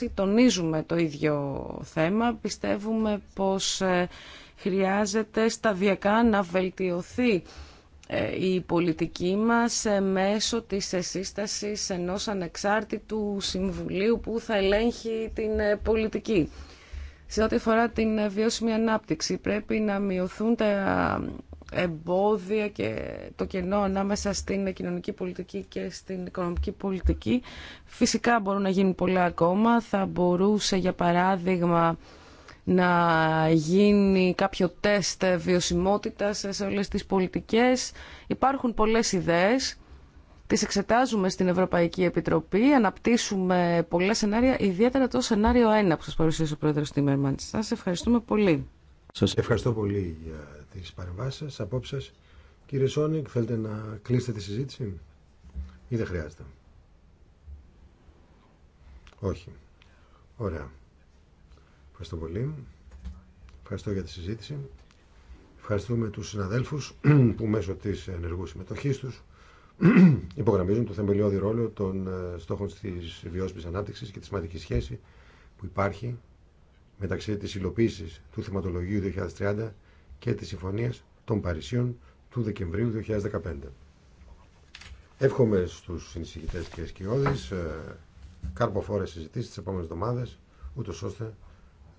2016 τονίζουμε το ίδιο θέμα. Πιστεύουμε πως χρειάζεται σταδιακά να βελτιωθεί ε, η πολιτική μας ε, μέσω της ε, σύστασης ενός ανεξάρτητου συμβουλίου που θα ελέγχει την πολιτική. Σε ό,τι αφορά την βιώσιμη ανάπτυξη πρέπει να μειωθούν τα εμπόδια και το κενό ανάμεσα στην κοινωνική πολιτική και στην οικονομική πολιτική. Φυσικά μπορούν να γίνουν πολλά ακόμα. Θα μπορούσε για παράδειγμα να γίνει κάποιο τεστ βιωσιμότητας σε όλες τις πολιτικές. Υπάρχουν πολλές ιδέες, τις εξετάζουμε στην Ευρωπαϊκή Επιτροπή, αναπτύσσουμε πολλά σενάρια, ιδιαίτερα το σενάριο 1 που σας παρουσίασε ο Πρόεδρος Τίμερμαν. Σας ευχαριστούμε πολύ. Σας ευχαριστώ πολύ για τις παρεμβάσεις σας, απόψε σας. Κύριε Σόνικ, θέλετε να κλείσετε τη συζήτηση ή δεν χρειάζεται. Όχι. Ωραία. Ευχαριστώ πολύ. Ευχαριστώ για τη συζήτηση. Ευχαριστούμε τους συναδέλφους που μέσω της ενεργού συμμετοχής τους υπογραμμίζουν το θεμελιώδη ρόλο των ε, στόχων της βιώσιμης ανάπτυξης και τη σημαντική σχέση που υπάρχει μεταξύ της υλοποίηση του θεματολογίου 2030 και της Συμφωνίας των Παρισίων του Δεκεμβρίου 2015. Εύχομαι στους συνεισηγητές και σκιώδεις ε, καρποφόρες συζητήσεις τις επόμενες εβδομάδες, ούτως ώστε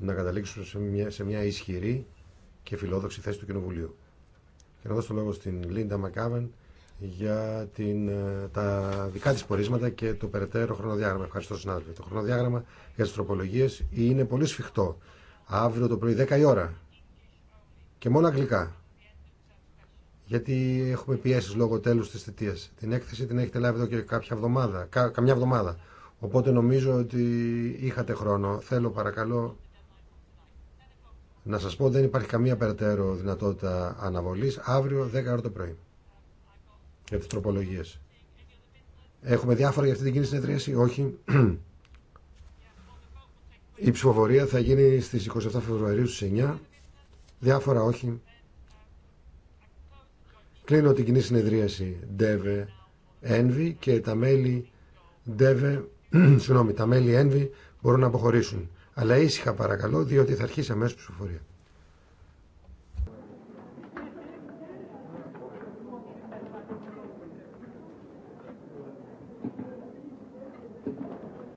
να καταλήξουν σε μια, σε μια ισχυρή και φιλόδοξη θέση του Κοινοβουλίου. Και να δώσω το λόγο στην Λίντα Μακάβεν για την, ε, τα δικά της πορίσματα και το περαιτέρω χρονοδιάγραμμα. Ευχαριστώ συνάδελφε. Το χρονοδιάγραμμα για τις τροπολογίες είναι πολύ σφιχτό. Αύριο το πρωί 10 η ώρα και μόνο αγγλικά. Γιατί έχουμε πιέσει λόγω τέλου τη θητεία. Την έκθεση την έχετε λάβει εδώ και κάποια εβδομάδα, κα, καμιά εβδομάδα. Οπότε νομίζω ότι είχατε χρόνο. Θέλω παρακαλώ να σας πω δεν υπάρχει καμία περαιτέρω δυνατότητα αναβολής. Αύριο 10 ώρα το πρωί. Για τις τροπολογίες. Έχουμε διάφορα για αυτή την κοινή συνεδρίαση. Όχι. Η ψηφοφορία θα γίνει στις 27 Φεβρουαρίου στις 9. Διάφορα όχι. Κλείνω την κοινή συνεδρίαση ΔΕΒΕ, ΕΝΒΙ και τα μέλη ένβη συγγνώμη, τα μέλη μπορούν να αποχωρήσουν. Αλλά ήσυχα παρακαλώ, διότι θα αρχίσει αμέσω ψηφοφορία.